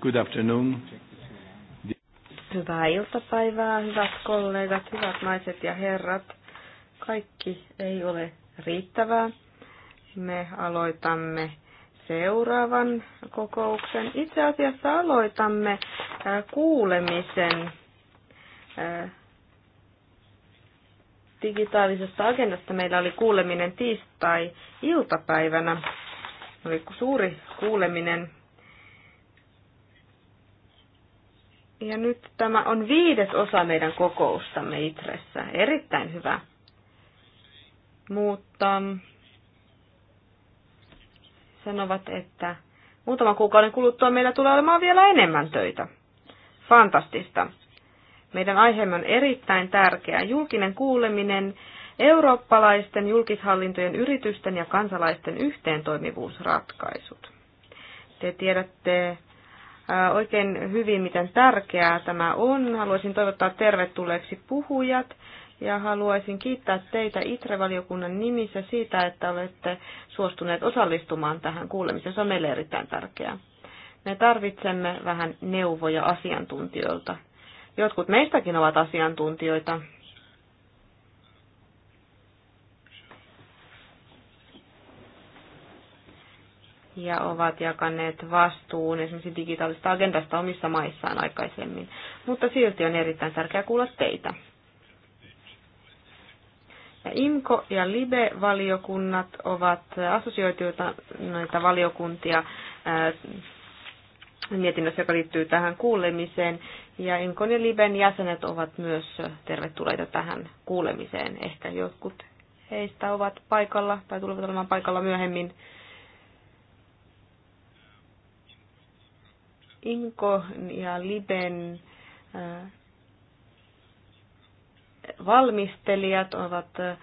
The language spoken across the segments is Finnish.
Good afternoon. Hyvää iltapäivää, hyvät kollegat, hyvät naiset ja herrat. Kaikki ei ole riittävää. Me aloitamme seuraavan kokouksen. Itse asiassa aloitamme äh, kuulemisen äh, digitaalisesta agendasta. Meillä oli kuuleminen tiistai-iltapäivänä. Oli suuri kuuleminen Ja nyt tämä on viides osa meidän kokoustamme Itressä. Erittäin hyvä. Mutta sanovat, että muutaman kuukauden kuluttua meillä tulee olemaan vielä enemmän töitä. Fantastista. Meidän aiheemme on erittäin tärkeä. Julkinen kuuleminen, eurooppalaisten julkishallintojen yritysten ja kansalaisten yhteentoimivuusratkaisut. Te tiedätte oikein hyvin, miten tärkeää tämä on. Haluaisin toivottaa tervetulleeksi puhujat ja haluaisin kiittää teitä ITRE-valiokunnan nimissä siitä, että olette suostuneet osallistumaan tähän kuulemiseen. Se on meille erittäin tärkeää. Me tarvitsemme vähän neuvoja asiantuntijoilta. Jotkut meistäkin ovat asiantuntijoita, ja ovat jakaneet vastuun esimerkiksi digitaalista agendasta omissa maissaan aikaisemmin. Mutta silti on erittäin tärkeää kuulla teitä. Ja IMKO ja LIBE-valiokunnat ovat noita valiokuntia äh, mietinnössä, joka liittyy tähän kuulemiseen. Ja IMKON ja LIBEn jäsenet ovat myös tervetulleita tähän kuulemiseen. Ehkä jotkut heistä ovat paikalla tai tulevat olemaan paikalla myöhemmin. Inko ja Liben äh, valmistelijat ovat äh,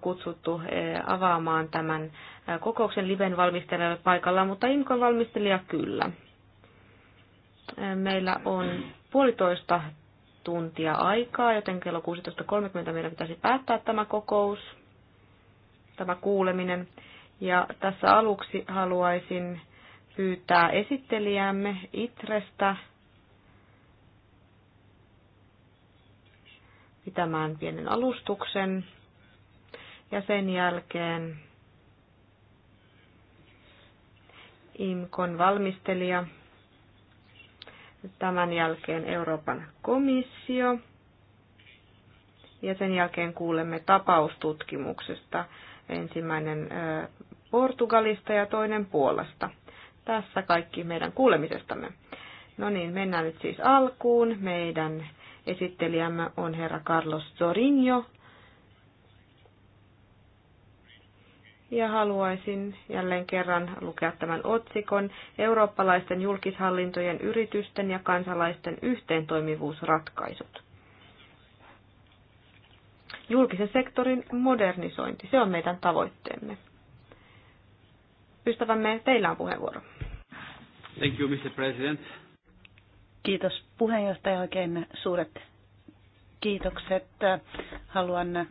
kutsuttu äh, avaamaan tämän kokouksen Liben valmistelijalle paikalla, mutta Inkon valmistelija kyllä. Meillä on puolitoista tuntia aikaa, joten kello 16.30 meidän pitäisi päättää tämä kokous, tämä kuuleminen. Ja tässä aluksi haluaisin pyytää esittelijäämme Itrestä pitämään pienen alustuksen ja sen jälkeen IMKon valmistelija, tämän jälkeen Euroopan komissio ja sen jälkeen kuulemme tapaustutkimuksesta ensimmäinen Portugalista ja toinen Puolasta. Tässä kaikki meidän kuulemisestamme. No niin, mennään nyt siis alkuun. Meidän esittelijämme on herra Carlos Zorinjo. Ja haluaisin jälleen kerran lukea tämän otsikon Eurooppalaisten julkishallintojen yritysten ja kansalaisten yhteentoimivuusratkaisut. Julkisen sektorin modernisointi, se on meidän tavoitteemme. Ystävämme, teillä on puheenvuoro. Thank you, Mr. President. Kiitos puheenjohtaja. Oikein suuret kiitokset. Haluan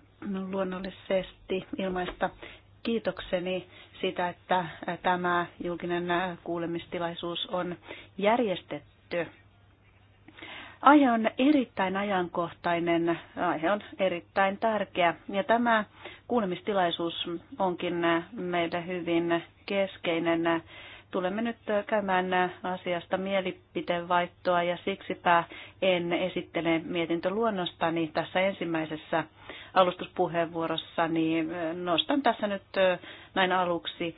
luonnollisesti ilmaista kiitokseni siitä, että tämä julkinen kuulemistilaisuus on järjestetty. Aihe on erittäin ajankohtainen, aihe on erittäin tärkeä ja tämä kuulemistilaisuus onkin meille hyvin keskeinen tulemme nyt käymään asiasta mielipiteenvaihtoa ja siksipä en esittele mietintöluonnostani tässä ensimmäisessä alustuspuheenvuorossani. Nostan tässä nyt näin aluksi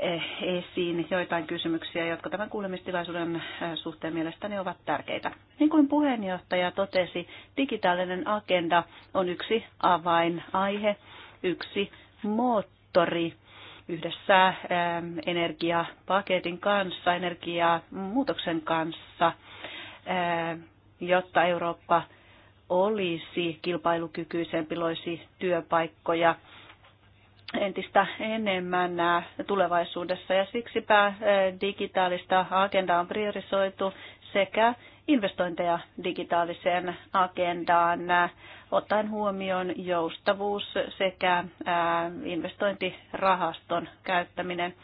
eh, esiin joitain kysymyksiä, jotka tämän kuulemistilaisuuden suhteen mielestäni ovat tärkeitä. Niin kuin puheenjohtaja totesi, digitaalinen agenda on yksi avainaihe, yksi moottori yhdessä ähm, energiapaketin kanssa, energiamuutoksen kanssa, ähm, jotta Eurooppa olisi kilpailukykyisempi, loisi työpaikkoja entistä enemmän äh, tulevaisuudessa ja siksipä äh, digitaalista agendaa on priorisoitu sekä investointeja digitaaliseen agendaan ottaen huomioon joustavuus sekä investointirahaston käyttäminen.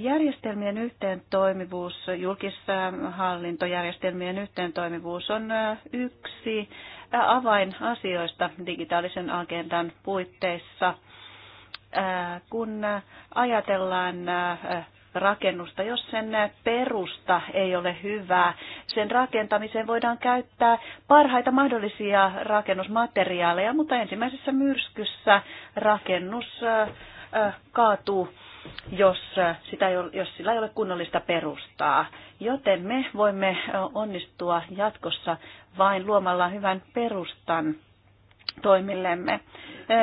Järjestelmien yhteentoimivuus, julkishallintojärjestelmien yhteentoimivuus on yksi avainasioista digitaalisen agendan puitteissa. Kun ajatellaan rakennusta. Jos sen perusta ei ole hyvää, sen rakentamiseen voidaan käyttää parhaita mahdollisia rakennusmateriaaleja, mutta ensimmäisessä myrskyssä rakennus kaatuu, jos, sitä ei ole, jos sillä ei ole kunnollista perustaa. Joten me voimme onnistua jatkossa vain luomalla hyvän perustan toimillemme.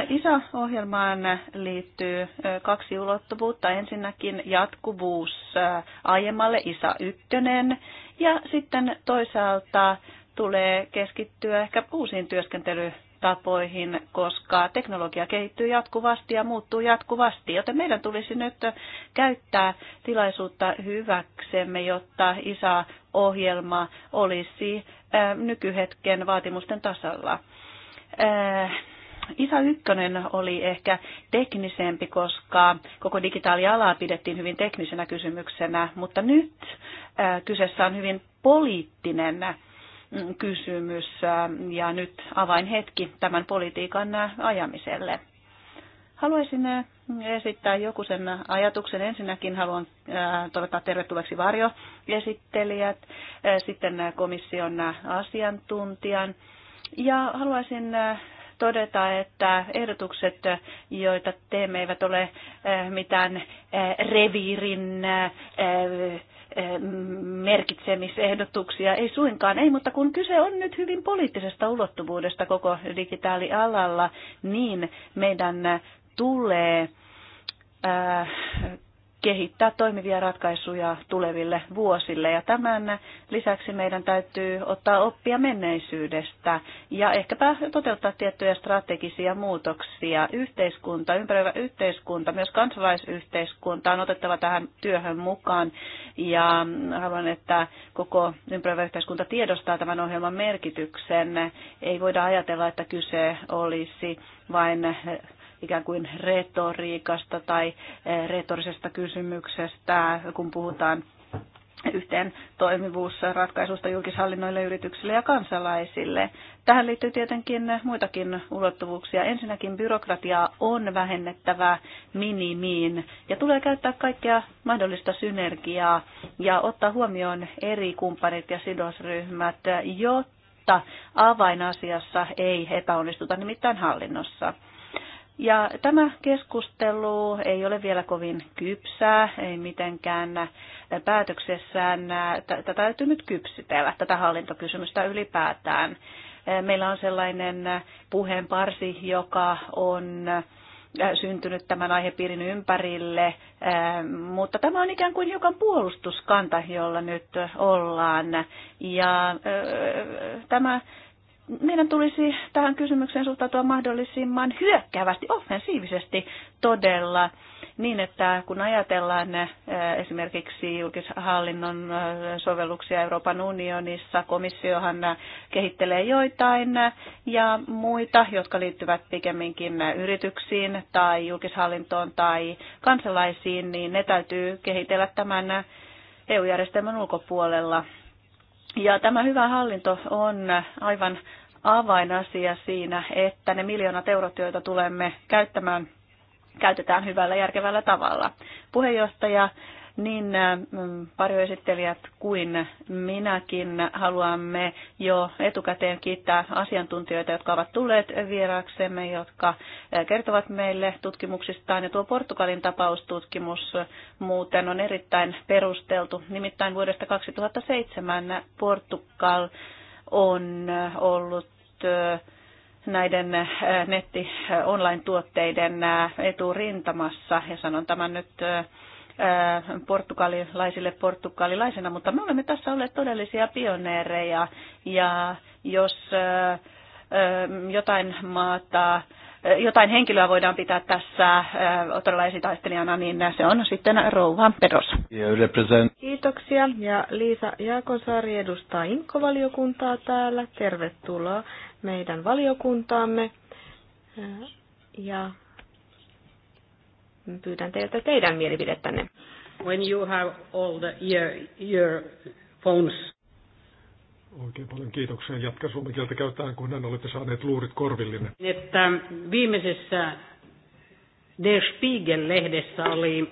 ISA-ohjelmaan liittyy kaksi ulottuvuutta. Ensinnäkin jatkuvuus aiemmalle ISA 1 ja sitten toisaalta tulee keskittyä ehkä uusiin työskentelytapoihin, koska teknologia kehittyy jatkuvasti ja muuttuu jatkuvasti, joten meidän tulisi nyt käyttää tilaisuutta hyväksemme, jotta ISA-ohjelma olisi nykyhetken vaatimusten tasalla. Äh, Isa Ykkönen oli ehkä teknisempi, koska koko digitaalialaa pidettiin hyvin teknisenä kysymyksenä, mutta nyt äh, kyseessä on hyvin poliittinen mm, kysymys äh, ja nyt avainhetki tämän politiikan ajamiselle. Haluaisin esittää joku sen ajatuksen. Ensinnäkin haluan toivottaa tervetulleeksi varjoesittelijät, sitten komission asiantuntijan ja haluaisin äh, todeta, että ehdotukset, joita teemme, eivät ole äh, mitään äh, reviirin merkitsemisehdotuksia, ei suinkaan, ei, mutta kun kyse on nyt hyvin poliittisesta ulottuvuudesta koko digitaalialalla, niin meidän tulee kehittää toimivia ratkaisuja tuleville vuosille. Ja tämän lisäksi meidän täytyy ottaa oppia menneisyydestä ja ehkäpä toteuttaa tiettyjä strategisia muutoksia. Yhteiskunta, ympäröivä yhteiskunta, myös kansalaisyhteiskunta on otettava tähän työhön mukaan ja haluan, että koko ympäröivä yhteiskunta tiedostaa tämän ohjelman merkityksen. Ei voida ajatella, että kyse olisi vain ikään kuin retoriikasta tai eh, retorisesta kysymyksestä, kun puhutaan yhteen toimivuusratkaisusta julkishallinnoille, yrityksille ja kansalaisille. Tähän liittyy tietenkin muitakin ulottuvuuksia. Ensinnäkin byrokratiaa on vähennettävä minimiin ja tulee käyttää kaikkea mahdollista synergiaa ja ottaa huomioon eri kumppanit ja sidosryhmät, jotta avainasiassa ei epäonnistuta, nimittäin hallinnossa. Ja tämä keskustelu ei ole vielä kovin kypsää, ei mitenkään päätöksessään. Tätä täytyy nyt kypsytellä, tätä hallintokysymystä ylipäätään. Meillä on sellainen puheenparsi, joka on syntynyt tämän aihepiirin ympärille, mutta tämä on ikään kuin hiukan puolustuskanta, jolla nyt ollaan. Ja tämä meidän tulisi tähän kysymykseen suhtautua mahdollisimman hyökkäävästi, offensiivisesti todella, niin että kun ajatellaan eh, esimerkiksi julkishallinnon eh, sovelluksia Euroopan unionissa, komissiohan eh, kehittelee joitain ja muita, jotka liittyvät pikemminkin yrityksiin tai julkishallintoon tai kansalaisiin, niin ne täytyy kehitellä tämän EU-järjestelmän ulkopuolella ja tämä hyvä hallinto on aivan avainasia siinä, että ne miljoonat eurot, joita tulemme käyttämään, käytetään hyvällä järkevällä tavalla. Puheenjohtaja niin varjoesittelijät äh, kuin minäkin haluamme jo etukäteen kiittää asiantuntijoita, jotka ovat tulleet vieraaksemme, jotka äh, kertovat meille tutkimuksistaan. Ja tuo Portugalin tapaustutkimus muuten on erittäin perusteltu. Nimittäin vuodesta 2007 Portugal on äh, ollut näiden netti-online-tuotteiden eturintamassa, ja sanon tämän nyt portugalilaisille portugalilaisena, mutta me olemme tässä olleet todellisia pioneereja ja jos jotain maata jotain henkilöä voidaan pitää tässä todella esitaistelijana, niin se on sitten Rouva Peros. Kiitoksia. Ja Liisa Jaakonsaari edustaa Inkovaliokuntaa täällä. Tervetuloa meidän valiokuntaamme. Ja pyydän teiltä teidän mielipidettänne. When you have all the ear, ear phones. Oikein paljon kiitoksia. Jatka suomen kieltä käytetään, kun hän olette saaneet luurit korvillinen. Että viimeisessä Der Spiegel-lehdessä oli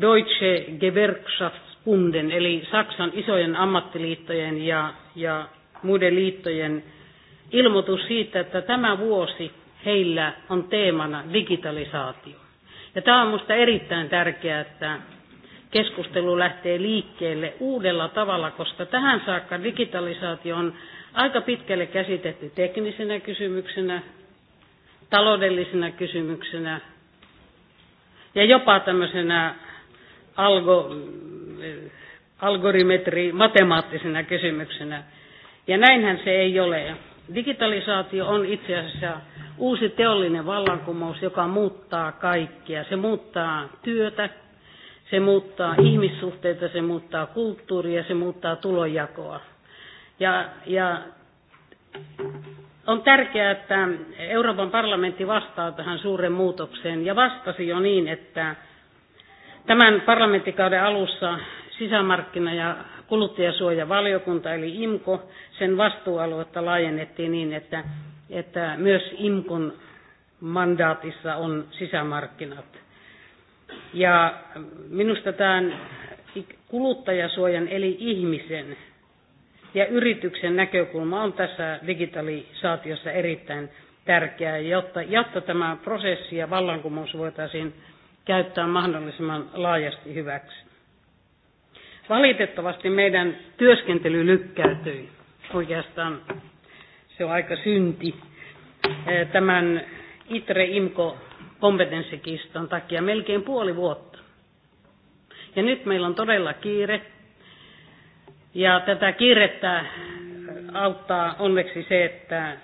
Deutsche Gewerkschaftsbunden, eli Saksan isojen ammattiliittojen ja, ja muiden liittojen ilmoitus siitä, että tämä vuosi heillä on teemana digitalisaatio. Ja tämä on minusta erittäin tärkeää, että keskustelu lähtee liikkeelle uudella tavalla, koska tähän saakka digitalisaatio on aika pitkälle käsitetty teknisenä kysymyksenä, taloudellisena kysymyksenä ja jopa tämmöisenä algo, algoritmetri matemaattisena kysymyksenä. Ja näinhän se ei ole. Digitalisaatio on itse asiassa Uusi teollinen vallankumous, joka muuttaa kaikkea. Se muuttaa työtä, se muuttaa ihmissuhteita, se muuttaa kulttuuria, se muuttaa tulojakoa. Ja, ja on tärkeää, että Euroopan parlamentti vastaa tähän suuren muutokseen ja vastasi jo niin, että tämän parlamenttikauden alussa sisämarkkina- ja kuluttajasuojavaliokunta eli IMKO, sen vastuualuetta laajennettiin niin, että että myös IMKUn mandaatissa on sisämarkkinat. Ja minusta tämä kuluttajasuojan eli ihmisen ja yrityksen näkökulma on tässä digitalisaatiossa erittäin tärkeää, jotta, jotta tämä prosessi ja vallankumous voitaisiin käyttää mahdollisimman laajasti hyväksi. Valitettavasti meidän työskentely lykkäytyi oikeastaan se on aika synti tämän ITRE IMKO kompetenssikiston takia melkein puoli vuotta. Ja nyt meillä on todella kiire. Ja tätä kiirettä auttaa onneksi se, että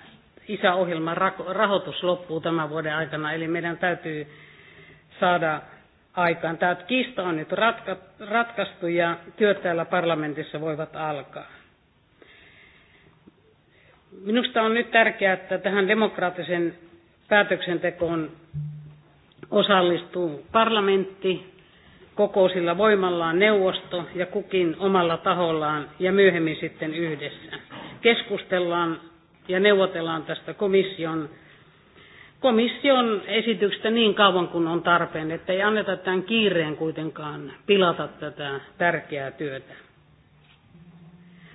isäohjelman rahoitus loppuu tämän vuoden aikana, eli meidän täytyy saada aikaan. Tämä kiista on nyt ratka, ratkaistu ja työt täällä parlamentissa voivat alkaa. Minusta on nyt tärkeää, että tähän demokraattisen päätöksentekoon osallistuu parlamentti kokoisilla voimallaan neuvosto ja kukin omalla tahollaan ja myöhemmin sitten yhdessä. Keskustellaan ja neuvotellaan tästä komission, komission esityksestä niin kauan kuin on tarpeen, että ei anneta tämän kiireen kuitenkaan pilata tätä tärkeää työtä.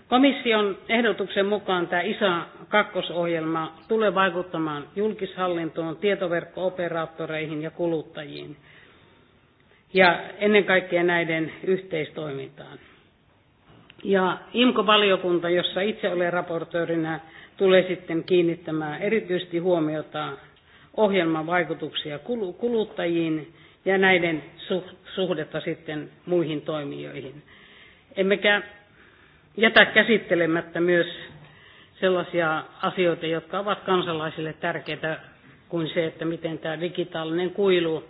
Komission ehdotuksen mukaan tämä isa kakkosohjelma tulee vaikuttamaan julkishallintoon, tietoverkko-operaattoreihin ja kuluttajiin ja ennen kaikkea näiden yhteistoimintaan. Ja IMKO-valiokunta, jossa itse olen raportöörinä, tulee sitten kiinnittämään erityisesti huomiota ohjelman vaikutuksia kuluttajiin ja näiden suhdetta sitten muihin toimijoihin. Emmekä jätä käsittelemättä myös sellaisia asioita, jotka ovat kansalaisille tärkeitä kuin se, että miten tämä digitaalinen kuilu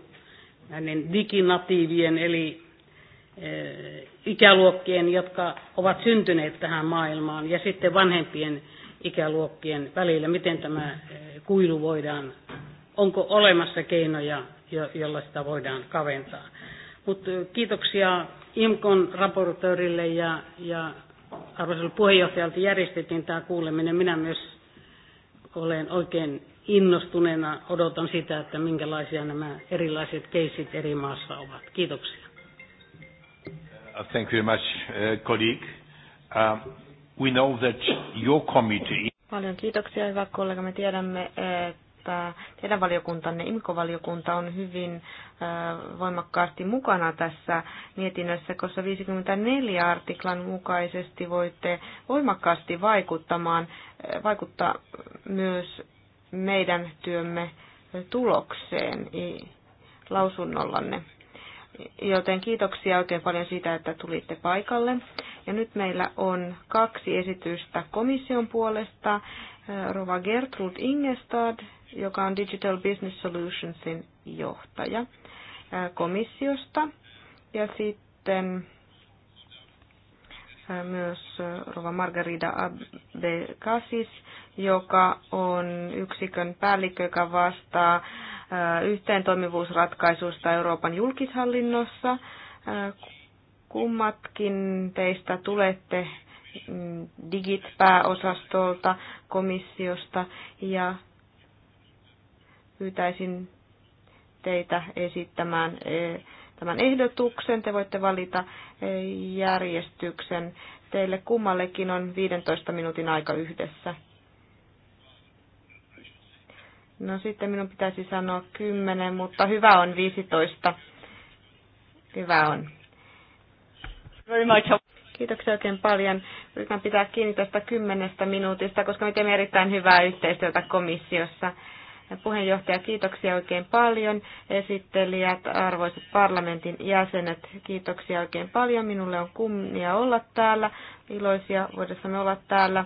näiden diginatiivien eli eh, ikäluokkien, jotka ovat syntyneet tähän maailmaan, ja sitten vanhempien ikäluokkien välillä, miten tämä eh, kuilu voidaan, onko olemassa keinoja, jolla sitä voidaan kaventaa. Mutta eh, kiitoksia IMKON raportöörille ja, ja arvoiselta puheenjohtajalta järjestettiin tämä kuuleminen. Minä myös olen oikein innostuneena odotan sitä, että minkälaisia nämä erilaiset keisit eri maassa ovat. Kiitoksia. Uh, thank you very much, uh, colleague. Uh, we know that your committee... Paljon kiitoksia, hyvä kollega. Me tiedämme, uh, että teidän valiokuntanne, IMKO-valiokunta, on hyvin voimakkaasti mukana tässä mietinnössä, koska 54 artiklan mukaisesti voitte voimakkaasti vaikuttamaan, vaikuttaa myös meidän työmme tulokseen lausunnollanne. Joten kiitoksia oikein paljon siitä, että tulitte paikalle. Ja nyt meillä on kaksi esitystä komission puolesta. Rova Gertrud Ingestad joka on Digital Business Solutionsin johtaja komissiosta. Ja sitten myös Rova Margarida Abdekasis, joka on yksikön päällikkö, joka vastaa yhteen toimivuusratkaisusta Euroopan julkishallinnossa. Kummatkin teistä tulette mm, Digit-pääosastolta, komissiosta ja pyytäisin teitä esittämään eh, tämän ehdotuksen. Te voitte valita eh, järjestyksen. Teille kummallekin on 15 minuutin aika yhdessä. No sitten minun pitäisi sanoa 10, mutta hyvä on 15. Hyvä on. Very much. Kiitoksia oikein paljon. Yritän pitää kiinni tästä kymmenestä minuutista, koska me teemme erittäin hyvää yhteistyötä komissiossa. Puheenjohtaja, kiitoksia oikein paljon. Esittelijät, arvoisat parlamentin jäsenet, kiitoksia oikein paljon. Minulle on kunnia olla täällä. Iloisia voidessamme olla täällä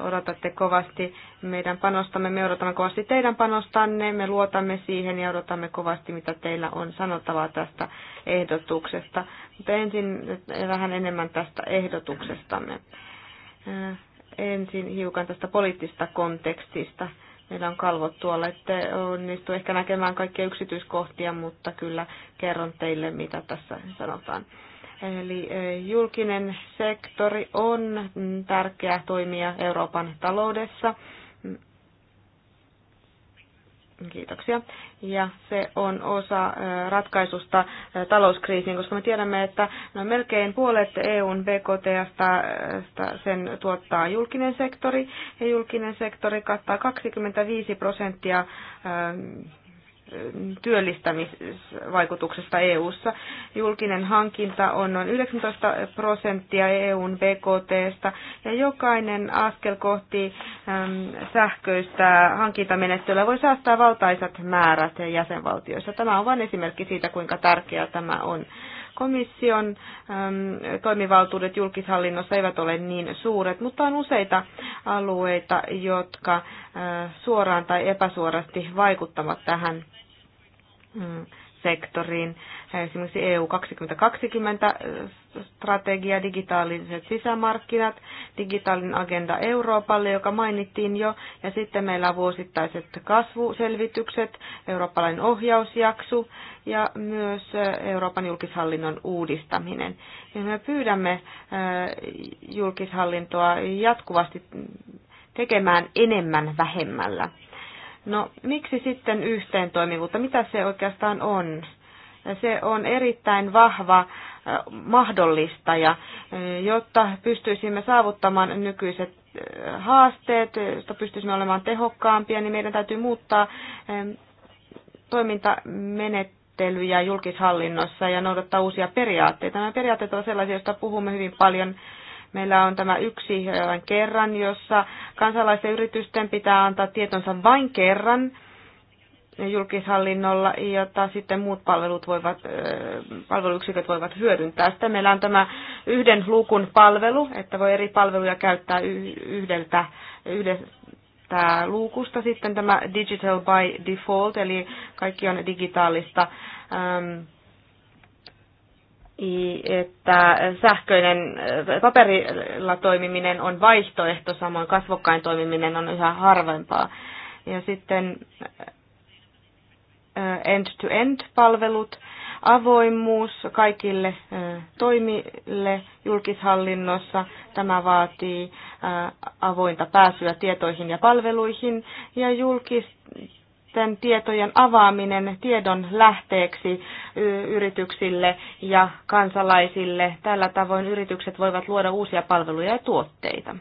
odotatte kovasti meidän panostamme, me odotamme kovasti teidän panostanne, me luotamme siihen ja odotamme kovasti, mitä teillä on sanottavaa tästä ehdotuksesta. Mutta ensin vähän enemmän tästä ehdotuksestamme ensin hiukan tästä poliittista kontekstista. Meillä on kalvot tuolla, että onnistu ehkä näkemään kaikkia yksityiskohtia, mutta kyllä kerron teille, mitä tässä sanotaan. Eli e, julkinen sektori on tärkeä toimija Euroopan taloudessa Kiitoksia. Ja se on osa ratkaisusta talouskriisiin, koska me tiedämme, että noin melkein puolet EUn BKT sen tuottaa julkinen sektori, ja julkinen sektori kattaa 25 prosenttia työllistämisvaikutuksesta EU:ssa. Julkinen hankinta on noin 19 prosenttia EUn BKTstä ja jokainen askel kohti sähköistä hankintamenettelyä voi säästää valtaisat määrät jäsenvaltioissa. Tämä on vain esimerkki siitä, kuinka tärkeää tämä on. Komission toimivaltuudet julkishallinnossa eivät ole niin suuret, mutta on useita alueita, jotka suoraan tai epäsuorasti vaikuttavat tähän sektoriin. Esimerkiksi EU 2020 eh, strategia, digitaaliset sisämarkkinat, digitaalinen agenda Euroopalle, joka mainittiin jo, ja sitten meillä on vuosittaiset kasvuselvitykset, eurooppalainen ohjausjakso ja myös eh, Euroopan julkishallinnon uudistaminen. Ja me pyydämme eh, julkishallintoa jatkuvasti tekemään enemmän vähemmällä. No miksi sitten yhteen toimivuutta? Mitä se oikeastaan on? Se on erittäin vahva mahdollistaja, jotta pystyisimme saavuttamaan nykyiset haasteet, jotta pystyisimme olemaan tehokkaampia, niin meidän täytyy muuttaa toimintamenettelyjä julkishallinnossa ja noudattaa uusia periaatteita. Nämä periaatteet ovat sellaisia, joista puhumme hyvin paljon Meillä on tämä yksi vain kerran, jossa kansalaisten yritysten pitää antaa tietonsa vain kerran julkishallinnolla, jota sitten muut palvelut voivat, palveluyksiköt voivat hyödyntää. Sitten meillä on tämä yhden luukun palvelu, että voi eri palveluja käyttää yhdeltä, yhdestä luukusta sitten tämä digital by default, eli kaikki on digitaalista. Ähm, että sähköinen äh, paperilla toimiminen on vaihtoehto, samoin kasvokkain toimiminen on yhä harvempaa. Ja sitten äh, end-to-end-palvelut, avoimuus kaikille äh, toimille julkishallinnossa. Tämä vaatii avointa pääsyä tietoihin ja palveluihin ja julkis sitten tietojen avaaminen tiedon lähteeksi yrityksille ja kansalaisille. Tällä tavoin yritykset voivat luoda uusia palveluja ja tuotteita.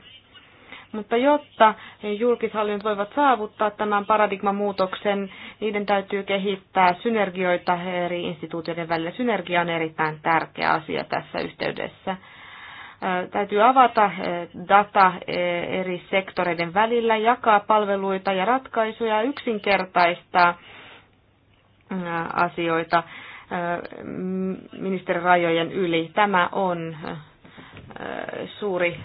Mutta jotta julkishallinnot voivat saavuttaa tämän paradigmamuutoksen, muutoksen, niiden täytyy kehittää synergioita eri instituutioiden välillä. Synergia on erittäin tärkeä asia tässä yhteydessä. Täytyy avata data eri sektoreiden välillä, jakaa palveluita ja ratkaisuja, yksinkertaistaa asioita ministerirajojen yli. Tämä on suuri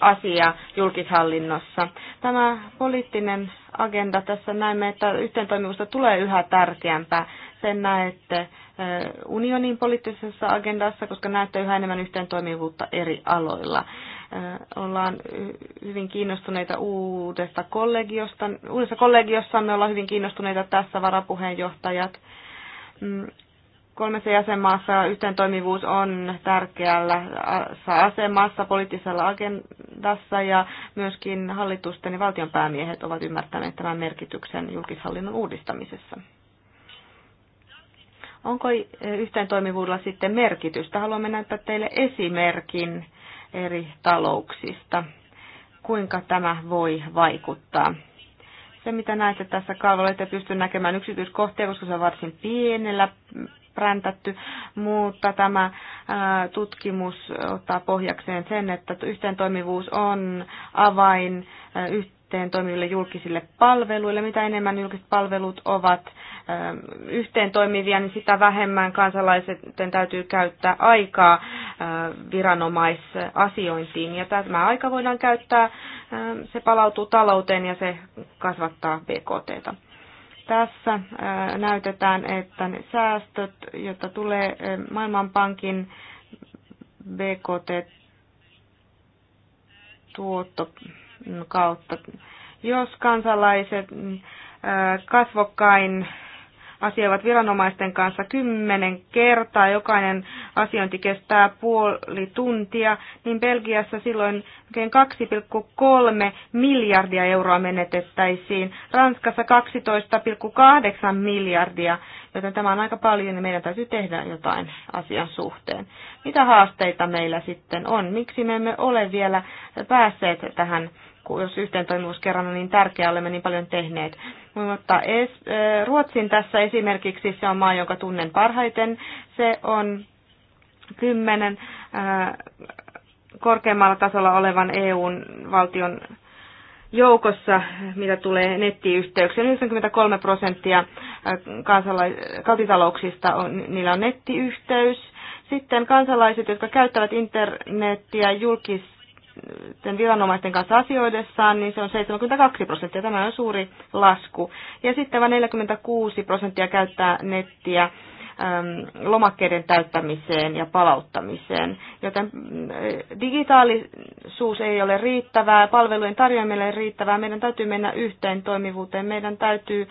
asia julkishallinnossa. Tämä poliittinen agenda tässä näemme, että yhteentoimivuusta tulee yhä tärkeämpää. Sen näette Eh, unionin poliittisessa agendassa, koska näyttää yhä enemmän yhteen toimivuutta eri aloilla. Eh, ollaan hyvin kiinnostuneita uudesta kollegiosta. Uudessa kollegiossa me ollaan hyvin kiinnostuneita tässä varapuheenjohtajat. Mm, kolmessa jäsenmaassa yhteen toimivuus on tärkeällä asemassa poliittisella agendassa ja myöskin hallitusten ja valtionpäämiehet ovat ymmärtäneet tämän merkityksen julkishallinnon uudistamisessa. Onko eh, yhteen toimivuudella sitten merkitystä? Haluamme näyttää teille esimerkin eri talouksista, kuinka tämä voi vaikuttaa. Se, mitä näette tässä kalvolla, ette pysty näkemään yksityiskohtia, koska se on varsin pienellä präntätty, mutta tämä tutkimus ottaa pohjakseen sen, että toimivuus on avain yhteen toimiville julkisille palveluille. Mitä enemmän julkiset palvelut ovat ähm, yhteen toimivia, niin sitä vähemmän kansalaisten täytyy käyttää aikaa äh, viranomaisasiointiin. Ja tämä aika voidaan käyttää, ähm, se palautuu talouteen ja se kasvattaa BKTtä. Tässä äh, näytetään, että ne säästöt, joita tulee äh, Maailmanpankin BKT tuotto kautta. Jos kansalaiset mm, äh, kasvokkain asioivat viranomaisten kanssa kymmenen kertaa, jokainen asiointi kestää puoli tuntia, niin Belgiassa silloin 2,3 miljardia euroa menetettäisiin, Ranskassa 12,8 miljardia, joten tämä on aika paljon ja meidän täytyy tehdä jotain asian suhteen. Mitä haasteita meillä sitten on? Miksi me emme ole vielä päässeet tähän jos yhteen toimivuus kerran on niin tärkeää, olemme niin paljon tehneet. Mutta Ruotsin tässä esimerkiksi se on maa, jonka tunnen parhaiten. Se on kymmenen korkeammalla tasolla olevan EUn valtion joukossa, mitä tulee nettiyhteyksiin. 93 prosenttia kansala- kotitalouksista on, niillä on nettiyhteys. Sitten kansalaiset, jotka käyttävät internettiä julkis sen viranomaisten kanssa asioidessaan, niin se on 72 prosenttia. Tämä on suuri lasku. Ja sitten vain 46 prosenttia käyttää nettiä lomakkeiden täyttämiseen ja palauttamiseen. Joten äh, digitaalisuus ei ole riittävää, palvelujen tarjoaminen ei ole riittävää, meidän täytyy mennä yhteen toimivuuteen, meidän täytyy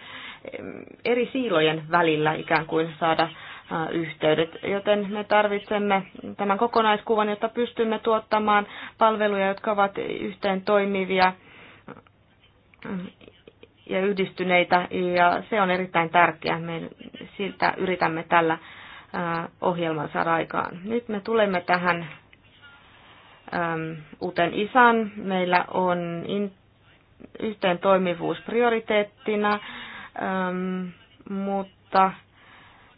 eri siilojen välillä ikään kuin saada yhteydet. Joten me tarvitsemme tämän kokonaiskuvan, jotta pystymme tuottamaan palveluja, jotka ovat yhteen toimivia ja yhdistyneitä, ja se on erittäin tärkeää. Me siltä yritämme tällä ohjelman saada aikaan. Nyt me tulemme tähän uuteen isän. Meillä on yhteen toimivuus prioriteettina, mutta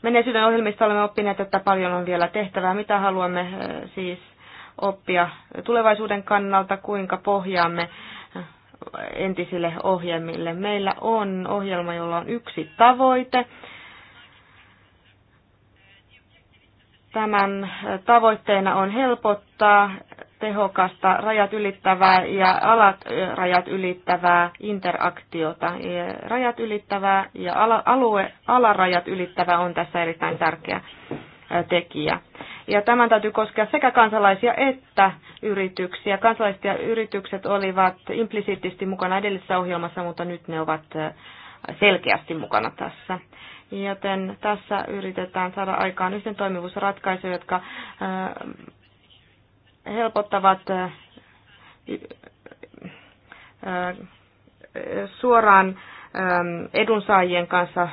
menneisyyden ohjelmista olemme oppineet, että paljon on vielä tehtävää. Mitä haluamme äh, siis oppia tulevaisuuden kannalta, kuinka pohjaamme äh, entisille ohjelmille. Meillä on ohjelma, jolla on yksi tavoite. Tämän tavoitteena on helpottaa tehokasta, rajat ylittävää ja alat rajat ylittävää interaktiota. Rajat ylittävää ja ala, alue, alarajat ylittävää on tässä erittäin tärkeä tekijä. Ja tämän täytyy koskea sekä kansalaisia että yrityksiä. Kansalaiset ja yritykset olivat implisiittisesti mukana edellisessä ohjelmassa, mutta nyt ne ovat selkeästi mukana tässä. Joten tässä yritetään saada aikaan yhden toimivuusratkaisuja, jotka helpottavat suoraan edunsaajien kanssa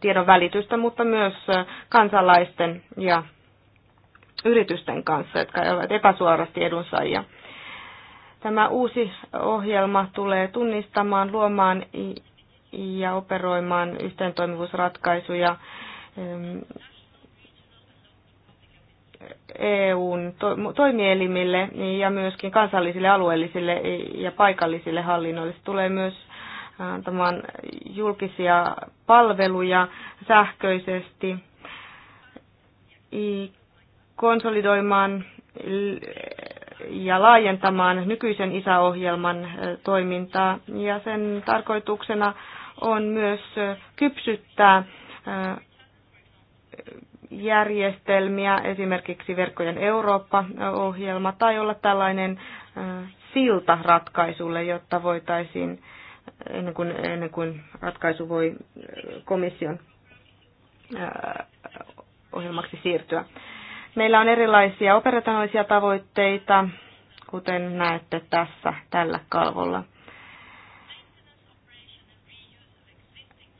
tiedon välitystä, mutta myös kansalaisten ja yritysten kanssa, jotka ovat epäsuorasti edunsaajia. Tämä uusi ohjelma tulee tunnistamaan, luomaan ja operoimaan yhteentoimivuusratkaisuja EUn toimielimille ja myöskin kansallisille, alueellisille ja paikallisille hallinnoille. Se tulee myös antamaan julkisia palveluja sähköisesti, konsolidoimaan ja laajentamaan nykyisen isäohjelman toimintaa. Ja sen tarkoituksena on myös kypsyttää järjestelmiä, esimerkiksi verkkojen Eurooppa-ohjelma, tai olla tällainen silta ratkaisulle, jotta voitaisiin, ennen kuin, ennen kuin ratkaisu voi komission ohjelmaksi siirtyä. Meillä on erilaisia operationaalisia tavoitteita, kuten näette tässä tällä kalvolla.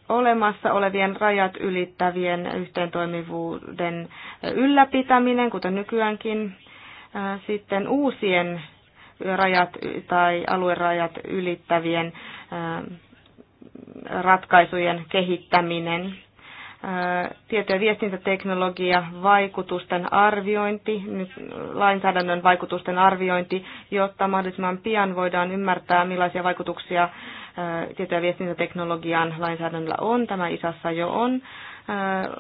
olemassa olevien rajat ylittävien yhteentoimivuuden ylläpitäminen, kuten nykyäänkin, sitten uusien rajat tai aluerajat ylittävien ratkaisujen kehittäminen, tieto- ja viestintäteknologia, vaikutusten arviointi, lainsäädännön vaikutusten arviointi, jotta mahdollisimman pian voidaan ymmärtää, millaisia vaikutuksia tieto- ja viestintäteknologian lainsäädännöllä on, tämä isassa jo on,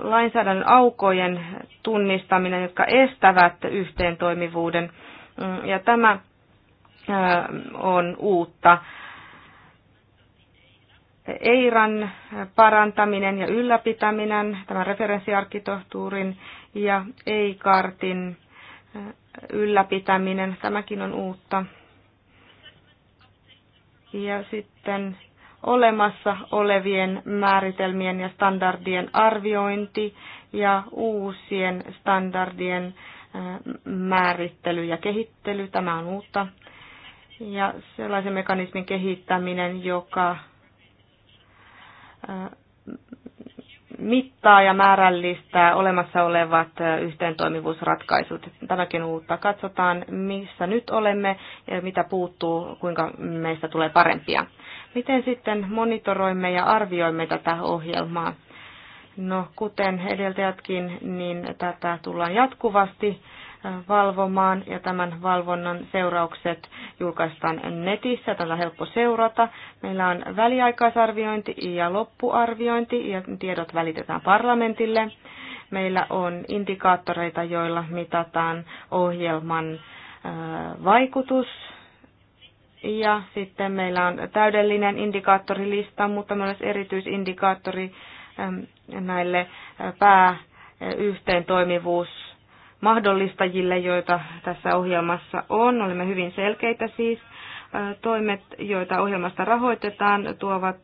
lainsäädännön aukojen tunnistaminen, jotka estävät yhteen toimivuuden. Mm, ja tämä on uutta. EIRAN parantaminen ja ylläpitäminen, tämän referenssiarkkitehtuurin ja EIKartin ylläpitäminen, tämäkin on uutta ja sitten olemassa olevien määritelmien ja standardien arviointi ja uusien standardien määrittely ja kehittely, tämä on uutta, ja sellaisen mekanismin kehittäminen, joka mittaa ja määrällistää olemassa olevat yhteentoimivuusratkaisut. Tämäkin uutta. Katsotaan, missä nyt olemme, ja mitä puuttuu, kuinka meistä tulee parempia. Miten sitten monitoroimme ja arvioimme tätä ohjelmaa? No, kuten edeltäjätkin, niin tätä tullaan jatkuvasti valvomaan ja tämän valvonnan seuraukset julkaistaan netissä. Tätä on helppo seurata. Meillä on väliaikaisarviointi ja loppuarviointi ja tiedot välitetään parlamentille. Meillä on indikaattoreita, joilla mitataan ohjelman äh, vaikutus ja sitten meillä on täydellinen indikaattorilista, mutta myös erityisindikaattori ähm, näille äh, pääyhteen toimivuus mahdollistajille, joita tässä ohjelmassa on. Olemme hyvin selkeitä siis. Toimet, joita ohjelmasta rahoitetaan, tuovat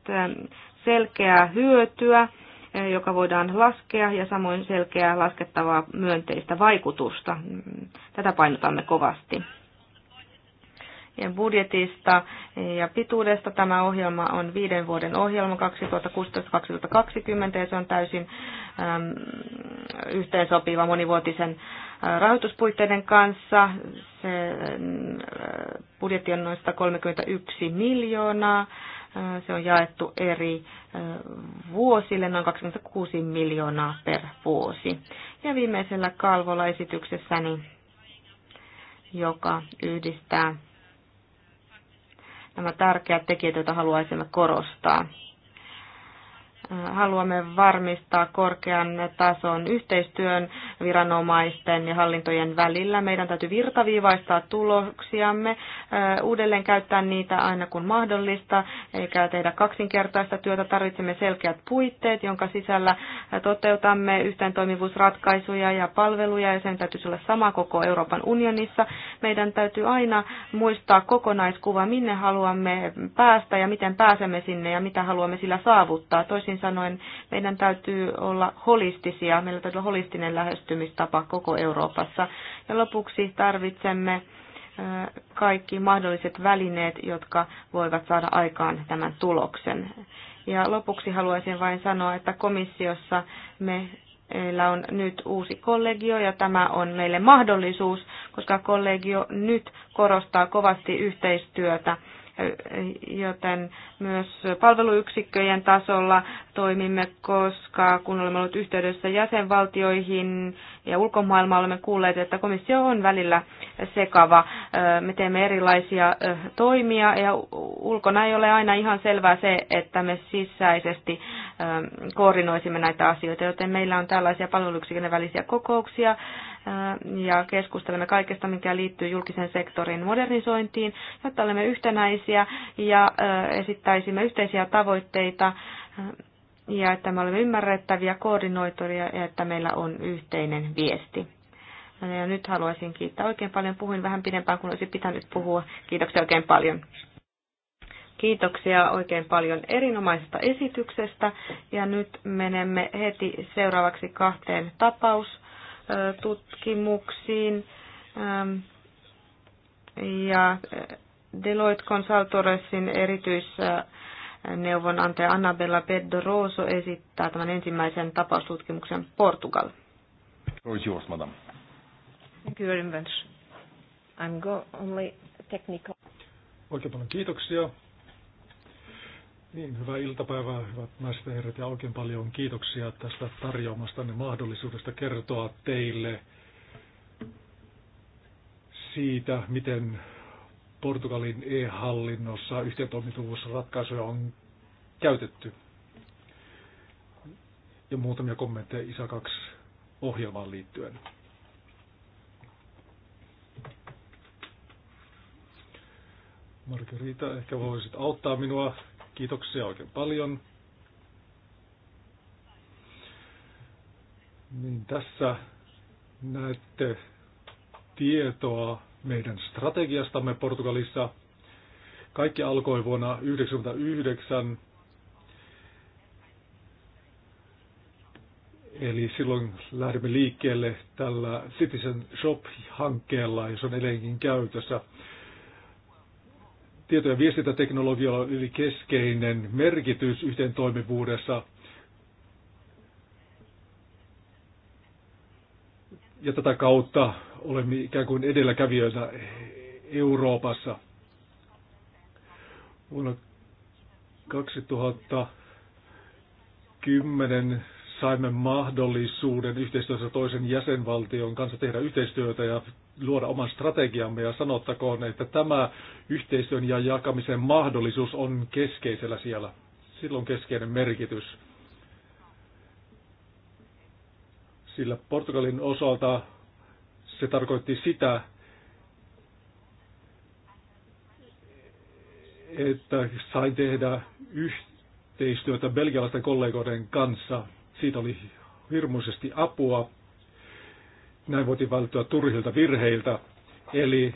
selkeää hyötyä, joka voidaan laskea, ja samoin selkeää laskettavaa myönteistä vaikutusta. Tätä painotamme kovasti. Ja budjetista ja pituudesta tämä ohjelma on viiden vuoden ohjelma 2016-2020, ja se on täysin yhteensopiva monivuotisen rahoituspuitteiden kanssa. Se mm, budjetti on noin 131 miljoonaa. Se on jaettu eri vuosille, noin 26 miljoonaa per vuosi. Ja viimeisellä kalvolla esityksessäni, joka yhdistää nämä tärkeät tekijät, joita haluaisimme korostaa haluamme varmistaa korkean tason yhteistyön viranomaisten ja hallintojen välillä. Meidän täytyy virtaviivaistaa tuloksiamme, uudelleen käyttää niitä aina kun mahdollista, eikä tehdä kaksinkertaista työtä. Tarvitsemme selkeät puitteet, jonka sisällä toteutamme yhteen toimivuusratkaisuja ja palveluja, ja sen täytyy olla sama koko Euroopan unionissa. Meidän täytyy aina muistaa kokonaiskuva, minne haluamme päästä ja miten pääsemme sinne ja mitä haluamme sillä saavuttaa. Toisin toisin sanoen meidän täytyy olla holistisia, meillä täytyy olla holistinen lähestymistapa koko Euroopassa. Ja lopuksi tarvitsemme kaikki mahdolliset välineet, jotka voivat saada aikaan tämän tuloksen. Ja lopuksi haluaisin vain sanoa, että komissiossa me Meillä on nyt uusi kollegio ja tämä on meille mahdollisuus, koska kollegio nyt korostaa kovasti yhteistyötä joten myös palveluyksikköjen tasolla toimimme, koska kun olemme olleet yhteydessä jäsenvaltioihin ja ulkomaailmaa olemme kuulleet, että komissio on välillä sekava. Me teemme erilaisia toimia ja ulkona ei ole aina ihan selvää se, että me sisäisesti koordinoisimme näitä asioita, joten meillä on tällaisia palveluyksikön välisiä kokouksia, ja keskustelemme kaikesta, mikä liittyy julkisen sektorin modernisointiin, jotta olemme yhtenäisiä ja esittäisimme yhteisiä tavoitteita ja että me olemme ymmärrettäviä koordinoituja ja että meillä on yhteinen viesti. Ja nyt haluaisin kiittää oikein paljon. Puhuin vähän pidempään kuin olisi pitänyt puhua. Kiitoksia oikein paljon. Kiitoksia oikein paljon erinomaisesta esityksestä. Ja nyt menemme heti seuraavaksi kahteen tapaus tutkimuksiin ähm, ja äh, Deloitte Consultoresin erityisneuvonantaja Annabella Pedroso esittää tämän ensimmäisen tapaustutkimuksen Portugal. Yours, madam. Thank you very much. I'm go only technical. Oikein paljon kiitoksia. Niin, hyvää iltapäivää, hyvät naiset ja herrat, ja oikein paljon kiitoksia tästä tarjoamastanne mahdollisuudesta kertoa teille siitä, miten Portugalin e-hallinnossa yhteentoimituvuusratkaisuja on käytetty. Ja muutamia kommentteja ISA 2 ohjelmaan liittyen. Margarita, ehkä voisit auttaa minua Kiitoksia oikein paljon. Niin tässä näette tietoa meidän strategiastamme Portugalissa. Kaikki alkoi vuonna 1999, eli silloin lähdimme liikkeelle tällä Citizen Shop-hankkeella, jos on edelleenkin käytössä. Tieto- ja viestintäteknologialla on yli keskeinen merkitys yhteen toimivuudessa. Ja tätä kautta olemme ikään kuin edelläkävijöitä Euroopassa. Vuonna 2010 saimme mahdollisuuden yhteistyössä toisen jäsenvaltion kanssa tehdä yhteistyötä ja luoda oman strategiamme ja sanottakoon, että tämä yhteistyön ja jakamisen mahdollisuus on keskeisellä siellä. Silloin keskeinen merkitys. Sillä Portugalin osalta se tarkoitti sitä, että sain tehdä yhteistyötä belgialaisten kollegoiden kanssa. Siitä oli hirmuisesti apua näin voitiin välttyä turhilta virheiltä. Eli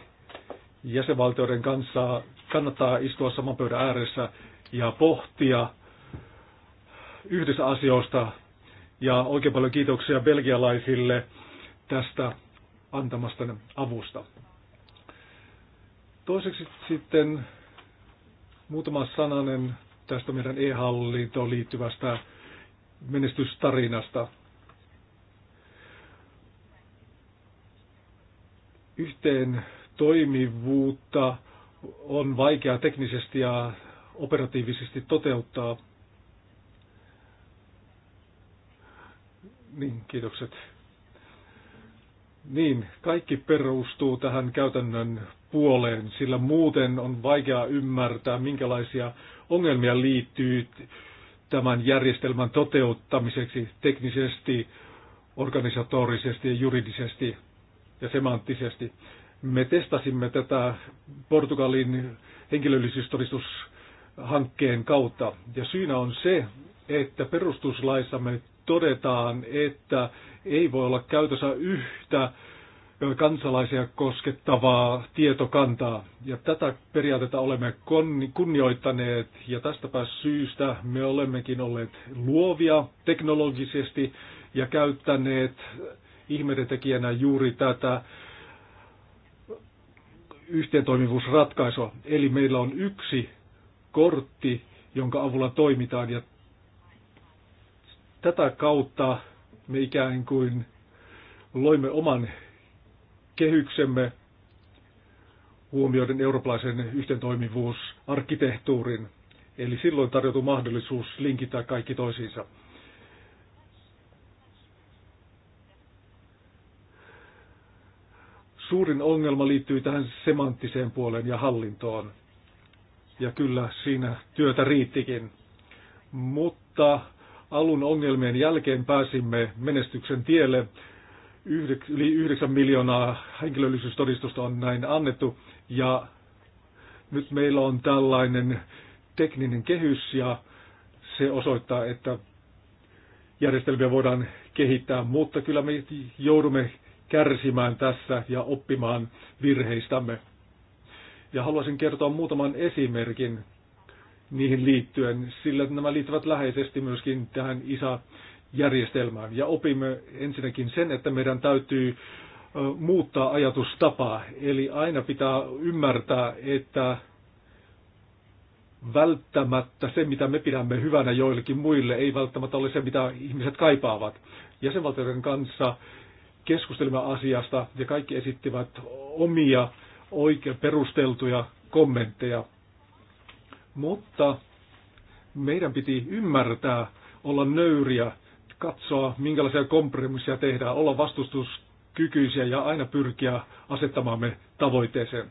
jäsenvaltioiden kanssa kannattaa istua saman pöydän ääressä ja pohtia yhdessä asioista. Ja oikein paljon kiitoksia belgialaisille tästä antamasta avusta. Toiseksi sitten muutama sananen tästä meidän e-hallintoon liittyvästä menestystarinasta. Yhteen toimivuutta on vaikea teknisesti ja operatiivisesti toteuttaa. Niin, kiitokset. Niin, kaikki perustuu tähän käytännön puoleen, sillä muuten on vaikea ymmärtää, minkälaisia ongelmia liittyy tämän järjestelmän toteuttamiseksi teknisesti, organisatorisesti ja juridisesti ja semanttisesti. Me testasimme tätä Portugalin henkilöllisyystodistushankkeen kautta. Ja syynä on se, että me todetaan, että ei voi olla käytössä yhtä kansalaisia koskettavaa tietokantaa. Ja tätä periaatetta olemme kunnioittaneet ja tästäpä syystä me olemmekin olleet luovia teknologisesti ja käyttäneet ihmeetekijänä juuri tätä yhteentoimivuusratkaisua. Eli meillä on yksi kortti, jonka avulla toimitaan ja tätä kautta me ikään kuin loimme oman kehyksemme huomioiden eurooppalaisen yhteentoimivuusarkkitehtuurin. Eli silloin tarjotu mahdollisuus linkittää kaikki toisiinsa. Suurin ongelma liittyy tähän semanttiseen puoleen ja hallintoon. Ja kyllä siinä työtä riittikin. Mutta alun ongelmien jälkeen pääsimme menestyksen tielle. Yli 9 miljoonaa henkilöllisyystodistusta on näin annettu ja nyt meillä on tällainen tekninen kehys ja se osoittaa, että järjestelmiä voidaan kehittää, mutta kyllä me joudumme kärsimään tässä ja oppimaan virheistämme. Ja haluaisin kertoa muutaman esimerkin niihin liittyen, sillä nämä liittyvät läheisesti myöskin tähän isäjärjestelmään. järjestelmään Ja opimme ensinnäkin sen, että meidän täytyy muuttaa ajatustapaa. Eli aina pitää ymmärtää, että välttämättä se, mitä me pidämme hyvänä joillekin muille, ei välttämättä ole se, mitä ihmiset kaipaavat. Jäsenvaltioiden kanssa keskustelimme asiasta ja kaikki esittivät omia oikein perusteltuja kommentteja. Mutta meidän piti ymmärtää, olla nöyriä, katsoa minkälaisia kompromisseja tehdään, olla vastustuskykyisiä ja aina pyrkiä asettamaamme tavoitteeseen.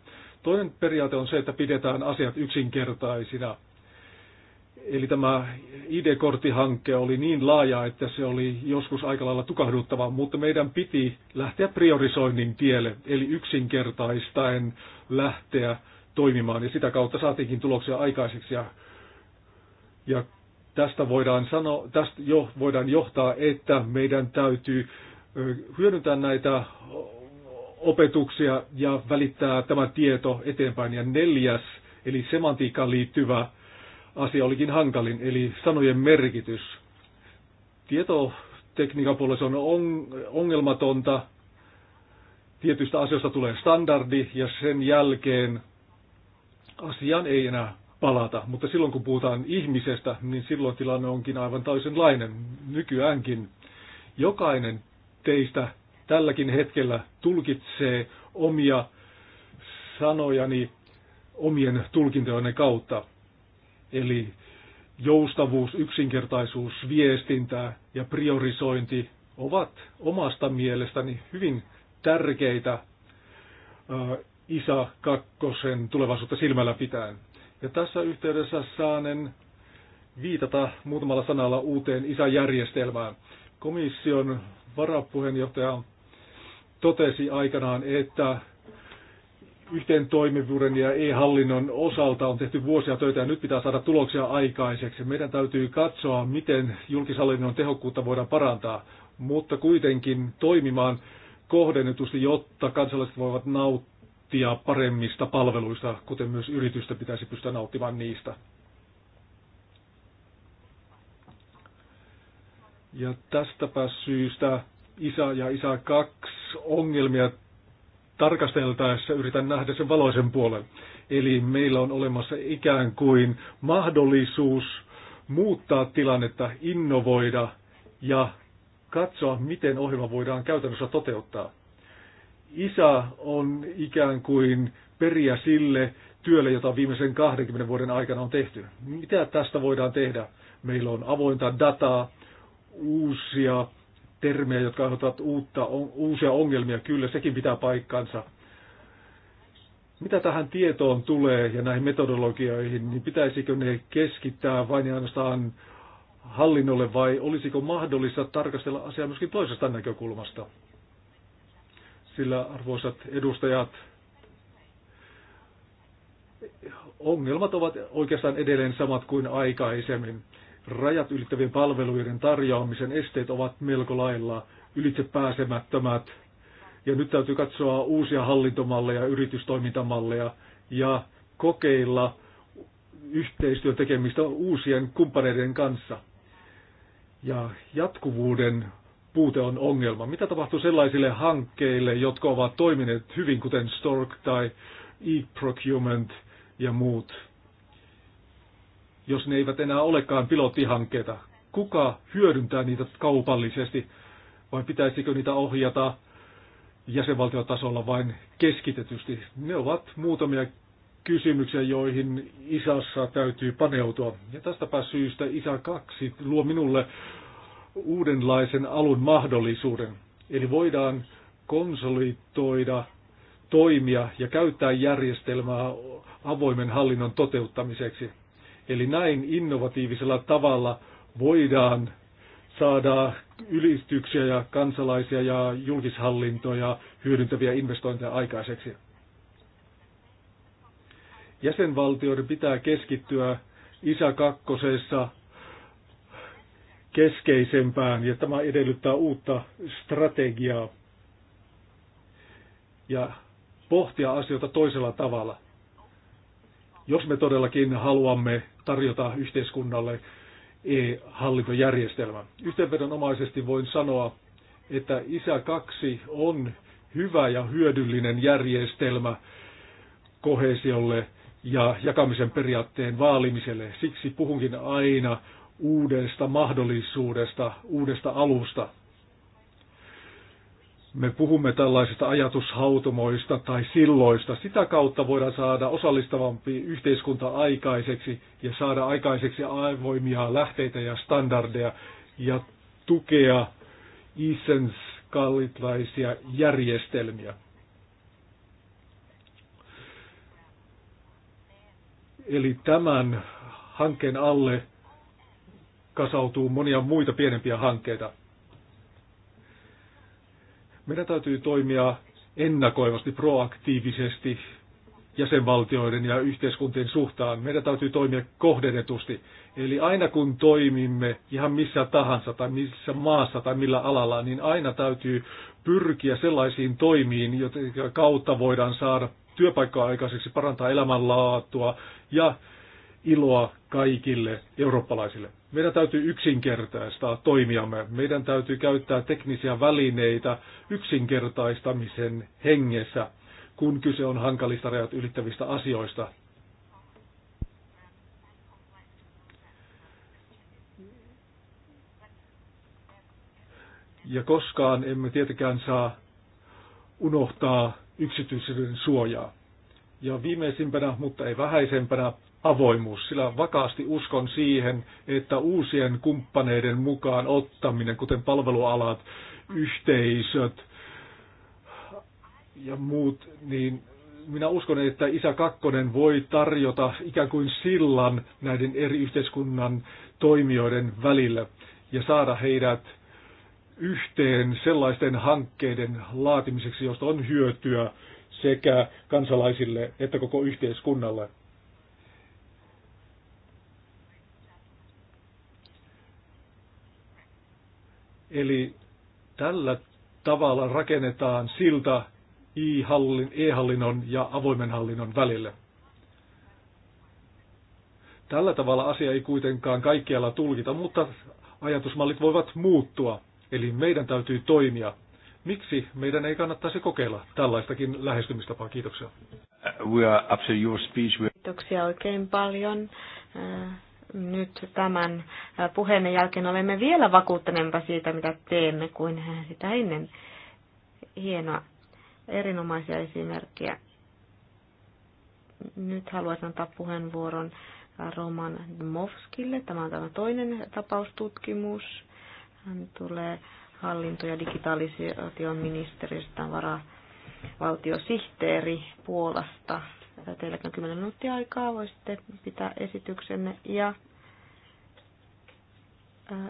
Toinen periaate on se, että pidetään asiat yksinkertaisina. Eli tämä ID-korttihanke oli niin laaja, että se oli joskus aika lailla tukahduttava, mutta meidän piti lähteä priorisoinnin tielle, eli yksinkertaistaen lähteä toimimaan, ja sitä kautta saatiinkin tuloksia aikaiseksi. Ja, ja tästä, voidaan sano, tästä jo voidaan johtaa, että meidän täytyy hyödyntää näitä opetuksia ja välittää tämä tieto eteenpäin. Ja neljäs, eli semantiikkaan liittyvä asia olikin hankalin, eli sanojen merkitys. Tietotekniikan puolella se on ongelmatonta. Tietystä asioista tulee standardi ja sen jälkeen asiaan ei enää palata. Mutta silloin kun puhutaan ihmisestä, niin silloin tilanne onkin aivan toisenlainen. Nykyäänkin jokainen teistä tälläkin hetkellä tulkitsee omia sanojani omien tulkintojen kautta. Eli joustavuus, yksinkertaisuus, viestintä ja priorisointi ovat omasta mielestäni hyvin tärkeitä isä kakkosen tulevaisuutta silmällä pitäen. Ja tässä yhteydessä saanen viitata muutamalla sanalla uuteen isäjärjestelmään. Komission varapuheenjohtaja totesi aikanaan, että yhteen toimivuuden ja e-hallinnon osalta on tehty vuosia töitä ja nyt pitää saada tuloksia aikaiseksi. Meidän täytyy katsoa, miten julkishallinnon tehokkuutta voidaan parantaa, mutta kuitenkin toimimaan kohdennetusti, jotta kansalaiset voivat nauttia paremmista palveluista, kuten myös yritystä pitäisi pystyä nauttimaan niistä. Ja tästäpä syystä isä ja isä kaksi ongelmia tarkasteltaessa yritän nähdä sen valoisen puolen. Eli meillä on olemassa ikään kuin mahdollisuus muuttaa tilannetta, innovoida ja katsoa, miten ohjelma voidaan käytännössä toteuttaa. Isä on ikään kuin periä sille työlle, jota viimeisen 20 vuoden aikana on tehty. Mitä tästä voidaan tehdä? Meillä on avointa dataa, uusia termejä, jotka aiheuttavat uutta, on, uusia ongelmia. Kyllä, sekin pitää paikkansa. Mitä tähän tietoon tulee ja näihin metodologioihin, niin pitäisikö ne keskittää vain ja ainoastaan hallinnolle vai olisiko mahdollista tarkastella asiaa myöskin toisesta näkökulmasta? Sillä arvoisat edustajat, ongelmat ovat oikeastaan edelleen samat kuin aikaisemmin. Rajat ylittävien palveluiden tarjoamisen esteet ovat melko lailla ylitsepääsemättömät. Ja nyt täytyy katsoa uusia hallintomalleja, yritystoimintamalleja ja kokeilla yhteistyön tekemistä uusien kumppaneiden kanssa. Ja jatkuvuuden puute on ongelma. Mitä tapahtuu sellaisille hankkeille, jotka ovat toimineet hyvin, kuten Stork tai e-procurement ja muut? jos ne eivät enää olekaan pilottihankkeita? Kuka hyödyntää niitä kaupallisesti vai pitäisikö niitä ohjata jäsenvaltiotasolla vain keskitetysti? Ne ovat muutamia kysymyksiä, joihin isassa täytyy paneutua. Ja tästäpä syystä isä 2 luo minulle uudenlaisen alun mahdollisuuden. Eli voidaan konsolidoida toimia ja käyttää järjestelmää avoimen hallinnon toteuttamiseksi. Eli näin innovatiivisella tavalla voidaan saada ylistyksiä ja kansalaisia ja julkishallintoja hyödyntäviä investointeja aikaiseksi. Jäsenvaltioiden pitää keskittyä isä kakkosessa keskeisempään ja tämä edellyttää uutta strategiaa ja pohtia asioita toisella tavalla. Jos me todellakin haluamme tarjota yhteiskunnalle e-hallintojärjestelmä. Yhteenvedonomaisesti voin sanoa, että ISA 2 on hyvä ja hyödyllinen järjestelmä kohesiolle ja jakamisen periaatteen vaalimiselle. Siksi puhunkin aina uudesta mahdollisuudesta, uudesta alusta me puhumme tällaisista ajatushautomoista tai silloista. Sitä kautta voidaan saada osallistavampi yhteiskunta aikaiseksi ja saada aikaiseksi aivoimia lähteitä ja standardeja ja tukea isenskallitlaisia järjestelmiä. Eli tämän hankkeen alle kasautuu monia muita pienempiä hankkeita. Meidän täytyy toimia ennakoivasti, proaktiivisesti jäsenvaltioiden ja yhteiskuntien suhtaan. Meidän täytyy toimia kohdennetusti. Eli aina kun toimimme ihan missä tahansa tai missä maassa tai millä alalla, niin aina täytyy pyrkiä sellaisiin toimiin, joiden kautta voidaan saada työpaikkaa aikaiseksi, parantaa elämänlaatua ja iloa kaikille eurooppalaisille. Meidän täytyy yksinkertaistaa toimiamme. Meidän täytyy käyttää teknisiä välineitä yksinkertaistamisen hengessä, kun kyse on hankalista rajat ylittävistä asioista. Ja koskaan emme tietenkään saa unohtaa yksityisyyden suojaa. Ja viimeisimpänä, mutta ei vähäisempänä, avoimuus, sillä vakaasti uskon siihen, että uusien kumppaneiden mukaan ottaminen, kuten palvelualat, yhteisöt ja muut, niin minä uskon, että Isä Kakkonen voi tarjota ikään kuin sillan näiden eri yhteiskunnan toimijoiden välillä ja saada heidät yhteen sellaisten hankkeiden laatimiseksi, josta on hyötyä sekä kansalaisille että koko yhteiskunnalle. Eli tällä tavalla rakennetaan silta e-hallinnon ja avoimen hallinnon välille. Tällä tavalla asia ei kuitenkaan kaikkialla tulkita, mutta ajatusmallit voivat muuttua, eli meidän täytyy toimia. Miksi meidän ei kannattaisi kokeilla tällaistakin lähestymistapaa? Kiitoksia. Uh, we are your speech. Kiitoksia oikein paljon. Uh, nyt tämän puheen jälkeen olemme vielä vakuuttaneempa siitä, mitä teemme, kuin sitä ennen. Hienoa, erinomaisia esimerkkejä. Nyt haluaisin antaa puheenvuoron Roman Dmovskille. Tämä on tämä toinen tapaustutkimus. Hän tulee hallinto- ja digitalisaation ministeriöstä varavaltiosihteeri Puolasta. Teilläkin on 10 minuuttia aikaa, voisitte pitää esityksenne. Ja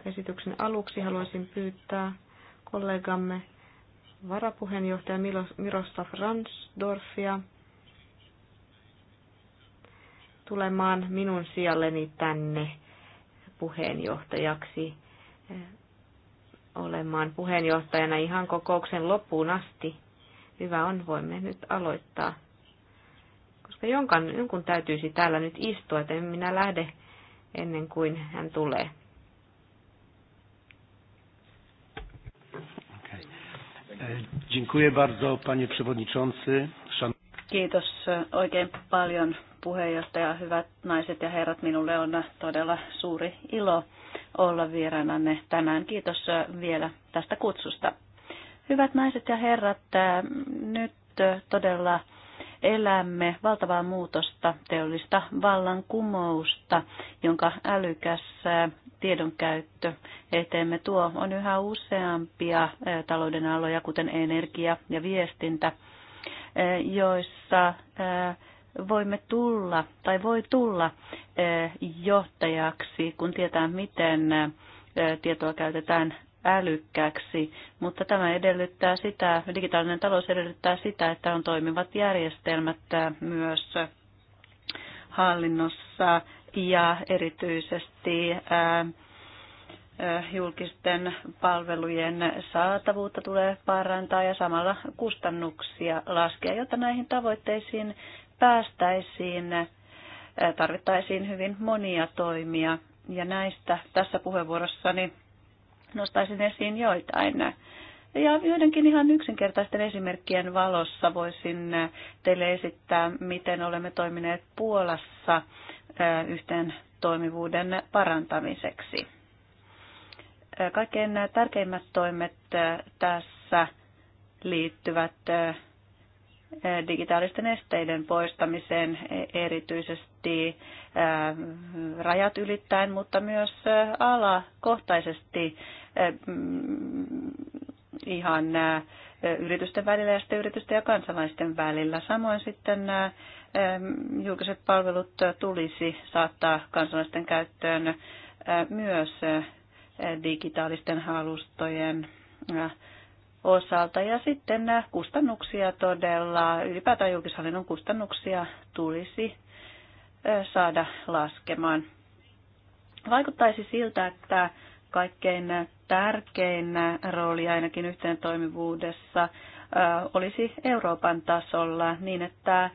esityksen aluksi haluaisin pyytää kollegamme varapuheenjohtaja Miroslav Ransdorfia tulemaan minun sijalleni tänne puheenjohtajaksi olemaan puheenjohtajana ihan kokouksen loppuun asti. Hyvä on, voimme nyt aloittaa että jonkan, jonkun täytyisi täällä nyt istua, että en minä lähde ennen kuin hän tulee. E, dziękuję bardzo, panie przewodniczący. Kiitos e, oikein paljon puheenjohtaja, hyvät naiset ja herrat. Minulle on todella suuri ilo olla vieraananne tänään. Kiitos e, vielä tästä kutsusta. Hyvät naiset ja herrat, nyt todella elämme valtavaa muutosta, teollista vallankumousta, jonka älykäs äh, tiedonkäyttö eteemme tuo on yhä useampia äh, talouden aloja, kuten energia ja viestintä, äh, joissa voimme tulla tai voi tulla johtajaksi, kun tietää, miten tietoa käytetään älykkääksi, mutta tämä edellyttää sitä, digitaalinen talous edellyttää sitä, että on toimivat järjestelmät myös hallinnossa ja erityisesti äh, julkisten palvelujen saatavuutta tulee parantaa ja samalla kustannuksia laskea, jotta näihin tavoitteisiin päästäisiin, äh, tarvittaisiin hyvin monia toimia. Ja näistä tässä puheenvuorossani nostaisin esiin joitain. Ja joidenkin ihan yksinkertaisten esimerkkien valossa voisin teille esittää, miten olemme toimineet Puolassa yhteen toimivuuden parantamiseksi. Kaikkein tärkeimmät toimet tässä liittyvät digitaalisten esteiden poistamiseen e, erityisesti rajat ylittäen, mutta myös alakohtaisesti Eh, ihan eh, yritysten välillä ja sitten yritysten ja kansalaisten välillä. Samoin sitten nämä eh, julkiset palvelut tulisi saattaa kansalaisten käyttöön myös digitaalisten halustojen osalta. Ja sitten kustannuksia todella, ylipäätään julkishallinnon kustannuksia tulisi saada laskemaan. Vaikuttaisi siltä, että kaikkein tärkein rooli ainakin yhteen toimivuudessa olisi Euroopan tasolla niin, että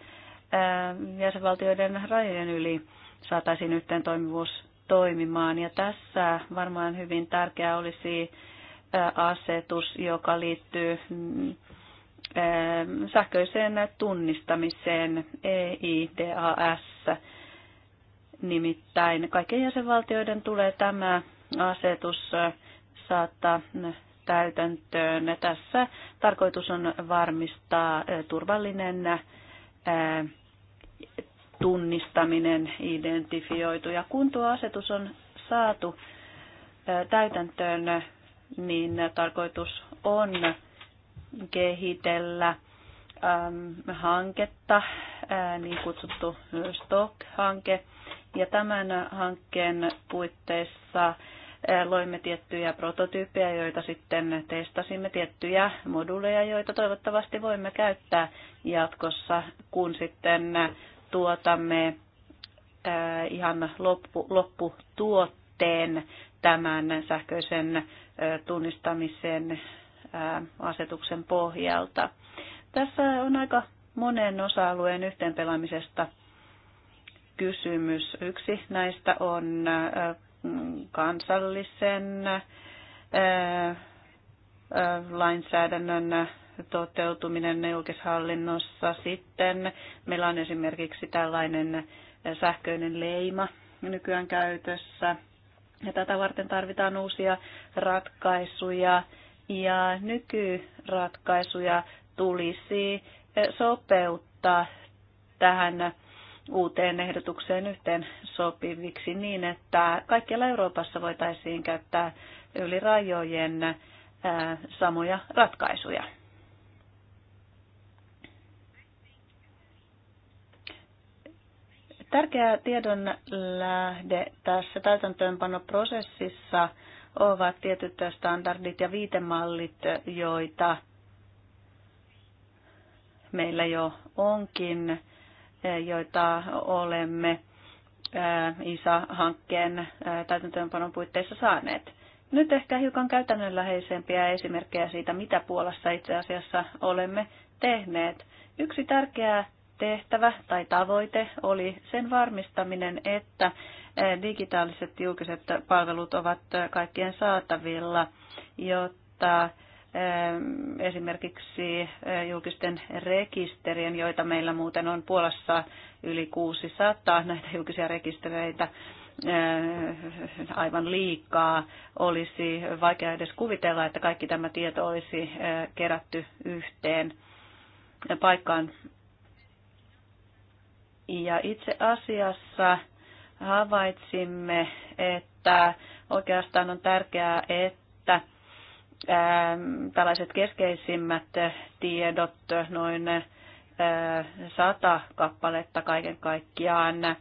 jäsenvaltioiden rajojen yli saataisiin yhteen toimivuus toimimaan. Ja tässä varmaan hyvin tärkeää olisi asetus, joka liittyy mm, sähköiseen tunnistamiseen EIDAS. Nimittäin kaikkien jäsenvaltioiden tulee tämä asetus saattaa täytäntöön. Tässä tarkoitus on varmistaa turvallinen tunnistaminen, identifioitu. Ja kun tuo asetus on saatu täytäntöön, niin tarkoitus on kehitellä hanketta, niin kutsuttu STOC-hanke. Ja tämän hankkeen puitteissa loimme tiettyjä prototyyppejä, joita sitten testasimme, tiettyjä moduleja, joita toivottavasti voimme käyttää jatkossa, kun sitten tuotamme ihan loppu, lopputuotteen tämän sähköisen tunnistamisen asetuksen pohjalta. Tässä on aika monen osa-alueen yhteenpelaamisesta kysymys. Yksi näistä on kansallisen lainsäädännön toteutuminen julkishallinnossa. Sitten meillä on esimerkiksi tällainen sähköinen leima nykyään käytössä. Ja tätä varten tarvitaan uusia ratkaisuja ja nykyratkaisuja tulisi sopeuttaa tähän uuteen ehdotukseen yhteen sopiviksi niin, että kaikkialla Euroopassa voitaisiin käyttää yli rajojen samoja ratkaisuja. Tärkeä tiedon lähde tässä täytäntöönpanoprosessissa ovat tietyt standardit ja viitemallit, joita meillä jo onkin Eh, joita olemme eh, ISA-hankkeen eh, täytäntöönpanon puitteissa saaneet. Nyt ehkä hiukan käytännönläheisempiä esimerkkejä siitä, mitä Puolassa itse asiassa olemme tehneet. Yksi tärkeä tehtävä tai tavoite oli sen varmistaminen, että digitaaliset julkiset palvelut ovat kaikkien saatavilla, jotta Ehm, esimerkiksi eh, julkisten rekisterien, joita meillä muuten on Puolassa yli 600 näitä julkisia rekistereitä eh, aivan liikaa. Olisi vaikea edes kuvitella, että kaikki tämä tieto olisi eh, kerätty yhteen paikkaan. Ja itse asiassa havaitsimme, että oikeastaan on tärkeää, että Ähm, tällaiset keskeisimmät tiedot, noin äh, sata kappaletta kaiken kaikkiaan äh,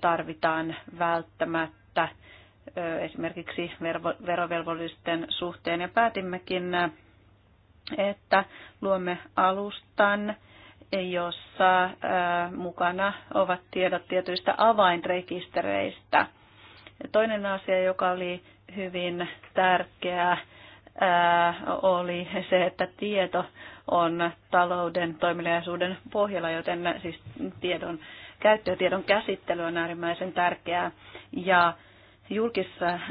tarvitaan välttämättä äh, esimerkiksi verovelvollisten suhteen. Ja päätimmekin, että luomme alustan, jossa mukana ovat tiedot tietyistä avainrekistereistä. Toinen asia, joka oli hyvin tärkeää, Äh, oli se, että tieto on talouden toimeliaisuuden pohjalla, joten siis tiedon käyttö ja tiedon käsittely on äärimmäisen tärkeää. Ja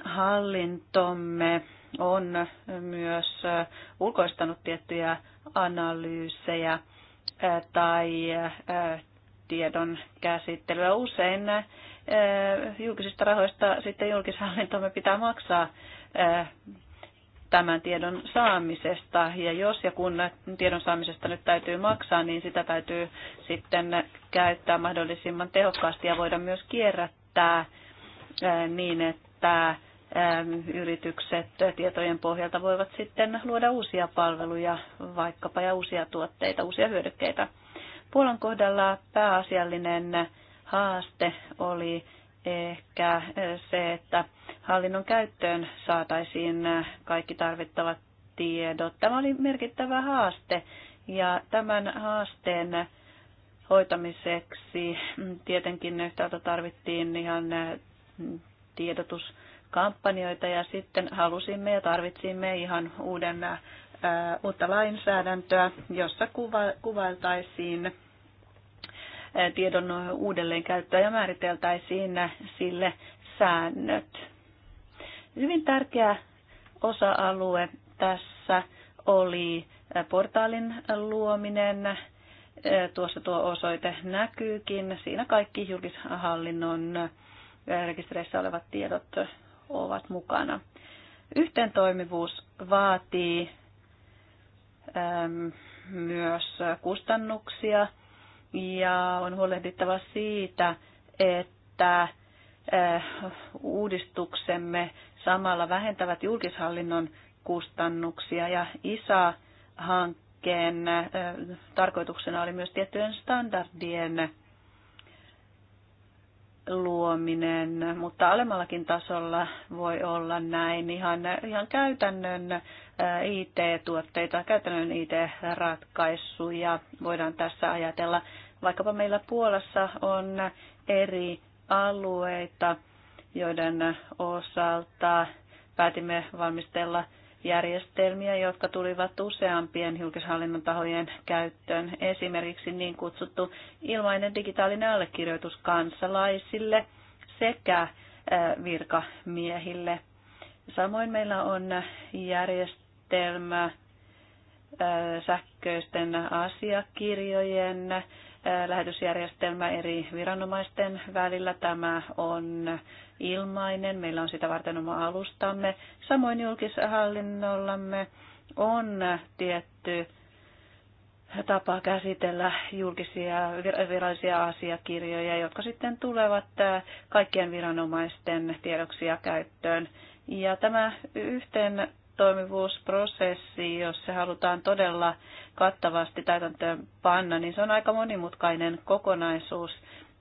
hallintomme on myös ulkoistanut tiettyjä analyysejä äh, tai äh, tiedon käsittelyä. Usein julkisista rahoista sitten julkishallintomme pitää maksaa tämän tiedon saamisesta. Ja jos ja kun tiedon saamisesta nyt täytyy maksaa, niin sitä täytyy sitten käyttää mahdollisimman tehokkaasti ja voida myös kierrättää niin, että yritykset tietojen pohjalta voivat sitten luoda uusia palveluja vaikkapa ja uusia tuotteita, uusia hyödykkeitä. Puolan kohdalla pääasiallinen haaste oli ehkä eh, se, että hallinnon käyttöön saataisiin eh, kaikki tarvittavat tiedot. Tämä oli merkittävä haaste ja tämän haasteen eh, hoitamiseksi mm, tietenkin yhtäältä tarvittiin ihan mm, tiedotuskampanjoita ja sitten halusimme ja tarvitsimme ihan uuden, uutta lainsäädäntöä, jossa kuva, kuvailtaisiin Eh, tiedon käyttöä ja määriteltäisiin sille säännöt. Hyvin tärkeä osa-alue tässä oli eh, portaalin luominen. Eh, tuossa tuo osoite näkyykin. Siinä kaikki julkishallinnon rekistereissä olevat tiedot ovat mukana. toimivuus vaatii ehm, myös kustannuksia ja on huolehdittava siitä, että eh, uudistuksemme samalla vähentävät julkishallinnon kustannuksia ja ISA-hankkeen eh, tarkoituksena oli myös tiettyjen standardien luominen, mutta alemmallakin tasolla voi olla näin ihan, ihan käytännön IT-tuotteita, käytännön IT-ratkaisuja voidaan tässä ajatella. Vaikkapa meillä Puolassa on eri alueita, joiden osalta päätimme valmistella järjestelmiä, jotka tulivat useampien julkishallinnon tahojen käyttöön. Esimerkiksi niin kutsuttu ilmainen digitaalinen allekirjoitus kansalaisille sekä virkamiehille. Samoin meillä on järjestelmä, järjestelmä, sähköisten asiakirjojen lähetysjärjestelmä eri viranomaisten välillä. Tämä on ilmainen, meillä on sitä varten oma alustamme. Samoin julkishallinnollamme on tietty tapa käsitellä julkisia virallisia asiakirjoja, jotka sitten tulevat kaikkien viranomaisten tiedoksi ja käyttöön. Ja tämä yhteen toimivuusprosessi, jos se halutaan todella kattavasti täytäntöön panna, niin se on aika monimutkainen kokonaisuus.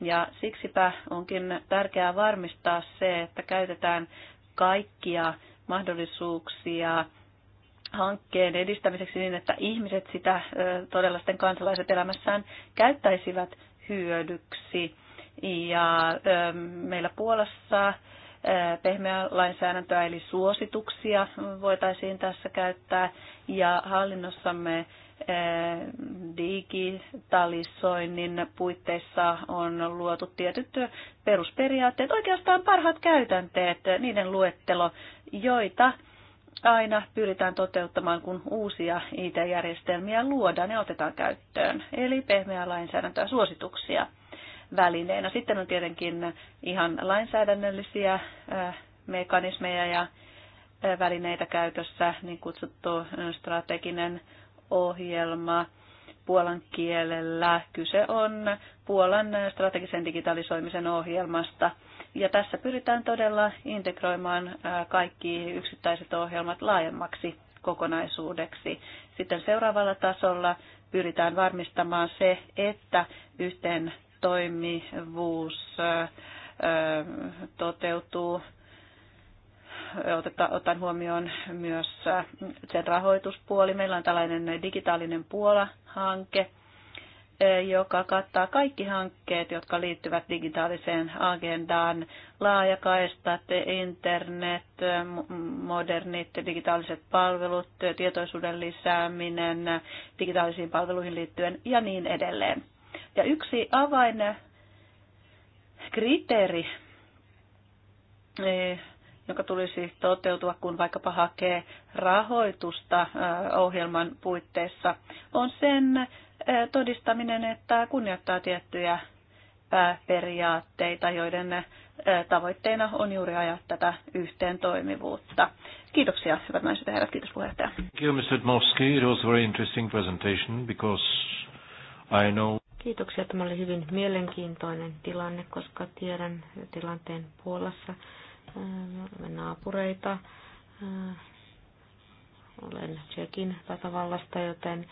Ja siksipä onkin tärkeää varmistaa se, että käytetään kaikkia mahdollisuuksia hankkeen edistämiseksi niin, että ihmiset sitä todella sitten kansalaiset elämässään käyttäisivät hyödyksi. Ja meillä Puolassa pehmeää lainsäädäntöä eli suosituksia voitaisiin tässä käyttää ja hallinnossamme eh, digitalisoinnin puitteissa on luotu tietyt perusperiaatteet, oikeastaan parhaat käytänteet, niiden luettelo, joita aina pyritään toteuttamaan, kun uusia IT-järjestelmiä luodaan ja otetaan käyttöön, eli pehmeää lainsäädäntöä suosituksia välineenä. Sitten on tietenkin ihan lainsäädännöllisiä mekanismeja ja välineitä käytössä, niin kutsuttu strateginen ohjelma puolan kielellä. Kyse on Puolan strategisen digitalisoimisen ohjelmasta. Ja tässä pyritään todella integroimaan kaikki yksittäiset ohjelmat laajemmaksi kokonaisuudeksi. Sitten seuraavalla tasolla pyritään varmistamaan se, että yhteen toimivuus toteutuu otan huomioon myös sen rahoituspuoli. Meillä on tällainen digitaalinen Puola-hanke, joka kattaa kaikki hankkeet, jotka liittyvät digitaaliseen agendaan, laajakaistat, internet, modernit digitaaliset palvelut, tietoisuuden lisääminen digitaalisiin palveluihin liittyen ja niin edelleen. Ja yksi avain eh, kriteeri, eh, joka tulisi toteutua, kun vaikkapa hakee rahoitusta eh, ohjelman puitteissa, on sen todistaminen, että kunnioittaa tiettyjä pääperiaatteita, joiden tavoitteena on juuri ajaa tätä yhteen toimivuutta. Kiitoksia, hyvät naiset ja herrat. Kiitos puheenjohtaja. Thank you, Mr. Dmowski. It was a very interesting presentation because I know... Kiitoksia. Tämä oli hyvin mielenkiintoinen tilanne, koska tiedän tilanteen Puolassa äh, naapureita. Äh, olen Tsekin tasavallasta, joten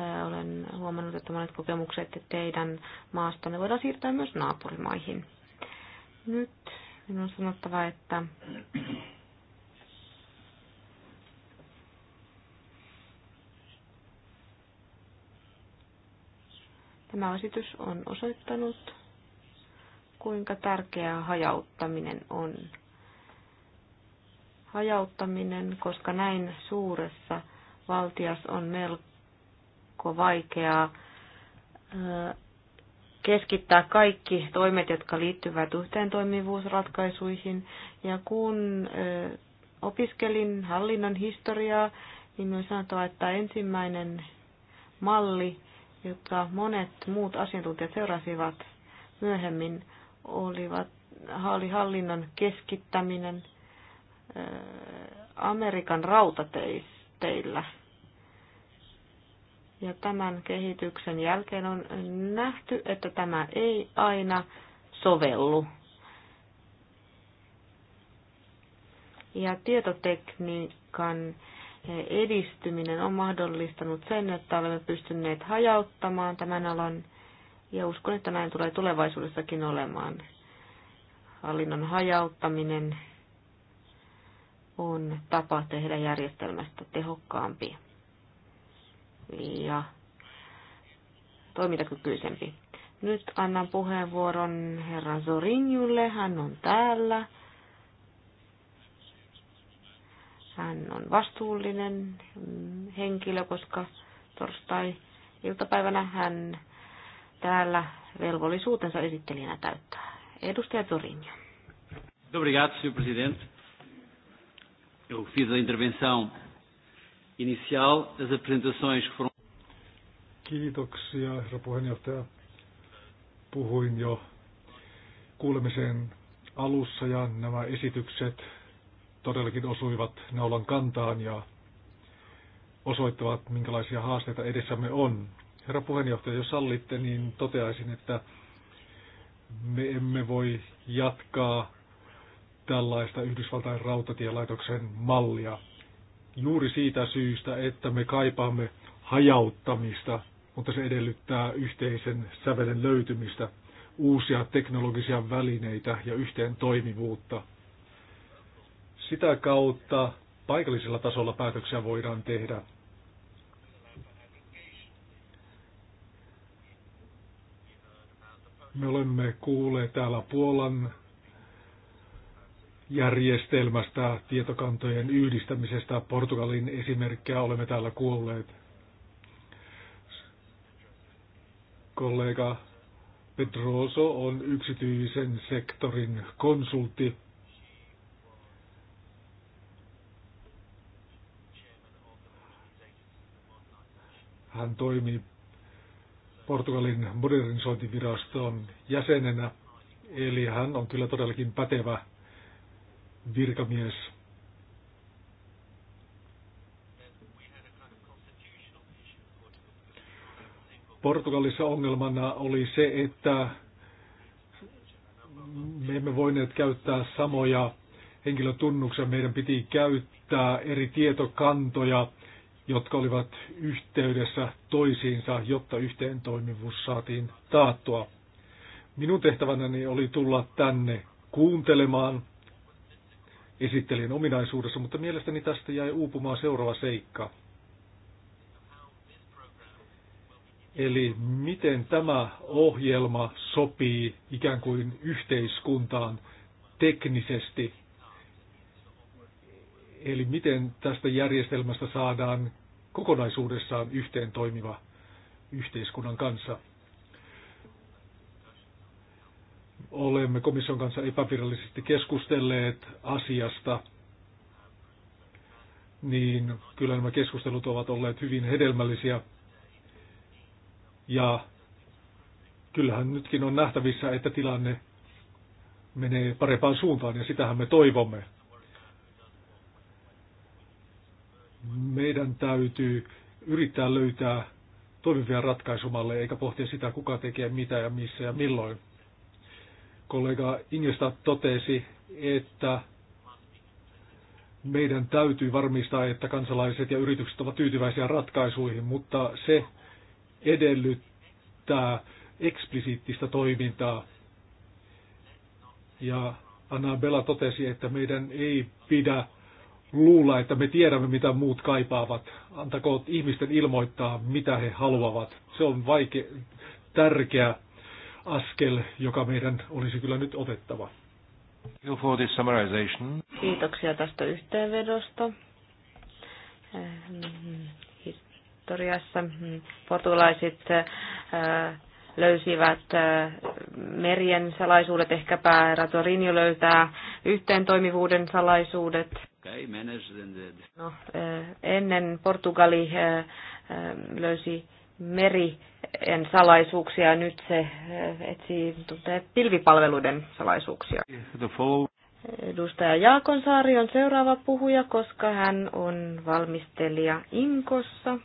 äh, olen huomannut, että monet kokemukset teidän maastanne voidaan siirtää myös naapurimaihin. Nyt minun on sanottava, että Tämä esitys on osoittanut, kuinka tärkeää hajauttaminen on. Hajauttaminen, koska näin suuressa valtias on melko vaikeaa keskittää kaikki toimet, jotka liittyvät yhteen toimivuusratkaisuihin. Ja kun opiskelin hallinnon historiaa, niin myös sanotaan, että ensimmäinen malli, jota monet muut asiantuntijat seurasivat myöhemmin, olivat, hallinnon keskittäminen äh, Amerikan rautateillä. Ja tämän kehityksen jälkeen on nähty, että tämä ei aina sovellu. Ja tietotekniikan edistyminen on mahdollistanut sen, että olemme pystyneet hajauttamaan tämän alan ja uskon, että näin tulee tulevaisuudessakin olemaan. Hallinnon hajauttaminen on tapa tehdä järjestelmästä tehokkaampi ja toimintakykyisempi. Nyt annan puheenvuoron herra Zorinjulle, hän on täällä. Hän on vastuullinen henkilö, koska torstai-iltapäivänä hän täällä velvollisuutensa esittelijänä täyttää. Edustaja Torinja. Obrigado, Sr. Presidente. Eu fiz a intervenção inicial, as apresentações foram... Kiitoksia, herra puheenjohtaja. Puhuin jo kuulemisen alussa ja nämä esitykset todellakin osuivat naulan kantaan ja osoittavat, minkälaisia haasteita edessämme on. Herra puheenjohtaja, jos sallitte, niin toteaisin, että me emme voi jatkaa tällaista Yhdysvaltain rautatielaitoksen mallia juuri siitä syystä, että me kaipaamme hajauttamista, mutta se edellyttää yhteisen sävelen löytymistä, uusia teknologisia välineitä ja yhteen toimivuutta – sitä kautta paikallisella tasolla päätöksiä voidaan tehdä. Me olemme kuulleet täällä Puolan järjestelmästä, tietokantojen yhdistämisestä, Portugalin esimerkkejä olemme täällä kuulleet. Kollega Pedroso on yksityisen sektorin konsultti Hän toimi Portugalin modernisointiviraston jäsenenä, eli hän on kyllä todellakin pätevä virkamies. Portugalissa ongelmana oli se, että me emme voineet käyttää samoja henkilötunnuksia. Meidän piti käyttää eri tietokantoja jotka olivat yhteydessä toisiinsa, jotta yhteen toimivuus saatiin taattua. Minun tehtävänäni oli tulla tänne kuuntelemaan esittelin ominaisuudessa, mutta mielestäni tästä jäi uupumaan seuraava seikka. Eli miten tämä ohjelma sopii ikään kuin yhteiskuntaan teknisesti Eli miten tästä järjestelmästä saadaan kokonaisuudessaan yhteen toimiva yhteiskunnan kanssa. Olemme komission kanssa epävirallisesti keskustelleet asiasta, niin kyllä nämä keskustelut ovat olleet hyvin hedelmällisiä. Ja kyllähän nytkin on nähtävissä, että tilanne menee parempaan suuntaan ja sitähän me toivomme. meidän täytyy yrittää löytää toimivia ratkaisumalle, eikä pohtia sitä, kuka tekee mitä ja missä ja milloin. Kollega Ingesta totesi, että meidän täytyy varmistaa, että kansalaiset ja yritykset ovat tyytyväisiä ratkaisuihin, mutta se edellyttää eksplisiittistä toimintaa. Ja Bella totesi, että meidän ei pidä luulla, että me tiedämme, mitä muut kaipaavat. Antakoot ihmisten ilmoittaa, mitä he haluavat. Se on vaikea, tärkeä askel, joka meidän olisi kyllä nyt otettava. Kiitoksia tästä yhteenvedosta. Mm-hmm. Historiassa mm-hmm. portugalaiset äh, löysivät äh, merien salaisuudet, ehkäpä Ratorinio löytää yhteen toimivuuden salaisuudet. Okay, no, eh, ennen Portugali eh, eh, löysi merien salaisuuksia nyt se etsii pilvipalveluiden salaisuuksia. Edustaja Saari on seuraava puhuja, koska hän on valmistelija Inkossa.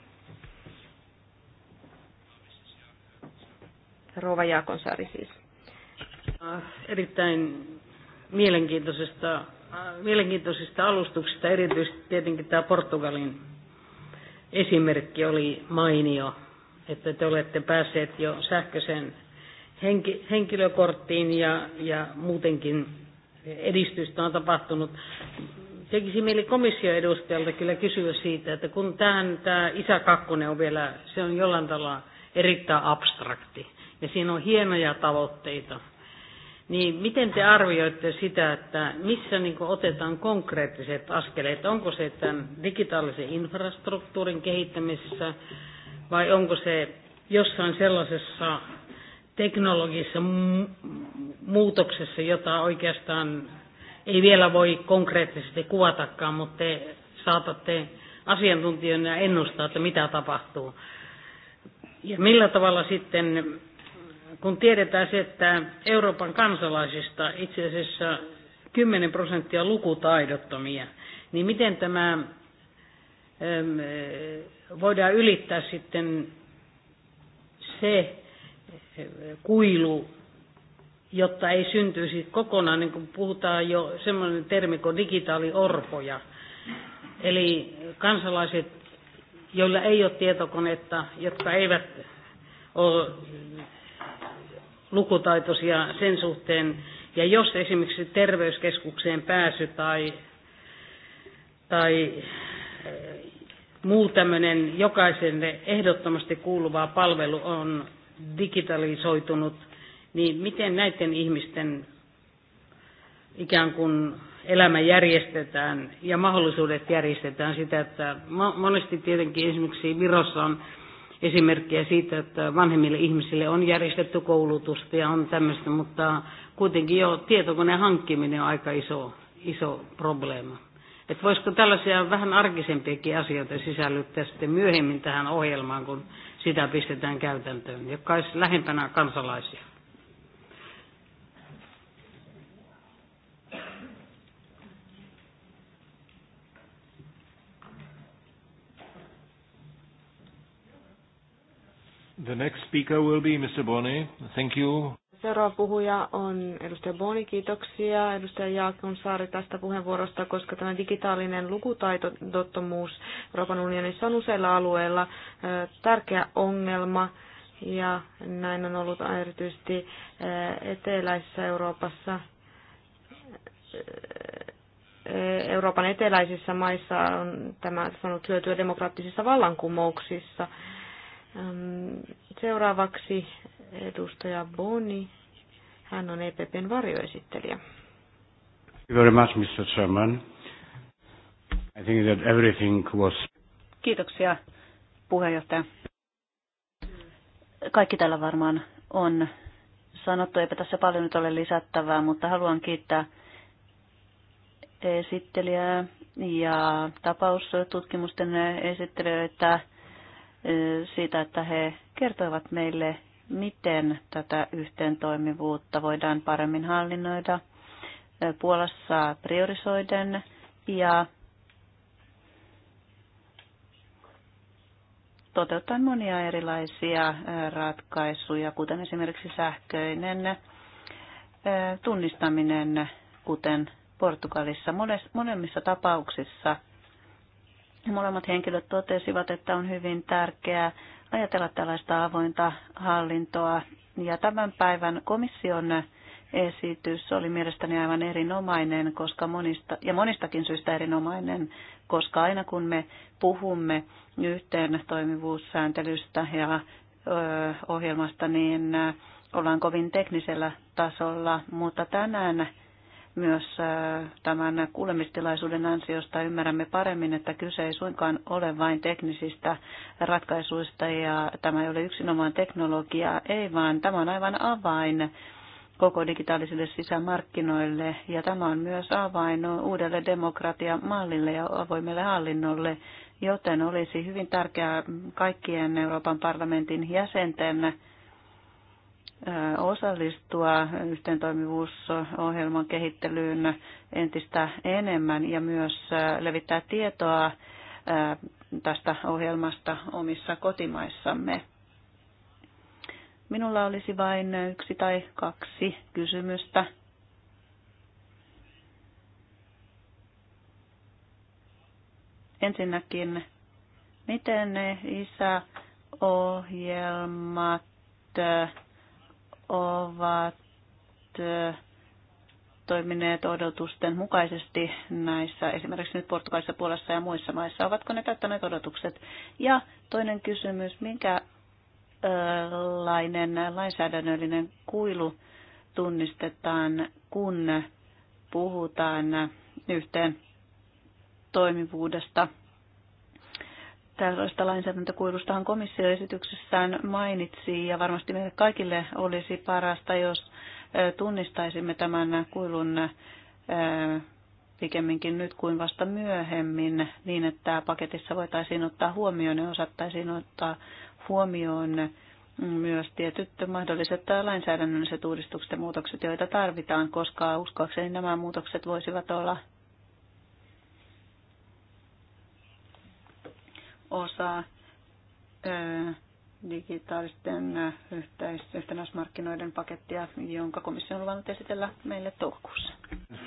Rova Saari siis. Erittäin mielenkiintoisesta Äh, mielenkiintoisista alustuksista. Erityisesti tietenkin tämä Portugalin esimerkki oli mainio, että te olette päässeet jo sähköisen henki, henkilökorttiin ja, ja muutenkin edistystä on tapahtunut. Tekisi mieli komission edustajalta kyllä kysyä siitä, että kun tähän tämä isä kakkonen on vielä, se on jollain tavalla erittäin abstrakti ja siinä on hienoja tavoitteita – niin miten te arvioitte sitä, että missä niin otetaan konkreettiset askeleet? Onko se tämän digitaalisen infrastruktuurin kehittämisessä vai onko se jossain sellaisessa teknologisessa muutoksessa, jota oikeastaan ei vielä voi konkreettisesti kuvatakaan, mutta te saatatte asiantuntijoina ennustaa, että mitä tapahtuu. Ja millä tavalla sitten kun tiedetään se, että Euroopan kansalaisista itse asiassa 10 prosenttia lukutaidottomia, niin miten tämä voidaan ylittää sitten se kuilu, jotta ei syntyisi kokonaan, niin kuin puhutaan jo semmoinen termi kuin digitaaliorpoja. Eli kansalaiset, joilla ei ole tietokonetta, jotka eivät ole lukutaitoisia sen suhteen, ja jos esimerkiksi terveyskeskukseen pääsy tai, tai eh, muu tämmöinen jokaiselle ehdottomasti kuuluva palvelu on digitalisoitunut, niin miten näiden ihmisten ikään kuin elämä järjestetään ja mahdollisuudet järjestetään sitä, että monesti tietenkin esimerkiksi Virossa on esimerkkejä siitä, että vanhemmille ihmisille on järjestetty koulutusta ja on tämmöistä, mutta kuitenkin jo tietokoneen hankkiminen on aika iso, iso probleema. Että voisiko tällaisia vähän arkisempiakin asioita sisällyttää sitten myöhemmin tähän ohjelmaan, kun sitä pistetään käytäntöön, joka olisi lähempänä kansalaisia. The next speaker will be Mr. Boni. Thank you. Seuraava puhuja on edustaja Boni. Kiitoksia edustaja Jaakon Saari tästä puheenvuorosta, koska tämä digitaalinen lukutaitottomuus Euroopan unionissa on useilla alueilla tärkeä ongelma. Ja näin on ollut erityisesti eteläisessä Euroopassa. Euroopan eteläisissä maissa on tämä sanottu hyötyä demokraattisissa vallankumouksissa – Ähm, seuraavaksi edustaja Boni. Hän on EPPn varjoesittelijä. Very much, Mr. Chairman. I think that everything was... Kiitoksia, puheenjohtaja. Kaikki täällä varmaan on sanottu, eipä tässä paljon nyt ole lisättävää, mutta haluan kiittää esittelijää ja tapaustutkimusten esittelijöitä siitä, että he kertoivat meille, miten tätä yhteentoimivuutta voidaan paremmin hallinnoida Puolassa priorisoiden ja toteuttaen monia erilaisia ratkaisuja, kuten esimerkiksi sähköinen tunnistaminen, kuten Portugalissa. monemmissa tapauksissa Molemmat henkilöt totesivat, että on hyvin tärkeää ajatella tällaista avointa hallintoa. Ja tämän päivän komission esitys oli mielestäni aivan erinomainen koska monista, ja monistakin syistä erinomainen, koska aina kun me puhumme yhteen toimivuussääntelystä ja ö, ohjelmasta, niin ollaan kovin teknisellä tasolla, mutta tänään myös äh, tämän kuulemistilaisuuden ansiosta ymmärrämme paremmin, että kyse ei suinkaan ole vain teknisistä ratkaisuista ja tämä ei ole yksinomaan teknologiaa, ei vaan tämä on aivan avain koko digitaalisille sisämarkkinoille ja tämä on myös avain uudelle demokratiamallille ja avoimelle hallinnolle, joten olisi hyvin tärkeää kaikkien Euroopan parlamentin jäsenten osallistua yhteentoimivuusohjelman kehittelyyn entistä enemmän ja myös levittää tietoa tästä ohjelmasta omissa kotimaissamme. Minulla olisi vain yksi tai kaksi kysymystä. Ensinnäkin, miten ne isäohjelmat ovat toimineet odotusten mukaisesti näissä, esimerkiksi nyt Portugalissa, Puolassa ja muissa maissa? Ovatko ne täyttäneet odotukset? Ja toinen kysymys, minkälainen lainsäädännöllinen kuilu tunnistetaan, kun puhutaan yhteen toimivuudesta – tällaista lainsäädäntökuilustahan komissio esityksessään mainitsi ja varmasti meille kaikille olisi parasta, jos tunnistaisimme tämän kuilun pikemminkin nyt kuin vasta myöhemmin niin, että paketissa voitaisiin ottaa huomioon ja osattaisiin ottaa huomioon myös tietyt mahdolliset lainsäädännölliset uudistukset ja muutokset, joita tarvitaan, koska uskoakseni nämä muutokset voisivat olla osa digitaalisten yhteis- yhtenäismarkkinoiden pakettia, jonka komissio on luvannut esitellä meille toukokuussa.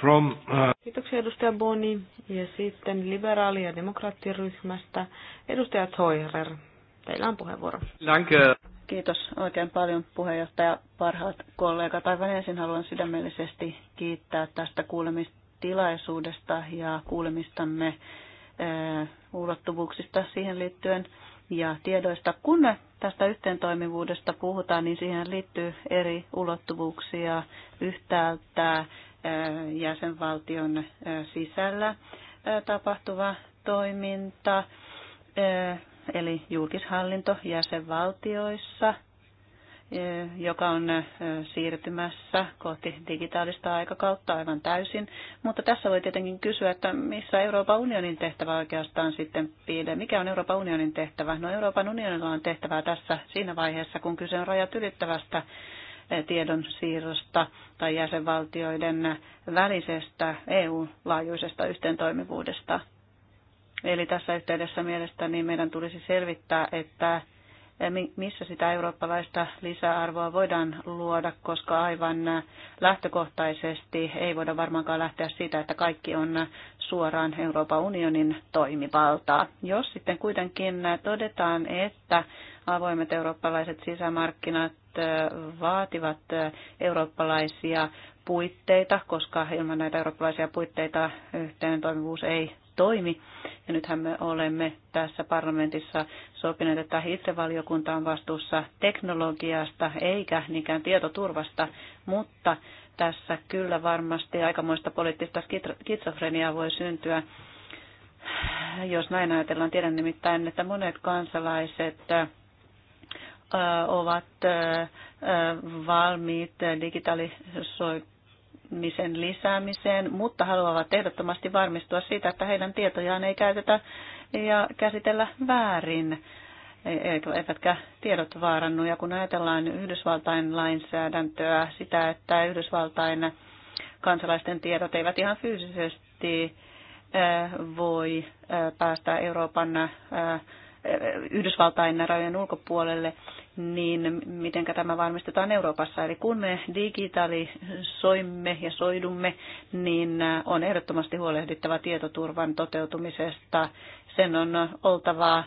From, uh... Kiitoksia edustaja Boni ja sitten liberaali- ja demokraattiryhmästä edustaja Toirer. Teillä on puheenvuoro. Danke. Kiitos oikein paljon puheenjohtaja, parhaat kollegat. Aivan ensin haluan sydämellisesti kiittää tästä kuulemistilaisuudesta ja kuulemistamme ulottuvuuksista siihen liittyen ja tiedoista. Kun tästä yhteentoimivuudesta puhutaan, niin siihen liittyy eri ulottuvuuksia yhtäältä jäsenvaltion sisällä tapahtuva toiminta, eli julkishallinto jäsenvaltioissa – Eh, joka on eh, siirtymässä kohti digitaalista aikakautta aivan täysin. Mutta tässä voi tietenkin kysyä, että missä Euroopan unionin tehtävä oikeastaan sitten piilee. Mikä on Euroopan unionin tehtävä? No Euroopan unionilla on tehtävää tässä siinä vaiheessa, kun kyse on rajat ylittävästä eh, tiedon siirrosta tai jäsenvaltioiden välisestä EU-laajuisesta yhteentoimivuudesta. Eli tässä yhteydessä mielestäni meidän tulisi selvittää, että Eh, missä sitä eurooppalaista lisäarvoa voidaan luoda, koska aivan eh, lähtökohtaisesti ei voida varmaankaan lähteä siitä, että kaikki on eh, suoraan Euroopan unionin toimivaltaa. Jos sitten kuitenkin todetaan, että avoimet eurooppalaiset sisämarkkinat vaativat eurooppalaisia puitteita, koska ilman näitä eurooppalaisia puitteita yhteen toimivuus ei toimi. Ja nythän me olemme tässä parlamentissa sopineet, että itse valiokunta on vastuussa teknologiasta eikä niinkään tietoturvasta, mutta tässä kyllä varmasti aikamoista poliittista skitsofreniaa voi syntyä, jos näin ajatellaan. Tiedän nimittäin, että monet kansalaiset ovat valmiit digitalisoitumaan tietämisen lisäämiseen, mutta haluavat ehdottomasti varmistua siitä, että heidän tietojaan ei käytetä ja käsitellä väärin eivätkä tiedot vaarannu. Ja kun ajatellaan Yhdysvaltain lainsäädäntöä, sitä, että Yhdysvaltain kansalaisten tiedot eivät ihan fyysisesti eh, voi eh, päästä Euroopan eh, Yhdysvaltain rajojen ulkopuolelle, niin miten tämä varmistetaan Euroopassa. Eli kun me digitalisoimme ja soidumme, niin on ehdottomasti huolehdittava tietoturvan toteutumisesta. Sen on oltava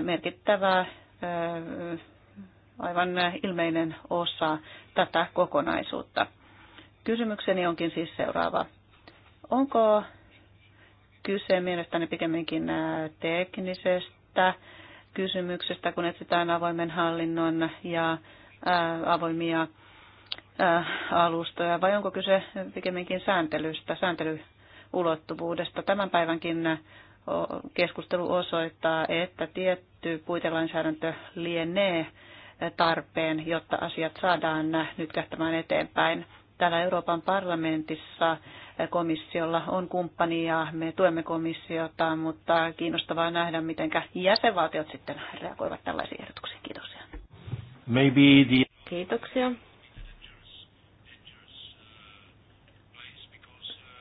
merkittävä, aivan ilmeinen osa tätä kokonaisuutta. Kysymykseni onkin siis seuraava. Onko kyse mielestäni pikemminkin teknisestä kysymyksestä, kun etsitään avoimen hallinnon ja äh, avoimia äh, alustoja, vai onko kyse pikemminkin sääntelystä, sääntelyulottuvuudesta. Tämän päivänkin äh, keskustelu osoittaa, että tietty puitelainsäädäntö lienee tarpeen, jotta asiat saadaan nyt kähtämään eteenpäin. Täällä Euroopan parlamentissa komissiolla on kumppani ja me tuemme komissiota, mutta kiinnostavaa nähdä, miten jäsenvaltiot sitten reagoivat tällaisiin ehdotuksiin. Kiitoksia. Maybe the... Kiitoksia.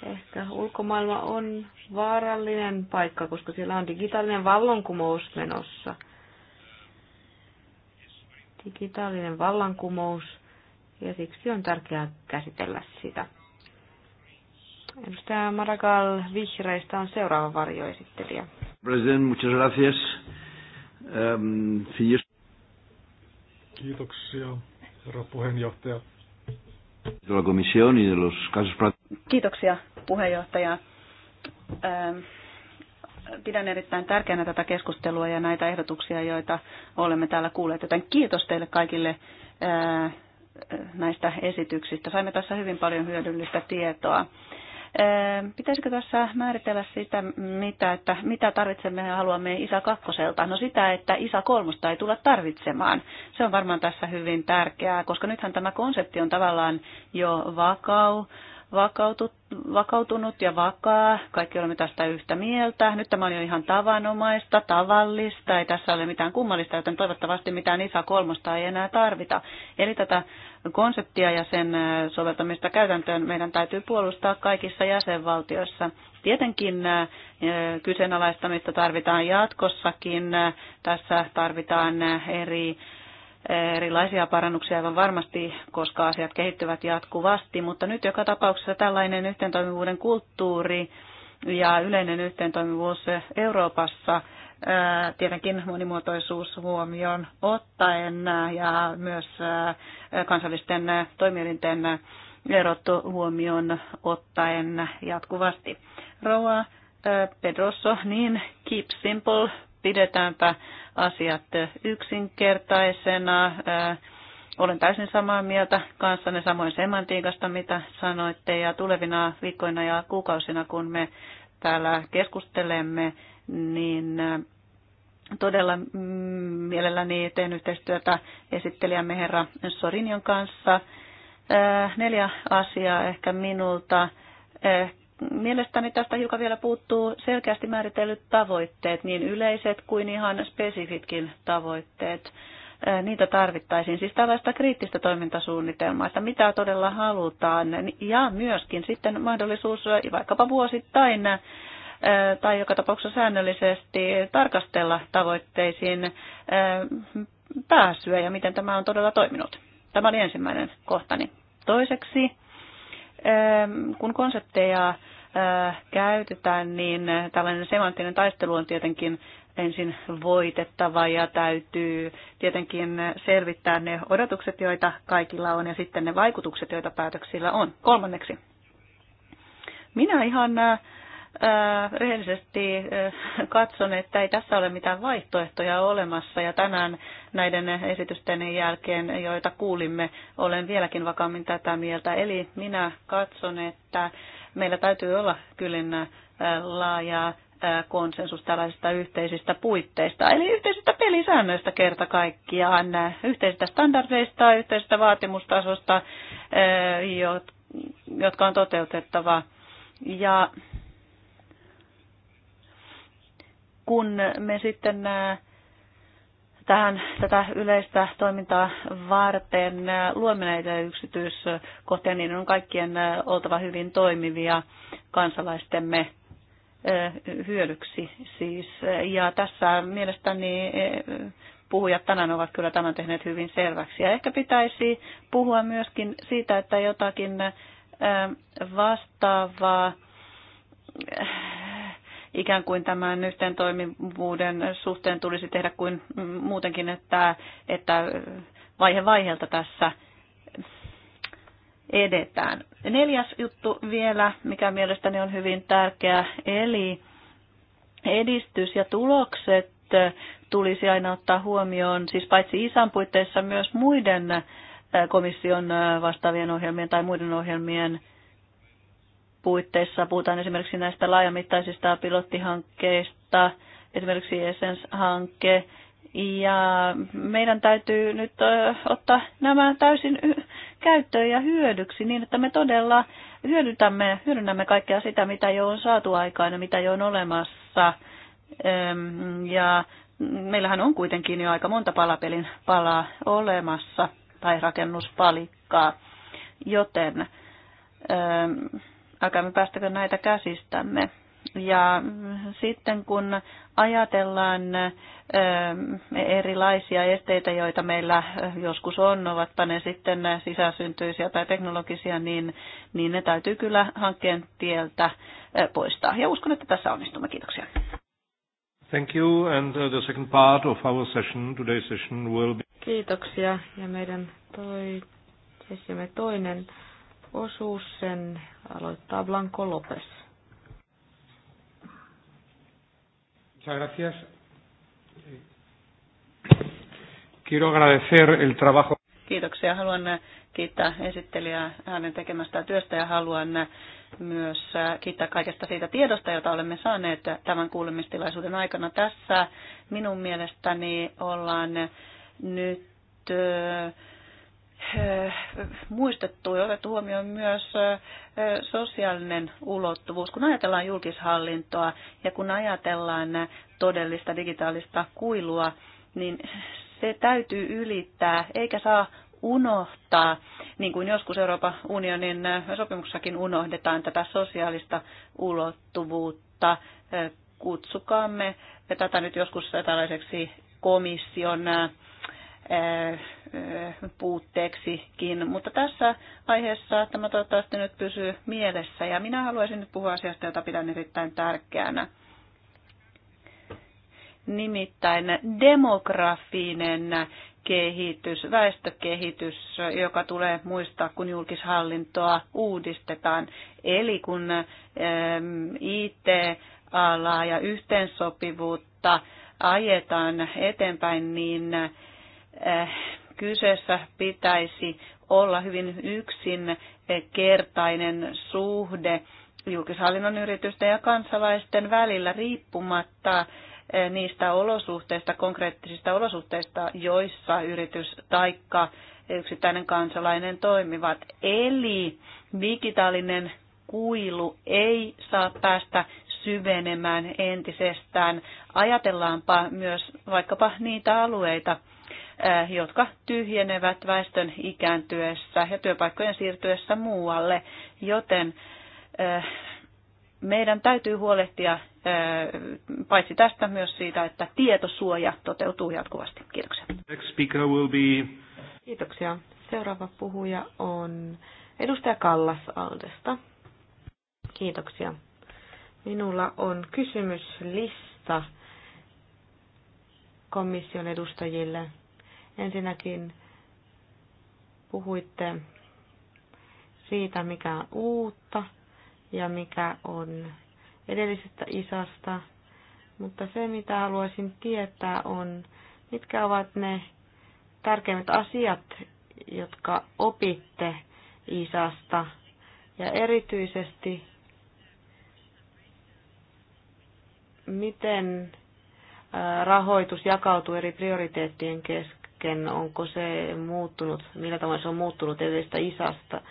Ehkä ulkomaailma on vaarallinen paikka, koska siellä on digitaalinen vallankumous menossa. Digitaalinen vallankumous, ja siksi on tärkeää käsitellä sitä. Edustaja Maragall Vihreistä on seuraava varjoesittelijä. President, muchas gracias. Um, Kiitoksia, herra puheenjohtaja. Kiitoksia, puheenjohtaja. Pidän erittäin tärkeänä tätä keskustelua ja näitä ehdotuksia, joita olemme täällä kuulleet, joten kiitos teille kaikille eh, näistä esityksistä. Saimme tässä hyvin paljon hyödyllistä tietoa. Pitäisikö tässä määritellä sitä, mitä, että mitä tarvitsemme ja haluamme isä kakkoselta? No sitä, että isä kolmosta ei tulla tarvitsemaan. Se on varmaan tässä hyvin tärkeää, koska nythän tämä konsepti on tavallaan jo vakau, vakautut, vakautunut ja vakaa. Kaikki olemme tästä yhtä mieltä. Nyt tämä on jo ihan tavanomaista, tavallista. Ei tässä ole mitään kummallista, joten toivottavasti mitään isä kolmosta ei enää tarvita. Eli tätä konseptia ja sen soveltamista käytäntöön meidän täytyy puolustaa kaikissa jäsenvaltioissa. Tietenkin kyseenalaistamista tarvitaan jatkossakin. Tässä tarvitaan eri erilaisia parannuksia aivan varmasti, koska asiat kehittyvät jatkuvasti, mutta nyt joka tapauksessa tällainen yhteentoimivuuden kulttuuri ja yleinen yhteentoimivuus Euroopassa – tietenkin monimuotoisuus huomioon ottaen ja myös kansallisten toimielinten erot huomioon ottaen jatkuvasti. Rouva Pedroso, niin keep simple, pidetäänpä asiat yksinkertaisena. Olen täysin samaa mieltä kanssanne samoin semantiikasta, mitä sanoitte, ja tulevina viikkoina ja kuukausina, kun me täällä keskustelemme, niin äh, todella mm, mielelläni teen yhteistyötä esittelijämme herra Sorinion kanssa. Äh, neljä asiaa ehkä minulta. Äh, mielestäni tästä hiukan vielä puuttuu selkeästi määritellyt tavoitteet, niin yleiset kuin ihan spesifitkin tavoitteet. Niitä tarvittaisiin, siis tällaista kriittistä toimintasuunnitelmaa, että mitä todella halutaan, ja myöskin sitten mahdollisuus vaikkapa vuosittain tai joka tapauksessa säännöllisesti tarkastella tavoitteisiin pääsyä ja miten tämä on todella toiminut. Tämä oli ensimmäinen kohtani. Toiseksi, kun konsepteja käytetään, niin tällainen semanttinen taistelu on tietenkin ensin voitettava ja täytyy tietenkin selvittää ne odotukset, joita kaikilla on ja sitten ne vaikutukset, joita päätöksillä on. Kolmanneksi. Minä ihan Äh, rehellisesti äh, katson, että ei tässä ole mitään vaihtoehtoja olemassa ja tänään näiden esitysten jälkeen, joita kuulimme, olen vieläkin vakaammin tätä mieltä. Eli minä katson, että meillä täytyy olla kyllä äh, laajaa konsensus tällaisista yhteisistä puitteista, eli yhteisistä pelisäännöistä kerta kaikkiaan, yhteisistä standardeista, yhteisistä vaatimustasosta, jotka on toteutettava. Ja kun me sitten tähän, tätä yleistä toimintaa varten luomme näitä yksityiskohtia, niin on kaikkien oltava hyvin toimivia kansalaistemme hyödyksi siis. Ja tässä mielestäni puhujat tänään ovat kyllä tämän tehneet hyvin selväksi. Ja ehkä pitäisi puhua myöskin siitä, että jotakin vastaavaa ikään kuin tämän yhteen toimivuuden suhteen tulisi tehdä kuin muutenkin, että, että vaihe vaiheelta tässä edetään. Neljäs juttu vielä, mikä mielestäni on hyvin tärkeä, eli edistys ja tulokset tulisi aina ottaa huomioon, siis paitsi isän puitteissa myös muiden komission vastaavien ohjelmien tai muiden ohjelmien puitteissa puhutaan esimerkiksi näistä laajamittaisista pilottihankkeista, esimerkiksi Essence-hanke, ja meidän täytyy nyt ottaa nämä täysin käyttöön ja hyödyksi niin, että me todella hyödytämme, hyödynnämme kaikkea sitä, mitä jo on saatu aikaan ja mitä jo on olemassa. Ja meillähän on kuitenkin jo aika monta palapelin palaa olemassa tai rakennuspalikkaa, joten älkäämme päästäkö näitä käsistämme. Ja sitten kun ajatellaan erilaisia esteitä, joita meillä joskus on, ovatpa ne sitten sisäsyntyisiä tai teknologisia, niin, niin ne täytyy kyllä hankkeen tieltä poistaa. Ja uskon, että tässä onnistumme. Kiitoksia. Thank you. And uh, the second part of our session, today's session will be... Kiitoksia. Ja meidän toi, toinen osuus sen Aloittaa Blanco Lopes. Muchas gracias. Quiero agradecer el trabajo. Kiitoksia. Haluan kiittää esittelijää hänen tekemästä työstä ja haluan myös kiittää kaikesta siitä tiedosta, jota olemme saaneet tämän kuulemistilaisuuden aikana. Tässä minun mielestäni ollaan nyt muistettu ja otettu huomioon myös sosiaalinen ulottuvuus, kun ajatellaan julkishallintoa ja kun ajatellaan todellista digitaalista kuilua, niin se täytyy ylittää, eikä saa unohtaa, niin kuin joskus Euroopan unionin sopimuksessakin unohdetaan tätä sosiaalista ulottuvuutta. Kutsukaamme tätä nyt joskus tällaiseksi komission puutteeksikin, mutta tässä aiheessa tämä toivottavasti nyt pysyy mielessä ja minä haluaisin nyt puhua asiasta, jota pidän erittäin tärkeänä. Nimittäin demografinen kehitys, väestökehitys, joka tulee muistaa, kun julkishallintoa uudistetaan. Eli kun IT-alaa ja yhteensopivuutta ajetaan eteenpäin, niin Eh, kyseessä pitäisi olla hyvin yksin eh, kertainen suhde julkishallinnon yritysten ja kansalaisten välillä riippumatta eh, niistä olosuhteista, konkreettisista olosuhteista, joissa yritys taikka yksittäinen kansalainen toimivat. Eli digitaalinen kuilu ei saa päästä syvenemään entisestään. Ajatellaanpa myös vaikkapa niitä alueita, Äh, jotka tyhjenevät väestön ikääntyessä ja työpaikkojen siirtyessä muualle, joten äh, meidän täytyy huolehtia äh, paitsi tästä myös siitä, että tietosuoja toteutuu jatkuvasti. Kiitoksia. Next speaker will be... Kiitoksia. Seuraava puhuja on edustaja Kallas Aldesta. Kiitoksia. Minulla on kysymyslista komission edustajille. Ensinnäkin puhuitte siitä, mikä on uutta ja mikä on edellisestä isasta, mutta se mitä haluaisin tietää on, mitkä ovat ne tärkeimmät asiat, jotka opitte isasta ja erityisesti miten rahoitus jakautuu eri prioriteettien kesken sitten, onko se muuttunut, millä tavoin se on muuttunut edestä isasta.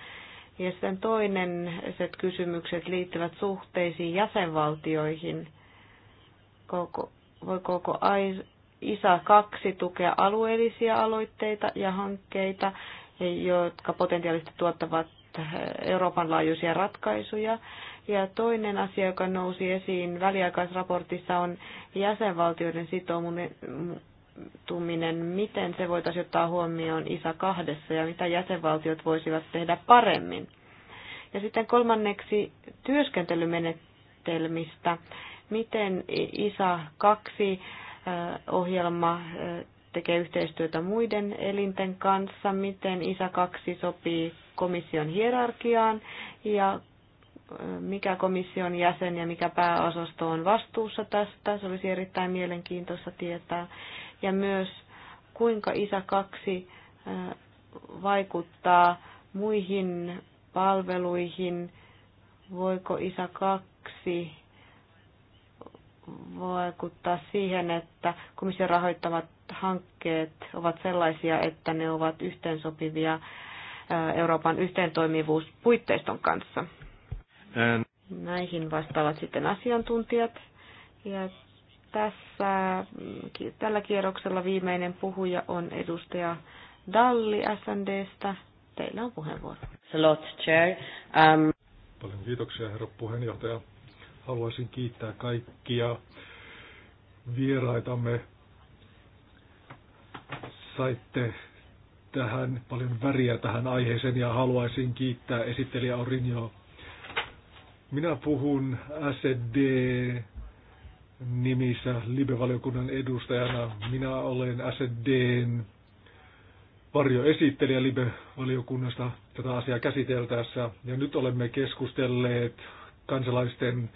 Ja sitten toinen set kysymykset liittyvät suhteisiin jäsenvaltioihin. Koko, voi koko isä kaksi tukea alueellisia aloitteita ja hankkeita, jotka potentiaalisesti tuottavat Euroopan laajuisia ratkaisuja. Ja toinen asia, joka nousi esiin väliaikaisraportissa, on jäsenvaltioiden sitoutuminen velkaantuminen, miten se voitaisiin ottaa huomioon ISA kahdessa ja mitä jäsenvaltiot voisivat tehdä paremmin. Ja sitten kolmanneksi työskentelymenetelmistä. Miten ISA 2 ohjelma tekee yhteistyötä muiden elinten kanssa, miten ISA 2 sopii komission hierarkiaan ja mikä komission jäsen ja mikä pääosasto on vastuussa tästä. Se olisi erittäin mielenkiintoista tietää ja myös kuinka isä kaksi vaikuttaa muihin palveluihin, voiko isä kaksi vaikuttaa siihen, että komission rahoittamat hankkeet ovat sellaisia, että ne ovat yhteensopivia Euroopan yhteentoimivuuspuitteiston kanssa. Näihin vastaavat sitten asiantuntijat. Ja tässä, mm, tällä kierroksella viimeinen puhuja on edustaja Dalli SNDstä. Teillä on puheenvuoro. Lot, chair. Um... Paljon kiitoksia, herra puheenjohtaja. Haluaisin kiittää kaikkia vieraitamme. Saitte tähän paljon väriä tähän aiheeseen ja haluaisin kiittää esittelijä Aurinjoa. Minä puhun SD nimissä Libe-valiokunnan edustajana. Minä olen SDn varjoesittelijä Libe-valiokunnasta tätä asiaa käsiteltäessä. Ja nyt olemme keskustelleet kansalaisten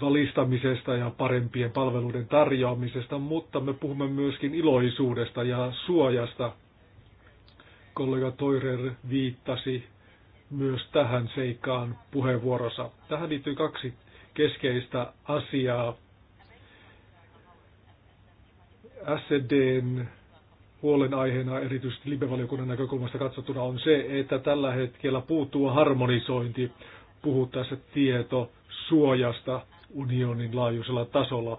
valistamisesta ja parempien palveluiden tarjoamisesta, mutta me puhumme myöskin iloisuudesta ja suojasta. Kollega Toirer viittasi myös tähän seikkaan puheenvuorossa. Tähän liittyy kaksi keskeistä asiaa. SDn huolenaiheena erityisesti libevaliokunnan näkökulmasta katsottuna on se, että tällä hetkellä puuttuu harmonisointi puhuttaessa suojasta unionin laajuisella tasolla.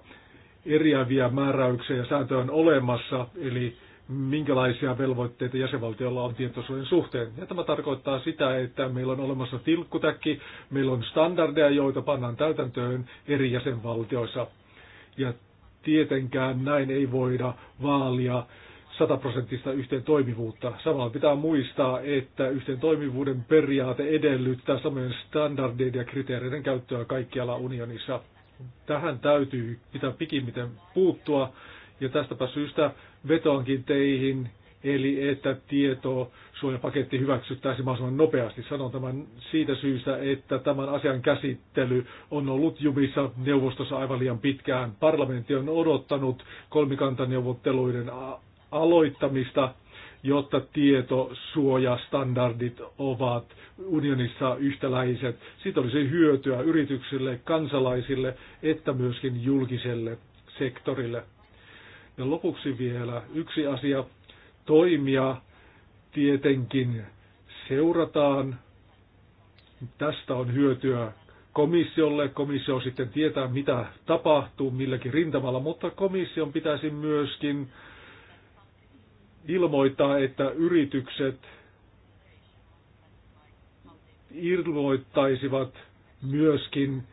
Eriäviä määräyksiä ja sääntöjä on olemassa, eli minkälaisia velvoitteita jäsenvaltiolla on tietosuojan suhteen. Ja tämä tarkoittaa sitä, että meillä on olemassa tilkkutäkki, meillä on standardeja, joita pannaan täytäntöön eri jäsenvaltioissa. Ja tietenkään näin ei voida vaalia sataprosenttista yhteen toimivuutta. Samalla pitää muistaa, että yhteen toimivuuden periaate edellyttää samojen standardien ja kriteereiden käyttöä kaikkialla unionissa. Tähän täytyy pitää pikimmiten puuttua, ja tästäpä syystä vetoankin teihin, eli että tieto suojapaketti hyväksyttäisiin mahdollisimman nopeasti. Sanon tämän siitä syystä, että tämän asian käsittely on ollut jumissa neuvostossa aivan liian pitkään. Parlamentti on odottanut kolmikantaneuvotteluiden aloittamista, jotta tietosuojastandardit ovat unionissa yhtäläiset. Siitä olisi hyötyä yrityksille, kansalaisille että myöskin julkiselle sektorille. Ja lopuksi vielä yksi asia. Toimia tietenkin seurataan. Tästä on hyötyä komissiolle. Komissio sitten tietää, mitä tapahtuu milläkin rintamalla, mutta komission pitäisi myöskin ilmoittaa, että yritykset ilmoittaisivat myöskin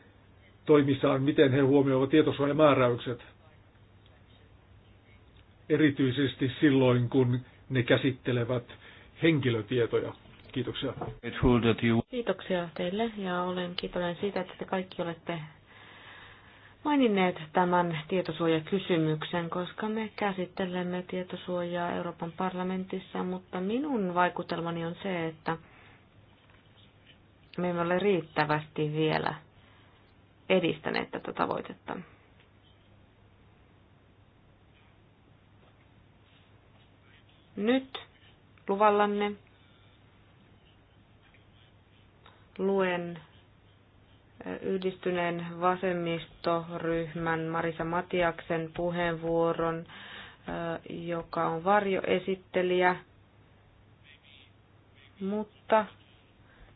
toimissaan, miten he huomioivat tietosuojamääräykset erityisesti silloin, kun ne käsittelevät henkilötietoja. Kiitoksia. Kiitoksia teille ja olen kiitollinen siitä, että te kaikki olette maininneet tämän tietosuojakysymyksen, koska me käsittelemme tietosuojaa Euroopan parlamentissa, mutta minun vaikutelmani on se, että me emme ole riittävästi vielä edistäneet tätä tavoitetta. Nyt luvallanne luen yhdistyneen vasemmistoryhmän Marisa Matiaksen puheenvuoron, joka on varjoesittelijä, mutta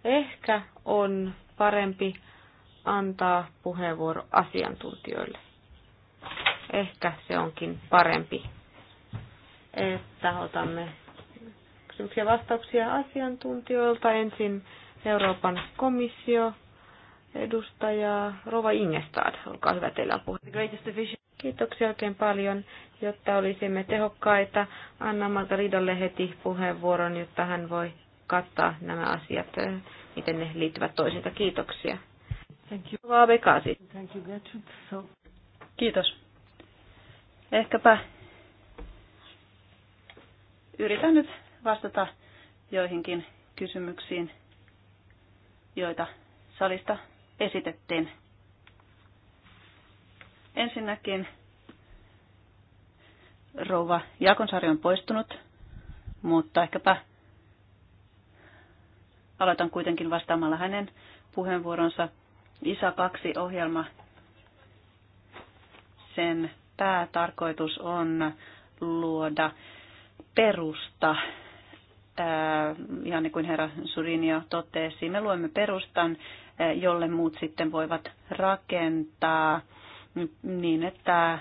ehkä on parempi antaa puheenvuoro asiantuntijoille. Ehkä se onkin parempi että otamme kysymyksiä vastauksia asiantuntijoilta. Ensin Euroopan komissio, edustaja Rova Ingestad. Olkaa hyvä, teillä on puhe. Kiitoksia oikein paljon, jotta olisimme tehokkaita. Anna Margaridalle heti puheenvuoron, jotta hän voi kattaa nämä asiat, miten ne liittyvät toisiinsa. Kiitoksia. Thank you. Thank you, Kiitos. Ehkäpä yritän nyt vastata joihinkin kysymyksiin, joita salista esitettiin. Ensinnäkin rouva Jaakonsaari on poistunut, mutta ehkäpä aloitan kuitenkin vastaamalla hänen puheenvuoronsa. Isä 2 ohjelma, sen päätarkoitus on luoda perusta, ja niin kuin herra Surinio totesi, me luemme perustan, jolle muut sitten voivat rakentaa niin, että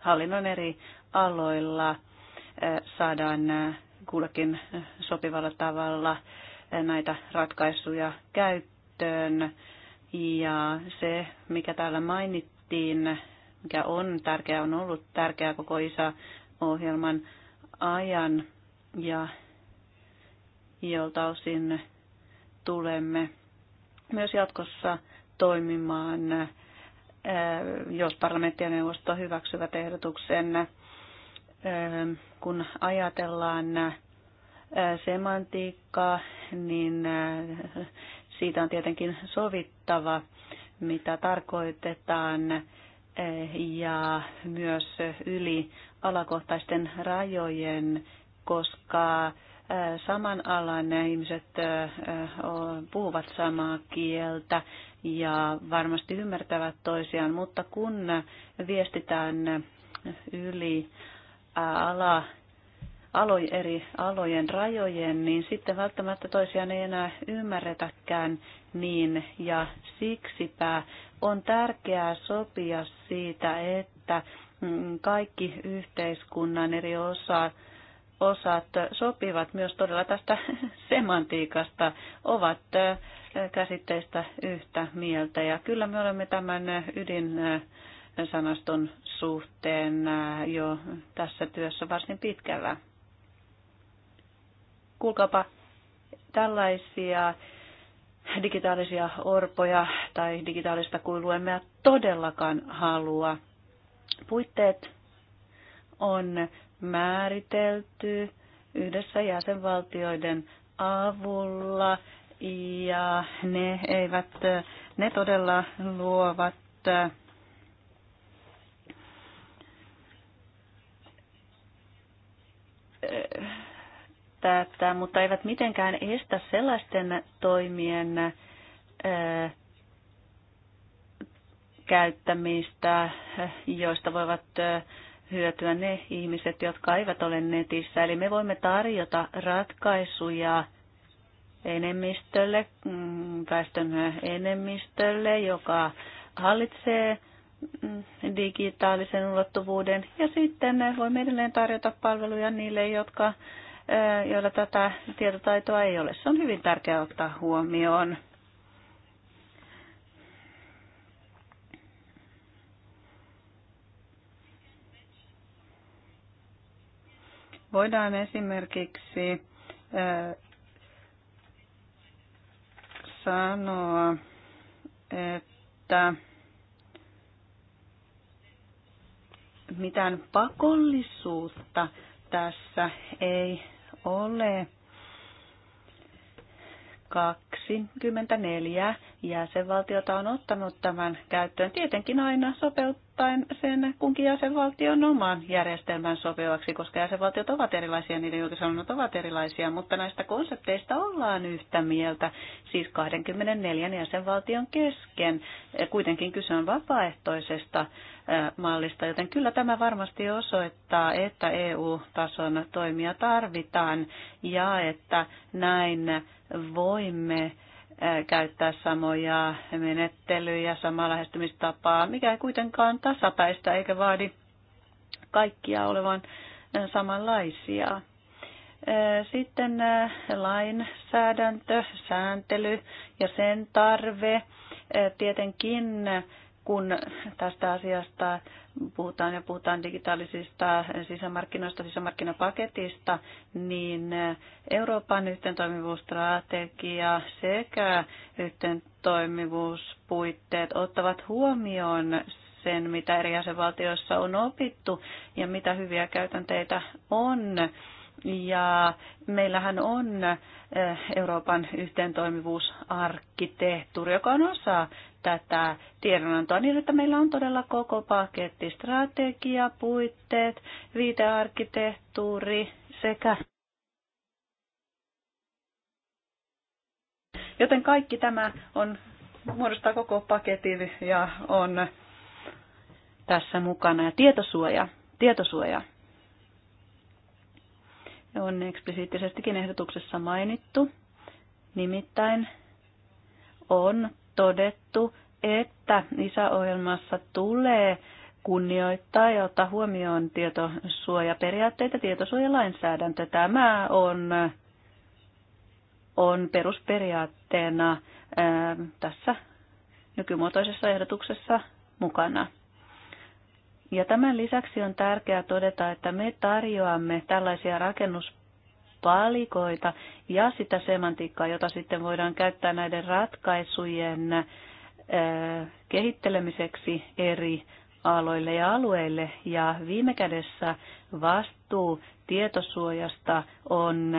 hallinnon eri aloilla saadaan kullakin sopivalla tavalla näitä ratkaisuja käyttöön. Ja se, mikä täällä mainittiin, mikä on tärkeää, on ollut tärkeää koko isäohjelman ohjelman ajan ja jolta osin tulemme myös jatkossa toimimaan, äh, jos parlamentti ja neuvosto hyväksyvät ehdotuksen, äh, kun ajatellaan äh, semantiikkaa, niin siitä on tietenkin sovittava, mitä tarkoitetaan ja myös yli alakohtaisten rajojen, koska saman alan ihmiset puhuvat samaa kieltä ja varmasti ymmärtävät toisiaan, mutta kun viestitään yli ala, alo, eri alojen rajojen, niin sitten välttämättä toisiaan ei enää ymmärretäkään niin ja siksipä on tärkeää sopia siitä, että mm, kaikki yhteiskunnan eri osa, osat sopivat myös todella tästä semantiikasta, ovat käsitteistä yhtä mieltä. Ja kyllä me olemme tämän ydin sanaston suhteen jo tässä työssä varsin pitkällä. Kuulkaapa tällaisia digitaalisia orpoja tai digitaalista kuilua emme todellakaan halua. Puitteet on määritelty yhdessä jäsenvaltioiden avulla ja ne eivät, ne todella luovat tätä, mutta eivät mitenkään estä sellaisten toimien käyttämistä, joista voivat hyötyä ne ihmiset, jotka eivät ole netissä. Eli me voimme tarjota ratkaisuja enemmistölle, mm, väestön enemmistölle, joka hallitsee mm, digitaalisen ulottuvuuden. Ja sitten voimme edelleen tarjota palveluja niille, jotka joilla tätä tietotaitoa ei ole. Se on hyvin tärkeää ottaa huomioon. Voidaan esimerkiksi sanoa, että mitään pakollisuutta tässä ei ole. 24 jäsenvaltiota on ottanut tämän käyttöön. Tietenkin aina sopeut ottaen sen kunkin jäsenvaltion oman järjestelmän sopivaksi, koska jäsenvaltiot ovat erilaisia, niiden julkisalunnot ovat erilaisia, mutta näistä konsepteista ollaan yhtä mieltä, siis 24 jäsenvaltion kesken. Kuitenkin kyse on vapaaehtoisesta mallista, joten kyllä tämä varmasti osoittaa, että EU-tason toimia tarvitaan ja että näin voimme käyttää samoja menettelyjä, samaa lähestymistapaa, mikä ei kuitenkaan tasapäistä eikä vaadi kaikkia olevan samanlaisia. Sitten lainsäädäntö, sääntely ja sen tarve. Tietenkin kun tästä asiasta puhutaan ja puhutaan digitaalisista sisämarkkinoista, sisämarkkinapaketista, niin Euroopan yhteentoimivuusstrategia sekä yhteentoimivuuspuitteet ottavat huomioon sen, mitä eri jäsenvaltioissa on opittu ja mitä hyviä käytänteitä on ja meillähän on eh, Euroopan yhteentoimivuusarkkitehtuuri, joka on osa tätä tiedonantoa niin, että meillä on todella koko paketti, strategia, puitteet, viitearkkitehtuuri sekä Joten kaikki tämä on, muodostaa koko paketin ja on tässä mukana. Ja tietosuoja, tietosuoja on eksplisiittisestikin ehdotuksessa mainittu. Nimittäin on todettu, että isäohjelmassa tulee kunnioittaa ja ottaa huomioon tietosuojaperiaatteita, tietosuojalainsäädäntö. Tämä on, on perusperiaatteena ää, tässä nykymuotoisessa ehdotuksessa mukana. Ja tämän lisäksi on tärkeää todeta, että me tarjoamme tällaisia rakennuspalikoita ja sitä semantiikkaa, jota sitten voidaan käyttää näiden ratkaisujen kehittelemiseksi eri aloille ja alueille. Ja viime kädessä vastuu tietosuojasta on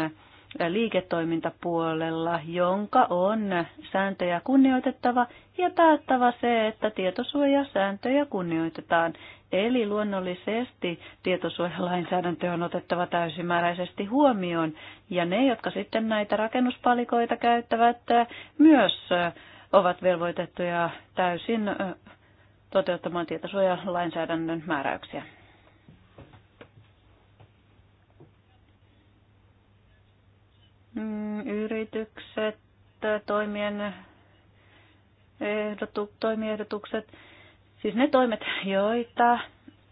liiketoimintapuolella, jonka on sääntöjä kunnioitettava ja taattava se, että tietosuojasääntöjä kunnioitetaan. Eli luonnollisesti tietosuojalainsäädäntö on otettava täysimääräisesti huomioon, ja ne, jotka sitten näitä rakennuspalikoita käyttävät, myös ovat velvoitettuja täysin toteuttamaan tietosuojalainsäädännön määräyksiä. yritykset, toimien ehdotu, toimiehdotukset, siis ne toimet, joita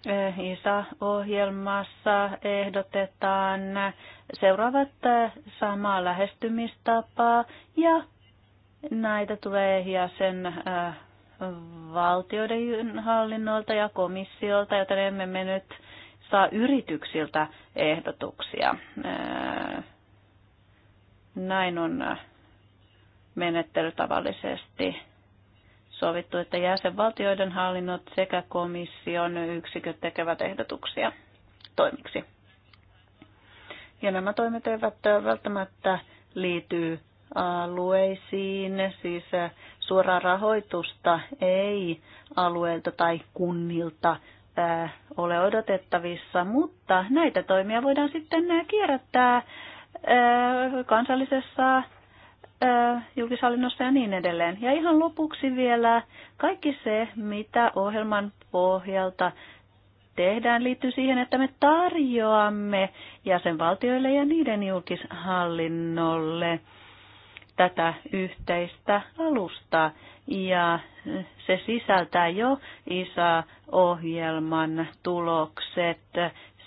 eh, ISA-ohjelmassa ehdotetaan, seuraavat eh, samaa lähestymistapaa ja näitä tulee jäsen eh, valtioiden hallinnolta ja komissiolta, joten emme me nyt saa yrityksiltä ehdotuksia näin on äh, menettely tavallisesti sovittu, että jäsenvaltioiden hallinnot sekä komission yksiköt tekevät ehdotuksia toimiksi. Ja nämä toimet eivät äh, välttämättä liity alueisiin, siis äh, suoraa rahoitusta ei alueilta tai kunnilta ole odotettavissa, mutta näitä toimia voidaan sitten kierrättää kansallisessa julkishallinnossa ja niin edelleen. Ja ihan lopuksi vielä kaikki se, mitä ohjelman pohjalta tehdään, liittyy siihen, että me tarjoamme jäsenvaltioille ja niiden julkishallinnolle tätä yhteistä alustaa. Ja se sisältää jo ISA-ohjelman tulokset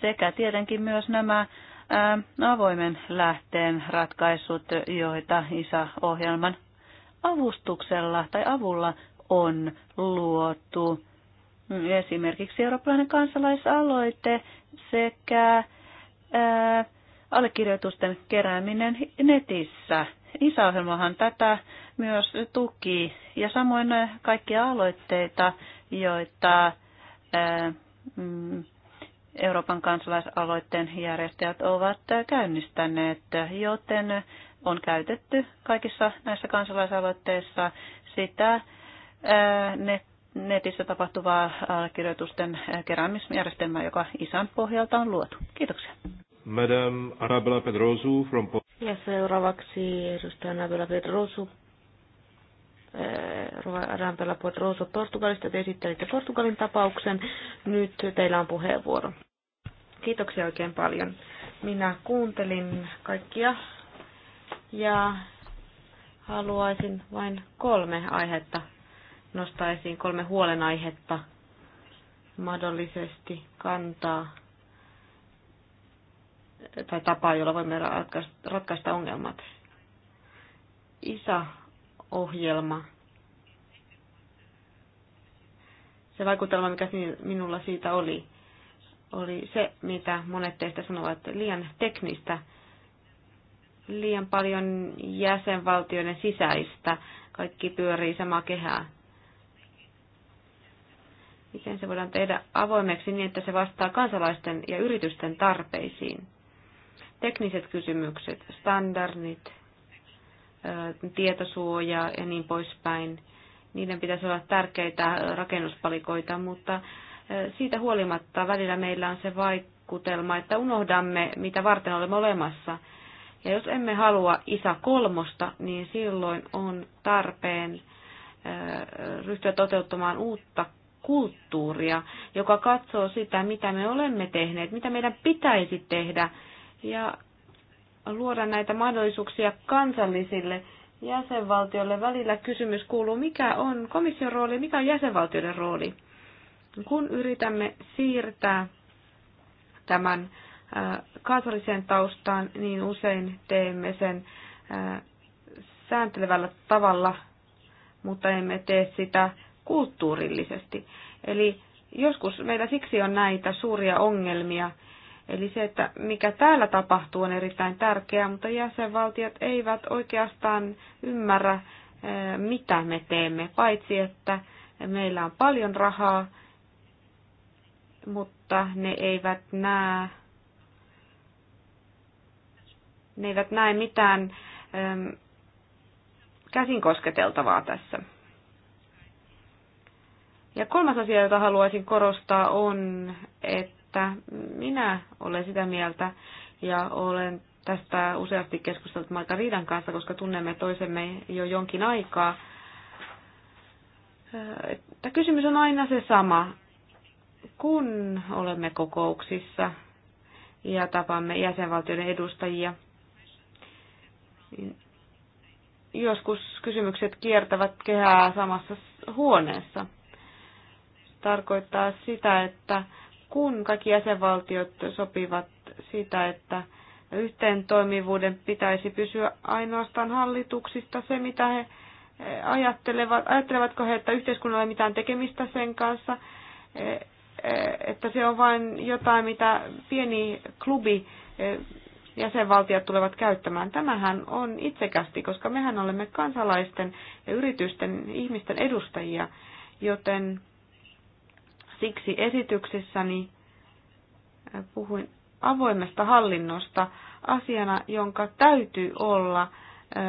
sekä tietenkin myös nämä Ähm, avoimen lähteen ratkaisut, joita ISA-ohjelman avustuksella tai avulla on luotu. Esimerkiksi eurooppalainen kansalaisaloite sekä ää, äh, allekirjoitusten kerääminen netissä. Isäohjelmahan tätä myös tuki ja samoin äh, kaikkia aloitteita, joita ää, äh, mm, Euroopan kansalaisaloitteen järjestäjät ovat käynnistäneet, joten on käytetty kaikissa näissä kansalaisaloitteissa sitä netissä tapahtuvaa allekirjoitusten keräämisjärjestelmää, joka isän pohjalta on luotu. Kiitoksia. Madame Arabella Pedrosu from... Ja seuraavaksi edustaja Arabella Pedrosu. Arabella Pedrosu Portugalista. Te esittelitte Portugalin tapauksen. Nyt teillä on puheenvuoro. Kiitoksia oikein paljon. Minä kuuntelin kaikkia ja haluaisin vain kolme aihetta nostaa esiin, kolme huolenaihetta mahdollisesti kantaa tai tapaa, jolla voimme ratkaista ongelmat. Isä-ohjelma. Se vaikutelma, mikä minulla siitä oli oli se, mitä monet teistä sanovat, liian teknistä, liian paljon jäsenvaltioiden sisäistä, kaikki pyörii samaa kehää. Miten se voidaan tehdä avoimeksi niin, että se vastaa kansalaisten ja yritysten tarpeisiin? Tekniset kysymykset, standardit, tietosuoja ja niin poispäin. Niiden pitäisi olla tärkeitä rakennuspalikoita, mutta siitä huolimatta välillä meillä on se vaikutelma, että unohdamme, mitä varten olemme olemassa. Ja jos emme halua isä kolmosta, niin silloin on tarpeen ryhtyä toteuttamaan uutta kulttuuria, joka katsoo sitä, mitä me olemme tehneet, mitä meidän pitäisi tehdä, ja luoda näitä mahdollisuuksia kansallisille jäsenvaltioille. Välillä kysymys kuuluu, mikä on komission rooli, mikä on jäsenvaltioiden rooli kun yritämme siirtää tämän kansalliseen taustaan, niin usein teemme sen sääntelevällä tavalla, mutta emme tee sitä kulttuurillisesti. Eli joskus meillä siksi on näitä suuria ongelmia. Eli se, että mikä täällä tapahtuu, on erittäin tärkeää, mutta jäsenvaltiot eivät oikeastaan ymmärrä, mitä me teemme, paitsi että meillä on paljon rahaa, mutta ne eivät näe, ne eivät näe mitään äm, käsin kosketeltavaa tässä. Ja kolmas asia, jota haluaisin korostaa, on, että minä olen sitä mieltä ja olen tästä useasti keskustellut Marka Riidan kanssa, koska tunnemme toisemme jo jonkin aikaa. Äh, Tämä kysymys on aina se sama kun olemme kokouksissa ja tapaamme jäsenvaltioiden edustajia, niin joskus kysymykset kiertävät kehää samassa huoneessa. tarkoittaa sitä, että kun kaikki jäsenvaltiot sopivat sitä, että yhteen toimivuuden pitäisi pysyä ainoastaan hallituksista se, mitä he eh, ajattelevat, ajattelevatko he, että yhteiskunnalla ei mitään tekemistä sen kanssa, eh, että se on vain jotain, mitä pieni klubi e, jäsenvaltiot tulevat käyttämään. Tämähän on itsekästi, koska mehän olemme kansalaisten ja yritysten ihmisten edustajia, joten siksi esityksessäni e, puhuin avoimesta hallinnosta asiana, jonka täytyy olla e,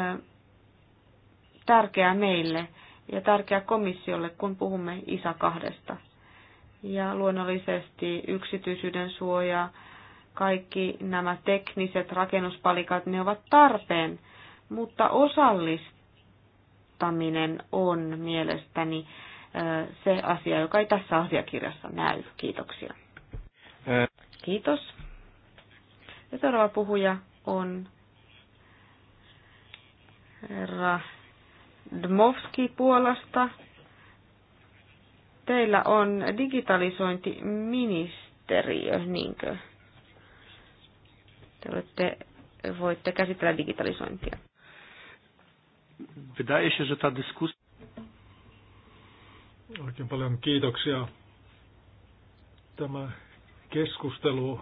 tärkeä meille ja tärkeä komissiolle, kun puhumme isä kahdesta ja luonnollisesti yksityisyyden suoja, kaikki nämä tekniset rakennuspalikat, ne ovat tarpeen, mutta osallistaminen on mielestäni se asia, joka ei tässä asiakirjassa näy. Kiitoksia. Kiitos. Ja seuraava puhuja on herra Dmovski Puolasta. Teillä on digitalisointiministeriö, niinkö? Te olette, voitte käsitellä digitalisointia. Oikein paljon kiitoksia. Tämä keskustelu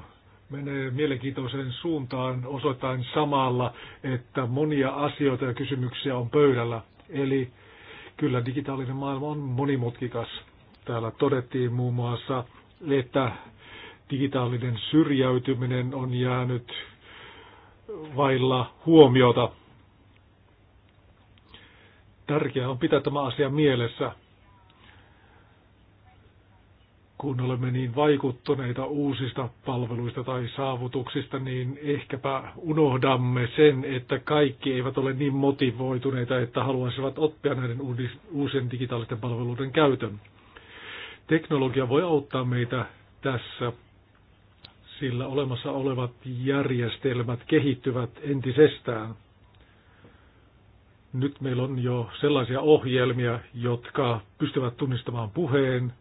menee mielenkiintoiseen suuntaan osoittain samalla, että monia asioita ja kysymyksiä on pöydällä. Eli kyllä digitaalinen maailma on monimutkikas. Täällä todettiin muun muassa, että digitaalinen syrjäytyminen on jäänyt vailla huomiota. Tärkeää on pitää tämä asia mielessä, kun olemme niin vaikuttuneita uusista palveluista tai saavutuksista, niin ehkäpä unohdamme sen, että kaikki eivät ole niin motivoituneita, että haluaisivat oppia näiden uusien digitaalisten palveluiden käytön. Teknologia voi auttaa meitä tässä, sillä olemassa olevat järjestelmät kehittyvät entisestään. Nyt meillä on jo sellaisia ohjelmia, jotka pystyvät tunnistamaan puheen.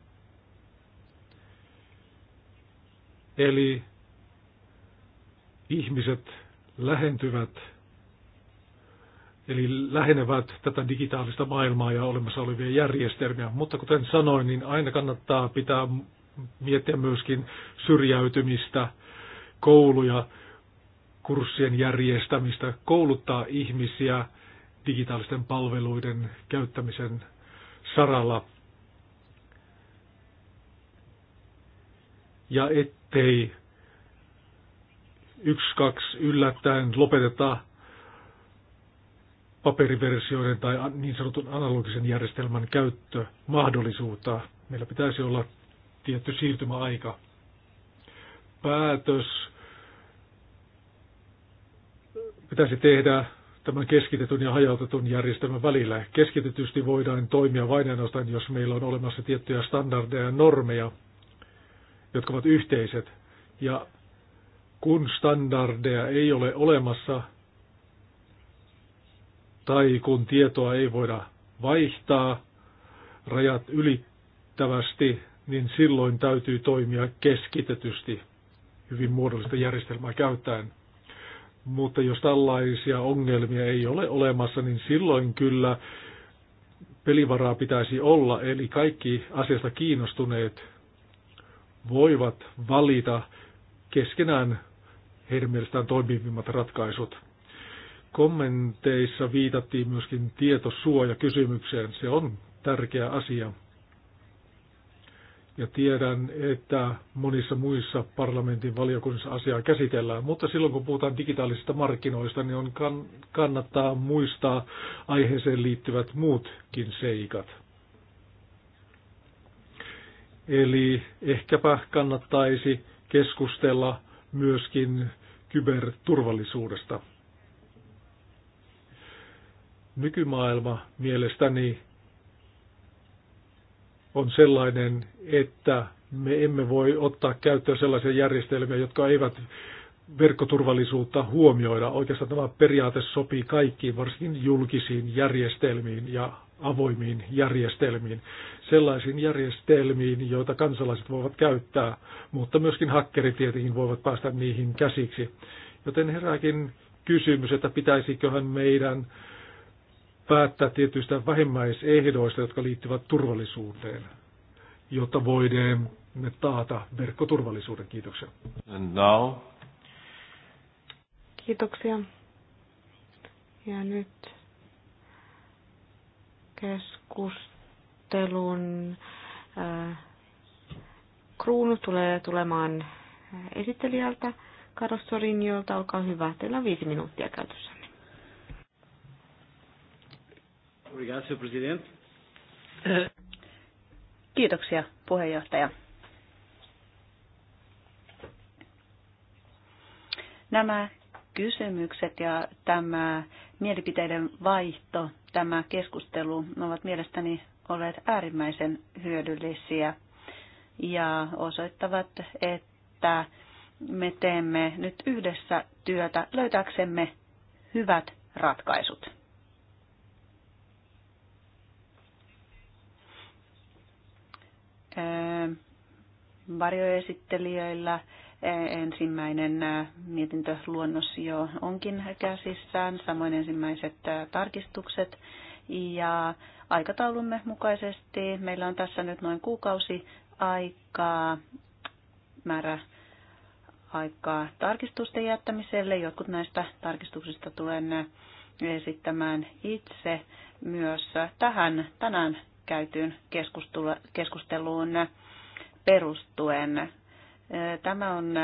Eli ihmiset lähentyvät eli lähenevät tätä digitaalista maailmaa ja olemassa olevia järjestelmiä. Mutta kuten sanoin, niin aina kannattaa pitää miettiä myöskin syrjäytymistä, kouluja, kurssien järjestämistä, kouluttaa ihmisiä digitaalisten palveluiden käyttämisen saralla. Ja ettei yksi, kaksi yllättäen lopeteta paperiversioiden tai niin sanotun analogisen järjestelmän käyttömahdollisuutta. Meillä pitäisi olla tietty siirtymäaika. Päätös pitäisi tehdä tämän keskitetyn ja hajautetun järjestelmän välillä. Keskitetysti voidaan toimia vain ainoastaan, jos meillä on olemassa tiettyjä standardeja ja normeja, jotka ovat yhteiset. Ja kun standardeja ei ole olemassa, tai kun tietoa ei voida vaihtaa rajat ylittävästi, niin silloin täytyy toimia keskitetysti hyvin muodollista järjestelmää käyttäen. Mutta jos tällaisia ongelmia ei ole olemassa, niin silloin kyllä pelivaraa pitäisi olla, eli kaikki asiasta kiinnostuneet voivat valita keskenään heidän mielestään toimivimmat ratkaisut kommenteissa viitattiin myöskin tietosuojakysymykseen. Se on tärkeä asia. Ja tiedän, että monissa muissa parlamentin valiokunnissa asiaa käsitellään, mutta silloin kun puhutaan digitaalisista markkinoista, niin on kan- kannattaa muistaa aiheeseen liittyvät muutkin seikat. Eli ehkäpä kannattaisi keskustella myöskin kyberturvallisuudesta. Nykymaailma mielestäni on sellainen, että me emme voi ottaa käyttöön sellaisia järjestelmiä, jotka eivät verkkoturvallisuutta huomioida. Oikeastaan tämä periaate sopii kaikkiin, varsinkin julkisiin järjestelmiin ja avoimiin järjestelmiin, sellaisiin järjestelmiin, joita kansalaiset voivat käyttää, mutta myöskin hakkerit tietenkin voivat päästä niihin käsiksi. Joten herääkin kysymys, että pitäisiköhän meidän päättää tietyistä vähimmäisehdoista, jotka liittyvät turvallisuuteen, jotta voidaan me taata verkkoturvallisuuden. Kiitoksia. And now. Kiitoksia. Ja nyt keskustelun äh, kruunu tulee tulemaan esittelijältä Karos Sorinjolta. Olkaa hyvä, teillä on viisi minuuttia käytössä. Obrigado, Presidente. Kiitoksia, puheenjohtaja. Nämä kysymykset ja tämä mielipiteiden vaihto, tämä keskustelu ovat mielestäni olleet äärimmäisen hyödyllisiä ja osoittavat, että me teemme nyt yhdessä työtä löytääksemme hyvät ratkaisut. varjoesittelijöillä. Ensimmäinen mietintöluonnos jo onkin käsissään, samoin ensimmäiset tarkistukset. Ja aikataulumme mukaisesti meillä on tässä nyt noin kuukausi aikaa määrä aikaa tarkistusten jättämiselle. Jotkut näistä tarkistuksista tulen esittämään itse myös tähän tänään käytyyn keskusteluun perustuen. Tämä on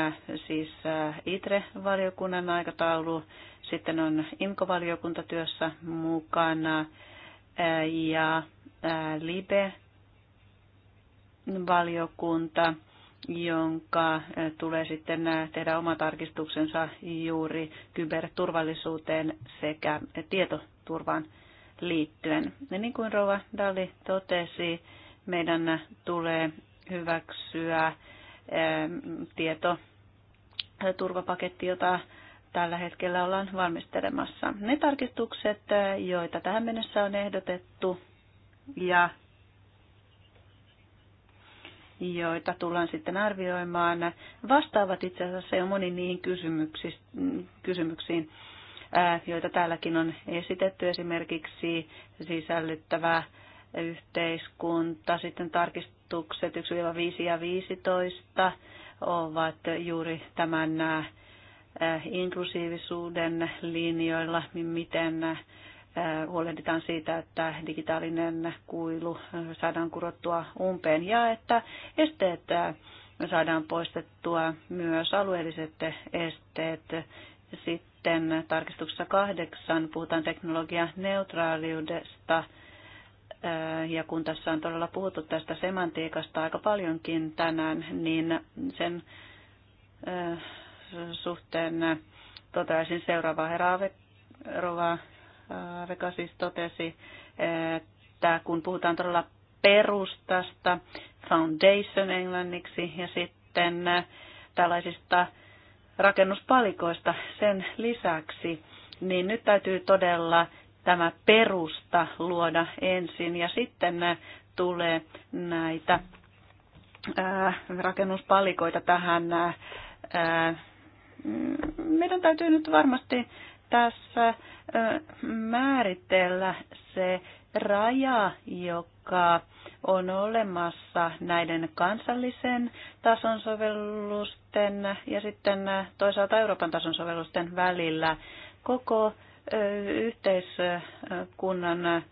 siis ITRE-valiokunnan aikataulu. Sitten on IMKO-valiokunta työssä mukana ja LIBE-valiokunta, jonka tulee sitten tehdä oma tarkistuksensa juuri kyberturvallisuuteen sekä tietoturvaan liittyen. Ja niin kuin Rova Dali totesi, meidän tulee hyväksyä eh, tieto eh, turvapaketti, jota tällä hetkellä ollaan valmistelemassa. Ne tarkistukset, eh, joita tähän mennessä on ehdotettu ja joita tullaan sitten arvioimaan, vastaavat itse asiassa jo moniin niihin kysymyksiin, joita täälläkin on esitetty, esimerkiksi sisällyttävä yhteiskunta, sitten tarkistukset 1-5 ja 15 ovat juuri tämän inklusiivisuuden linjoilla, miten huolehditaan siitä, että digitaalinen kuilu saadaan kurottua umpeen ja että esteet saadaan poistettua myös alueelliset esteet. Sitten sitten tarkistuksessa kahdeksan puhutaan teknologianeutraaliudesta. Ja kun tässä on todella puhuttu tästä semantiikasta aika paljonkin tänään, niin sen suhteen toteaisin seuraavaa. Herra Rova Aveka siis totesi, että kun puhutaan todella perustasta, foundation englanniksi, ja sitten tällaisista rakennuspalikoista sen lisäksi, niin nyt täytyy todella tämä perusta luoda ensin ja sitten tulee näitä äh, rakennuspalikoita tähän. Äh, äh, meidän täytyy nyt varmasti tässä määritellä se raja, joka on olemassa näiden kansallisen tason sovellusten ja sitten toisaalta Euroopan tason sovellusten välillä. Koko yhteiskunnan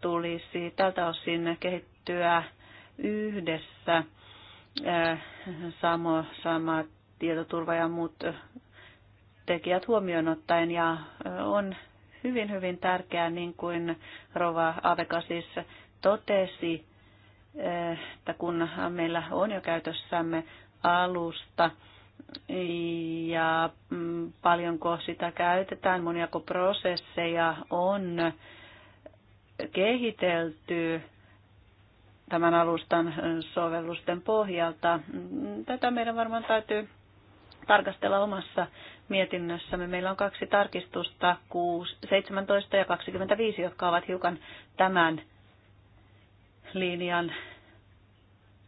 tulisi tältä osin kehittyä yhdessä samo, sama tietoturva ja muut tekijät huomioon ottaen ja on hyvin hyvin tärkeää, niin kuin Rova Aveka siis totesi, että kun meillä on jo käytössämme alusta ja mm, paljonko sitä käytetään, moniako prosesseja on kehitelty tämän alustan sovellusten pohjalta. Mm, tätä meidän varmaan täytyy tarkastella omassa mietinnössämme. Meillä on kaksi tarkistusta, 17 ja 25, jotka ovat hiukan tämän linjan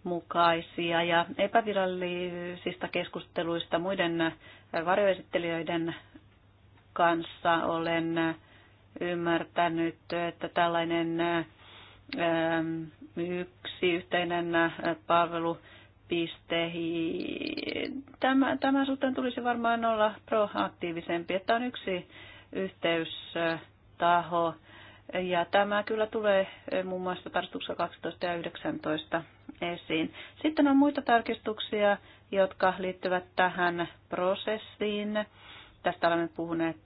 mukaisia ja epävirallisista keskusteluista muiden varjoesittelijöiden kanssa olen ymmärtänyt, että tällainen ähm, yksi yhteinen palvelupiste, tämä, tämän suhteen tulisi varmaan olla proaktiivisempi, että on yksi yhteystaho, ja tämä kyllä tulee eh, muun muassa tarkistuksessa 12 ja 19 esiin. Sitten on muita tarkistuksia, jotka liittyvät tähän prosessiin. Tästä olemme puhuneet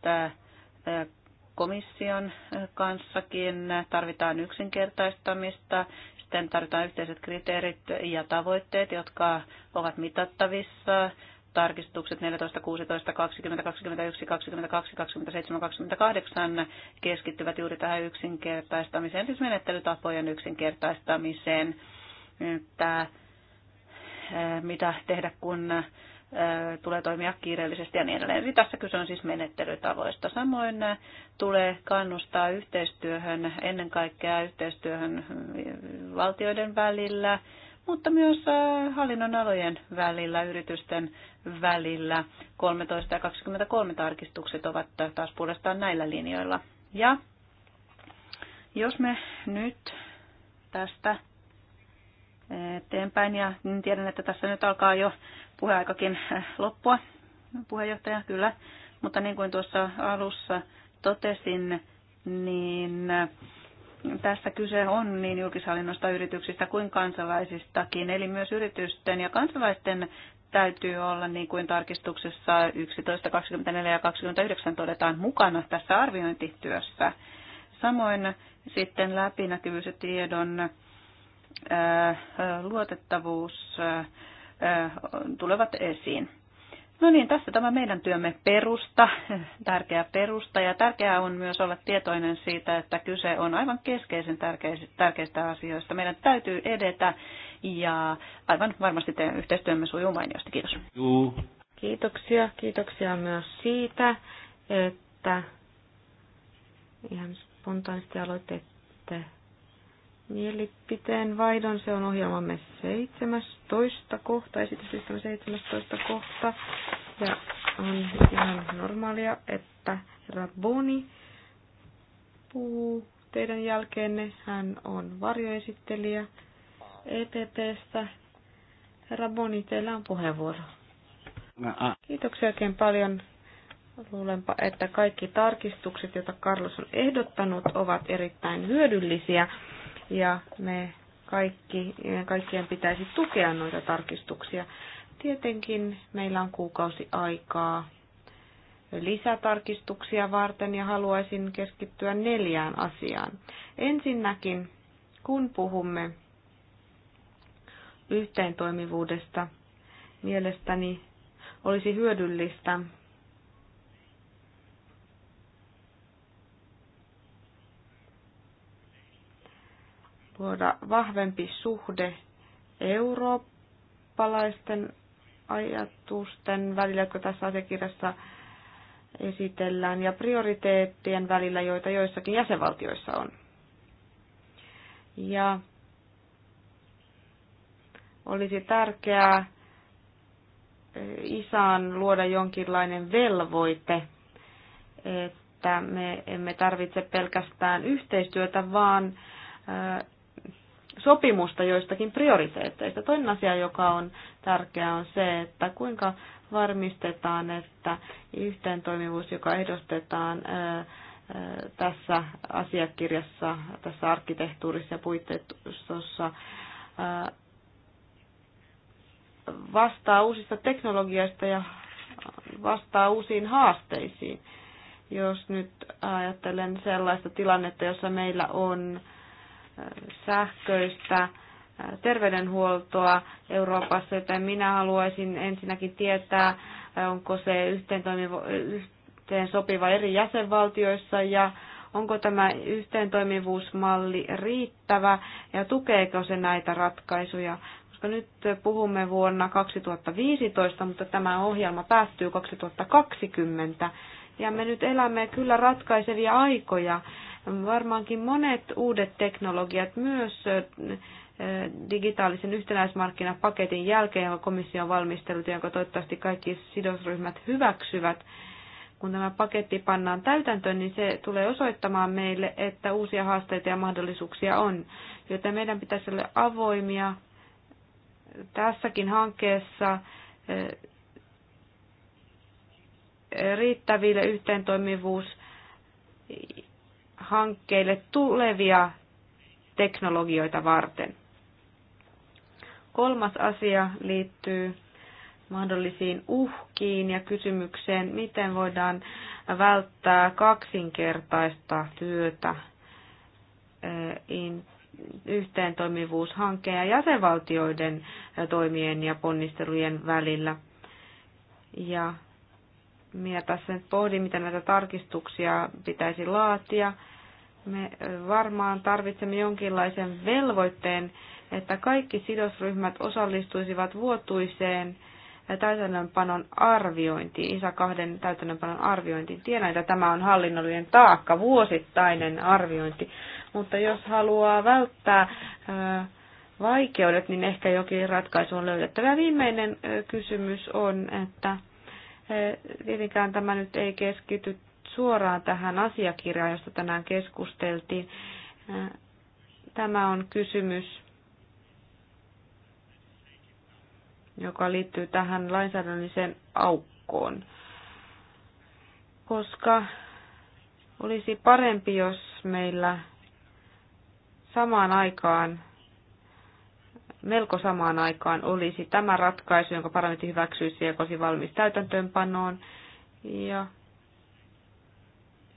eh, komission eh, kanssakin. Tarvitaan yksinkertaistamista, sitten tarvitaan yhteiset kriteerit ja tavoitteet, jotka ovat mitattavissa tarkistukset 14, 16, 20, 21, 22, 27, 28 keskittyvät juuri tähän yksinkertaistamiseen, siis menettelytapojen yksinkertaistamiseen, että mitä tehdä, kun tulee toimia kiireellisesti ja niin edelleen. Eli tässä kyse on siis menettelytavoista. Samoin tulee kannustaa yhteistyöhön, ennen kaikkea yhteistyöhön valtioiden välillä, mutta myös äh, hallinnon alojen välillä, yritysten välillä. 13 ja 23 tarkistukset ovat taas puolestaan näillä linjoilla. Ja jos me nyt tästä eteenpäin, ja niin tiedän, että tässä nyt alkaa jo puheaikakin loppua, puheenjohtaja, kyllä, mutta niin kuin tuossa alussa totesin, niin tässä kyse on niin julkishallinnosta yrityksistä kuin kansalaisistakin. Eli myös yritysten ja kansalaisten täytyy olla, niin kuin tarkistuksessa 11, 24 ja 29 todetaan, mukana tässä arviointityössä. Samoin sitten läpinäkyvyys ja tiedon äh, luotettavuus äh, äh, tulevat esiin. No niin, tässä tämä meidän työmme perusta, tärkeä perusta. Ja tärkeää on myös olla tietoinen siitä, että kyse on aivan keskeisen tärkeistä asioista. Meidän täytyy edetä ja aivan varmasti teidän yhteistyömme sujuu mainiosti. Kiitos. Juu. Kiitoksia. Kiitoksia myös siitä, että ihan spontaanisti aloitette mielipiteen vaihdon. Se on ohjelmamme 17 kohta, esityslistamme 17 kohta. Ja on ihan normaalia, että herra Boni puhuu teidän jälkeenne. Hän on varjoesittelijä EPPstä. Herra Boni, teillä on puheenvuoro. Kiitoksia oikein paljon. Luulenpa, että kaikki tarkistukset, joita Carlos on ehdottanut, ovat erittäin hyödyllisiä ja me kaikki, kaikkien pitäisi tukea noita tarkistuksia. Tietenkin meillä on kuukausi aikaa lisätarkistuksia varten ja haluaisin keskittyä neljään asiaan. Ensinnäkin, kun puhumme yhteentoimivuudesta, mielestäni olisi hyödyllistä luoda vahvempi suhde eurooppalaisten ajatusten välillä, jotka tässä asiakirjassa esitellään, ja prioriteettien välillä, joita joissakin jäsenvaltioissa on. Ja olisi tärkeää eh, isaan luoda jonkinlainen velvoite, että me emme tarvitse pelkästään yhteistyötä, vaan eh, sopimusta joistakin prioriteetteista. Toinen asia, joka on tärkeä, on se, että kuinka varmistetaan, että yhteen toimivuus, joka ehdostetaan tässä asiakirjassa, tässä arkkitehtuurissa ja puitteistossa, vastaa uusista teknologioista ja vastaa uusiin haasteisiin. Jos nyt ajattelen sellaista tilannetta, jossa meillä on sähköistä terveydenhuoltoa Euroopassa, joten minä haluaisin ensinnäkin tietää, onko se yhteen, toimiva, yhteen sopiva eri jäsenvaltioissa ja onko tämä yhteentoimivuusmalli riittävä ja tukeeko se näitä ratkaisuja, koska nyt puhumme vuonna 2015, mutta tämä ohjelma päättyy 2020, ja me nyt elämme kyllä ratkaisevia aikoja. Varmaankin monet uudet teknologiat myös digitaalisen yhtenäismarkkinapaketin jälkeen, jonka komissio on valmistellut ja jonka toivottavasti kaikki sidosryhmät hyväksyvät, kun tämä paketti pannaan täytäntöön, niin se tulee osoittamaan meille, että uusia haasteita ja mahdollisuuksia on. Joten meidän pitäisi olla avoimia tässäkin hankkeessa riittäville yhteentoimivuushankkeille tulevia teknologioita varten. Kolmas asia liittyy mahdollisiin uhkiin ja kysymykseen, miten voidaan välttää kaksinkertaista työtä eh, yhteentoimivuushankkeen ja jäsenvaltioiden eh, toimien ja ponnistelujen välillä. Ja minä tässä nyt pohdin, mitä näitä tarkistuksia pitäisi laatia. Me varmaan tarvitsemme jonkinlaisen velvoitteen, että kaikki sidosryhmät osallistuisivat vuotuiseen täytännönpanon arviointiin, isä kahden täytännönpanon arviointiin. Tiedän, että tämä on hallinnollinen taakka, vuosittainen arviointi, mutta jos haluaa välttää vaikeudet, niin ehkä jokin ratkaisu on löydettävä. Viimeinen kysymys on, että Eh, tietenkään tämä nyt ei keskity suoraan tähän asiakirjaan, josta tänään keskusteltiin. Eh, tämä on kysymys, joka liittyy tähän lainsäädännölliseen aukkoon. Koska olisi parempi, jos meillä samaan aikaan melko samaan aikaan olisi tämä ratkaisu, jonka parlamentti hyväksyisi ja kosi valmis täytäntöönpanoon. Ja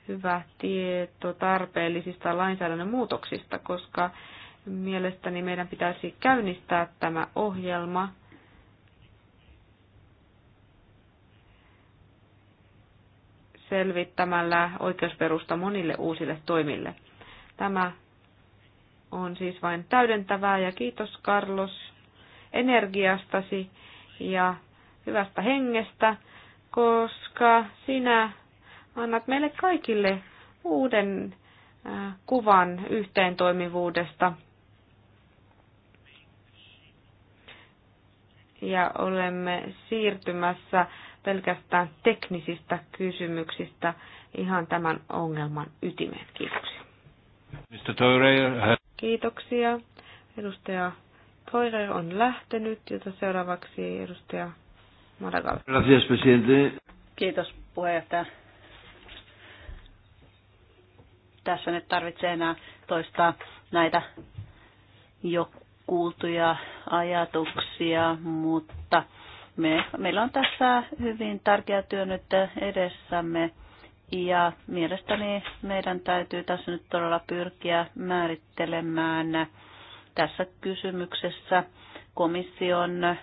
hyvä tieto tarpeellisista lainsäädännön muutoksista, koska mielestäni meidän pitäisi käynnistää tämä ohjelma. selvittämällä oikeusperusta monille uusille toimille. Tämä on siis vain täydentävää ja kiitos Carlos energiastasi ja hyvästä hengestä, koska sinä annat meille kaikille uuden äh, kuvan yhteentoimivuudesta. Ja olemme siirtymässä pelkästään teknisistä kysymyksistä ihan tämän ongelman ytimeen. Kiitoksia. Mr. Toireja. Kiitoksia. Edustaja Toire on lähtenyt, jota seuraavaksi edustaja Maragal. Kiitos puheenjohtaja. Tässä nyt tarvitsee enää toistaa näitä jo kuultuja ajatuksia, mutta me, meillä on tässä hyvin tärkeä työ nyt edessämme ja mielestäni meidän täytyy tässä nyt todella pyrkiä määrittelemään tässä kysymyksessä komission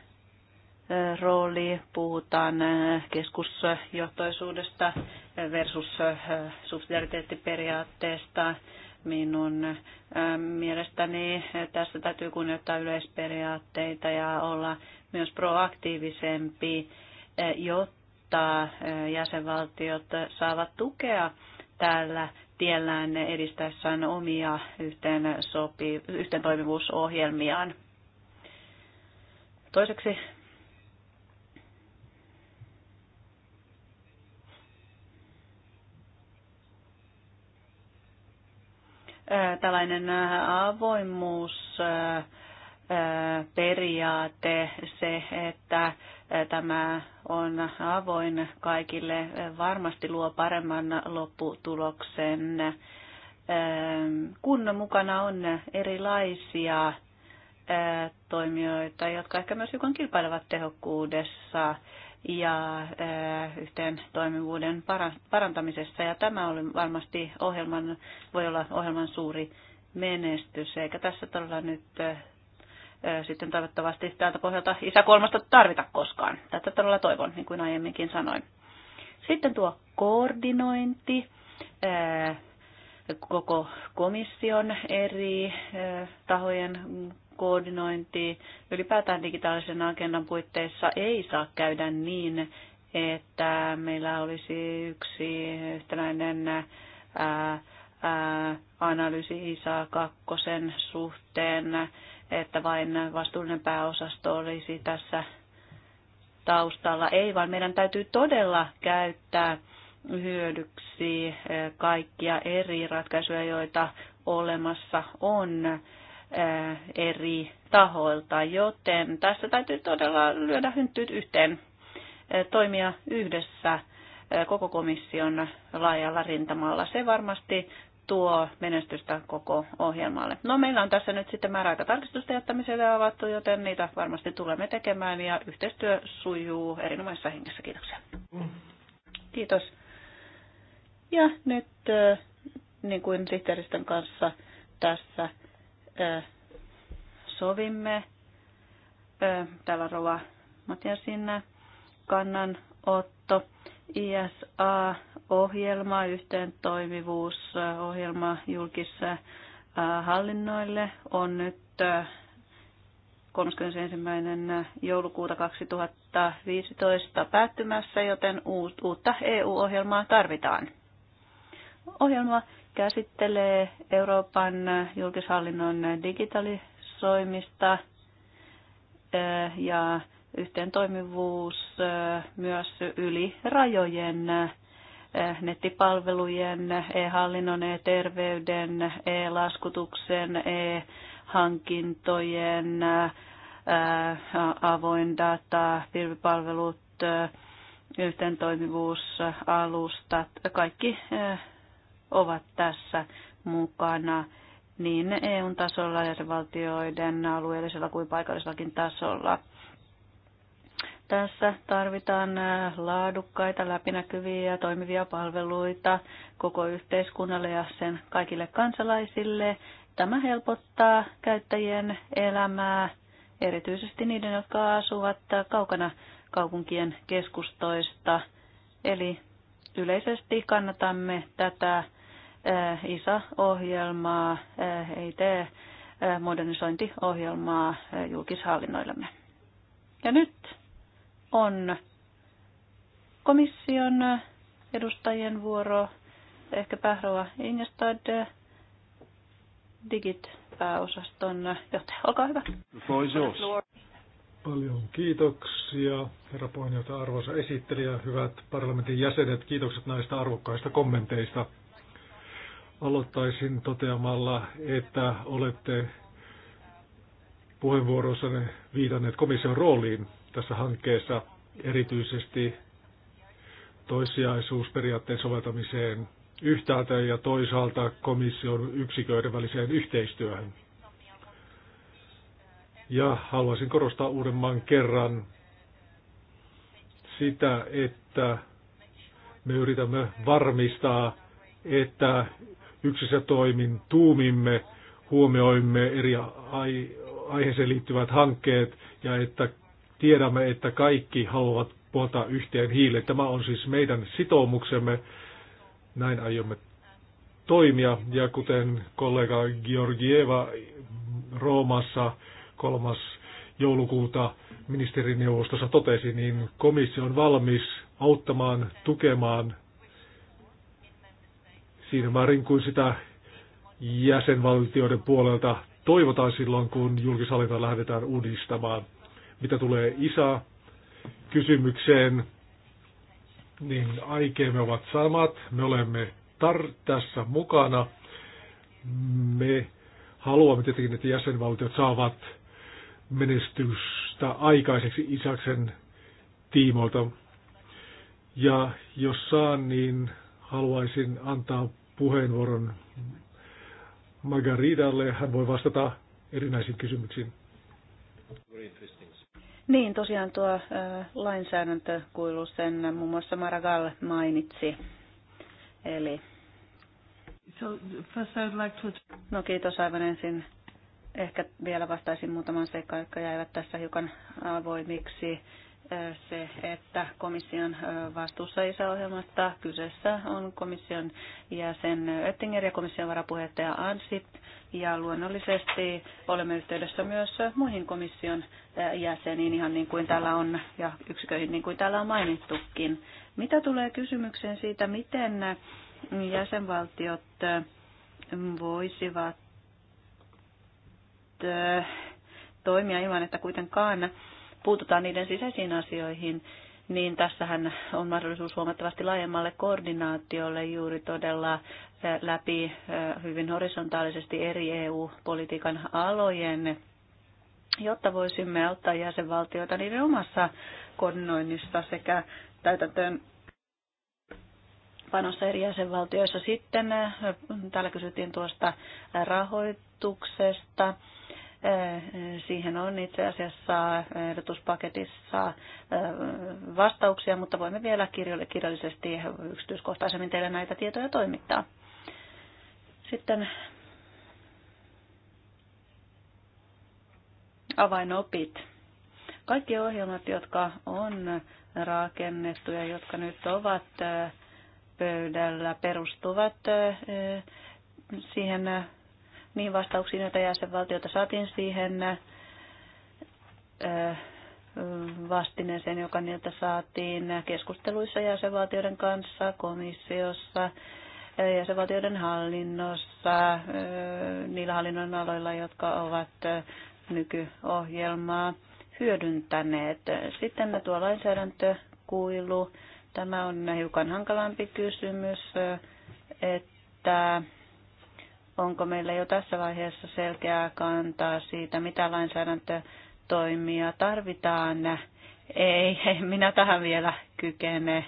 rooli. Puhutaan keskusjohtoisuudesta versus subsidiariteettiperiaatteesta. Minun mielestäni tässä täytyy kunnioittaa yleisperiaatteita ja olla myös proaktiivisempi, jotta jotta jäsenvaltiot saavat tukea tällä tiellään edistäessään omia yhteen, sopi, yhteen toimivuusohjelmiaan. Toiseksi tällainen avoimuusperiaate, se, että tämä on avoin kaikille, varmasti luo paremman lopputuloksen, ähm, kun mukana on erilaisia äh, toimijoita, jotka ehkä myös hiukan kilpailevat tehokkuudessa ja äh, yhteen toimivuuden parantamisessa. Ja tämä oli varmasti ohjelman, voi olla ohjelman suuri menestys, eikä tässä todella nyt äh, sitten toivottavasti täältä pohjalta isä kolmasta tarvita koskaan. Tätä todella toivon, niin kuin aiemminkin sanoin. Sitten tuo koordinointi koko komission eri tahojen koordinointi ylipäätään digitaalisen agendan puitteissa ei saa käydä niin, että meillä olisi yksi yhtenäinen ää, ää, analyysi ISA kakkosen suhteen että vain vastuullinen pääosasto olisi tässä taustalla. Ei, vaan meidän täytyy todella käyttää hyödyksi eh, kaikkia eri ratkaisuja, joita olemassa on eh, eri tahoilta, joten tässä täytyy todella lyödä hynttyyt yhteen, eh, toimia yhdessä koko komission laajalla rintamalla. Se varmasti tuo menestystä koko ohjelmalle. No meillä on tässä nyt sitten määräaika tarkistusta jättämiselle avattu, joten niitä varmasti tulemme tekemään ja yhteistyö sujuu erinomaisessa hengessä. Kiitoksia. Mm. Kiitos. Ja nyt eh, niin kuin sihteeristön kanssa tässä eh, sovimme, eh, täällä Rova Matiasin kannanotto. ISA-ohjelma, yhteen toimivuusohjelma julkissa hallinnoille on nyt 31. joulukuuta 2015 päättymässä, joten uutta EU-ohjelmaa tarvitaan. Ohjelma käsittelee Euroopan julkishallinnon digitalisoimista ja yhteen toimivuus myös yli rajojen nettipalvelujen, e-hallinnon, e-terveyden, e-laskutuksen, e-hankintojen, avoin data, pilvipalvelut, yhteen toimivuus, alustat, kaikki ovat tässä mukana niin eu tasolla, jäsenvaltioiden alueellisella kuin paikallisellakin tasolla. Tässä tarvitaan äh, laadukkaita, läpinäkyviä ja toimivia palveluita koko yhteiskunnalle ja sen kaikille kansalaisille. Tämä helpottaa käyttäjien elämää, erityisesti niiden, jotka asuvat kaukana kaupunkien keskustoista. Eli yleisesti kannatamme tätä äh, ISA-ohjelmaa, tee äh, modernisointiohjelmaa julkishallinnoillemme. Ja nyt on komission edustajien vuoro, ehkä Pähroa Ingestad, Digit-pääosaston johtaja. Olkaa hyvä. Paljon kiitoksia, herra puheenjohtaja, arvoisa esittelijä, hyvät parlamentin jäsenet, kiitokset näistä arvokkaista kommenteista. Aloittaisin toteamalla, että olette puheenvuorossanne viitanneet komission rooliin tässä hankkeessa erityisesti toissijaisuusperiaatteen soveltamiseen yhtäältä ja toisaalta komission yksiköiden väliseen yhteistyöhön. Ja haluaisin korostaa uudemman kerran sitä, että me yritämme varmistaa, että yksissä toimin tuumimme, huomioimme eri aiheeseen liittyvät hankkeet ja että Tiedämme, että kaikki haluavat puhaltaa yhteen hiileen. Tämä on siis meidän sitoumuksemme. Näin aiomme toimia. Ja kuten kollega Georgieva Roomassa kolmas joulukuuta ministerineuvostossa totesi, niin komissio on valmis auttamaan, tukemaan siinä määrin kuin sitä jäsenvaltioiden puolelta toivotaan silloin, kun julkisalinta lähdetään uudistamaan. Mitä tulee isä kysymykseen, niin aikeemme ovat samat. Me olemme tar- tässä mukana. Me haluamme tietenkin, että jäsenvaltiot saavat menestystä aikaiseksi Isaksen tiimoilta. Ja jos saan, niin haluaisin antaa puheenvuoron Margaridalle. Hän voi vastata erinäisiin kysymyksiin. Niin, tosiaan tuo lainsäädäntökuilu sen muun muassa Maragall mainitsi. Eli... So, first I'd like to... No kiitos aivan ensin. Ehkä vielä vastaisin muutaman seikkaan, jotka jäivät tässä hiukan avoimiksi se, että komission vastuussa isäohjelmasta kyseessä on komission jäsen Oettinger ja komission varapuheenjohtaja Ansip. Ja luonnollisesti olemme yhteydessä myös muihin komission jäseniin, ihan niin kuin täällä on, ja yksiköihin niin kuin täällä on mainittukin. Mitä tulee kysymykseen siitä, miten jäsenvaltiot voisivat toimia ilman, että kuitenkaan puututaan niiden sisäisiin asioihin, niin tässähän on mahdollisuus huomattavasti laajemmalle koordinaatiolle juuri todella läpi hyvin horisontaalisesti eri EU-politiikan alojen, jotta voisimme auttaa jäsenvaltioita niiden omassa koordinoinnissa sekä täytäntöön panossa eri jäsenvaltioissa. Sitten täällä kysyttiin tuosta rahoituksesta. Eh, siihen on itse asiassa ehdotuspaketissa eh, vastauksia, mutta voimme vielä kirjallisesti yksityiskohtaisemmin teille näitä tietoja toimittaa. Sitten avainopit. Kaikki ohjelmat, jotka on rakennettu ja jotka nyt ovat eh, pöydällä, perustuvat siihen mihin vastauksiin, näitä jäsenvaltiota saatiin siihen vastineeseen, joka niiltä saatiin keskusteluissa jäsenvaltioiden kanssa, komissiossa, jäsenvaltioiden hallinnossa, niillä hallinnon aloilla, jotka ovat nykyohjelmaa hyödyntäneet. Sitten tuo lainsäädäntökuilu, tämä on hiukan hankalampi kysymys, että Onko meillä jo tässä vaiheessa selkeää kantaa siitä, mitä lainsäädäntötoimia tarvitaan? Ei, ei minä tähän vielä kykene.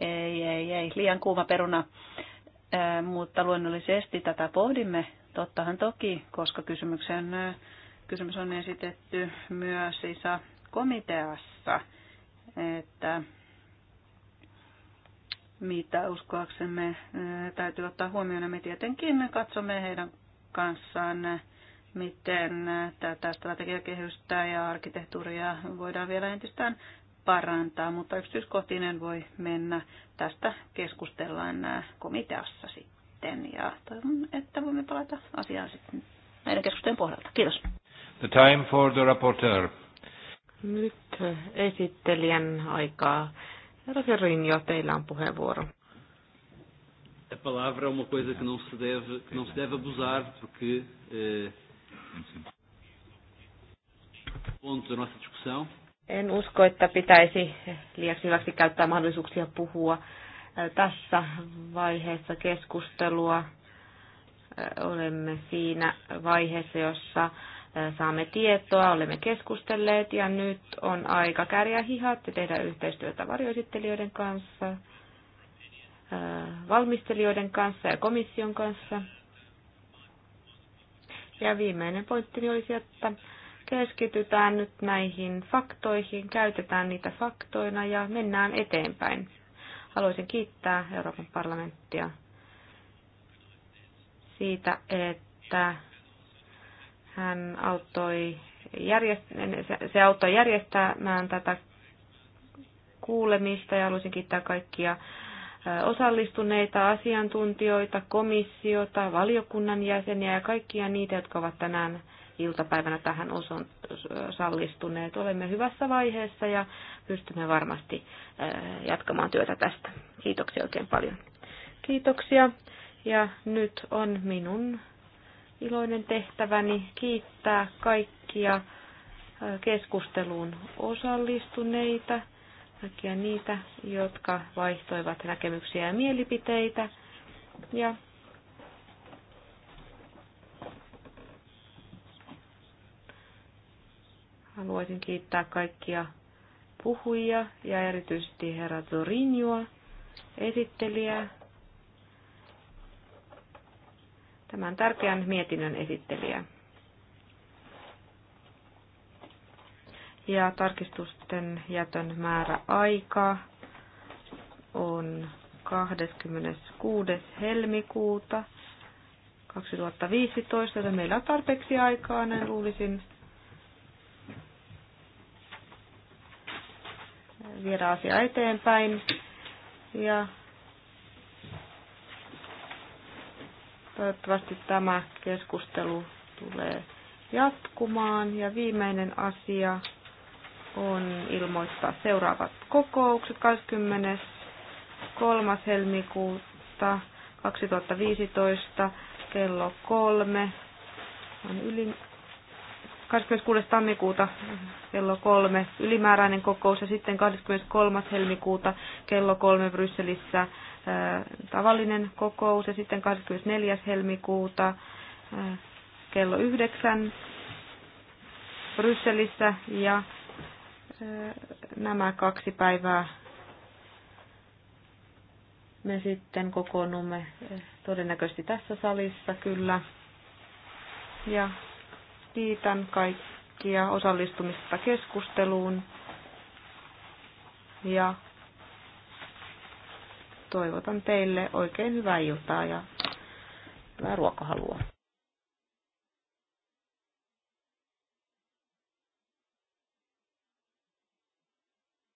Ei, ei, ei, liian kuuma peruna. Ää, mutta luonnollisesti tätä pohdimme, tottahan toki, koska kysymyksen, kysymys on esitetty myös ISA-komiteassa, että mitä uskoaksemme täytyy ottaa huomioon. Ja me tietenkin katsomme heidän kanssaan, miten tätä strategiakehystä ja arkkitehtuuria voidaan vielä entistään parantaa, mutta yksityiskohtiin en voi mennä. Tästä keskustellaan komiteassa sitten ja toivon, että voimme palata asiaan sitten näiden keskustelujen pohjalta. Kiitos. The time for the reporter. Nyt esittelijän aikaa Herra Ferrinho, teillä on puheenvuoro. A palavra é uma coisa que não se deve, que não se deve abusar, porque eh, ponto da nossa discussão. En usko, että pitäisi liiaksi hyväksi käyttää mahdollisuuksia puhua eh, tässä vaiheessa keskustelua. Eh, olemme siinä vaiheessa, jossa saamme tietoa, olemme keskustelleet ja nyt on aika kärjää hihat ja tehdä yhteistyötä varjoesittelijöiden kanssa, äh, valmistelijoiden kanssa ja komission kanssa. Ja viimeinen pointti olisi, että keskitytään nyt näihin faktoihin, käytetään niitä faktoina ja mennään eteenpäin. Haluaisin kiittää Euroopan parlamenttia siitä, että hän auttoi järjest- se auttoi järjestämään tätä kuulemista ja haluaisin kiittää kaikkia osallistuneita asiantuntijoita, komissiota, valiokunnan jäseniä ja kaikkia niitä, jotka ovat tänään iltapäivänä tähän oson sallistuneet. Olemme hyvässä vaiheessa ja pystymme varmasti jatkamaan työtä tästä. Kiitoksia oikein paljon. Kiitoksia. Ja nyt on minun iloinen tehtäväni kiittää kaikkia keskusteluun osallistuneita, kaikkia niitä, jotka vaihtoivat näkemyksiä ja mielipiteitä. Ja haluaisin kiittää kaikkia puhujia ja erityisesti herra Zorinjoa, esittelijää, tämän tärkeän mietinnön esittelijä Ja tarkistusten jätön määrä aika on 26. helmikuuta 2015, joten meillä on tarpeeksi aikaa, näin luulisin, viedä asia eteenpäin. Ja Toivottavasti tämä keskustelu tulee jatkumaan. Ja viimeinen asia on ilmoittaa seuraavat kokoukset 23. helmikuuta 2015 kello kolme. On yli 26. tammikuuta kello kolme ylimääräinen kokous ja sitten 23. helmikuuta kello kolme Brysselissä tavallinen kokous ja sitten 24. helmikuuta kello 9 Brysselissä ja nämä kaksi päivää me sitten kokoonnumme todennäköisesti tässä salissa kyllä. Ja kiitän kaikkia osallistumista keskusteluun ja toivotan teille oikein hyvää iltaa ja hyvää ruokahalua.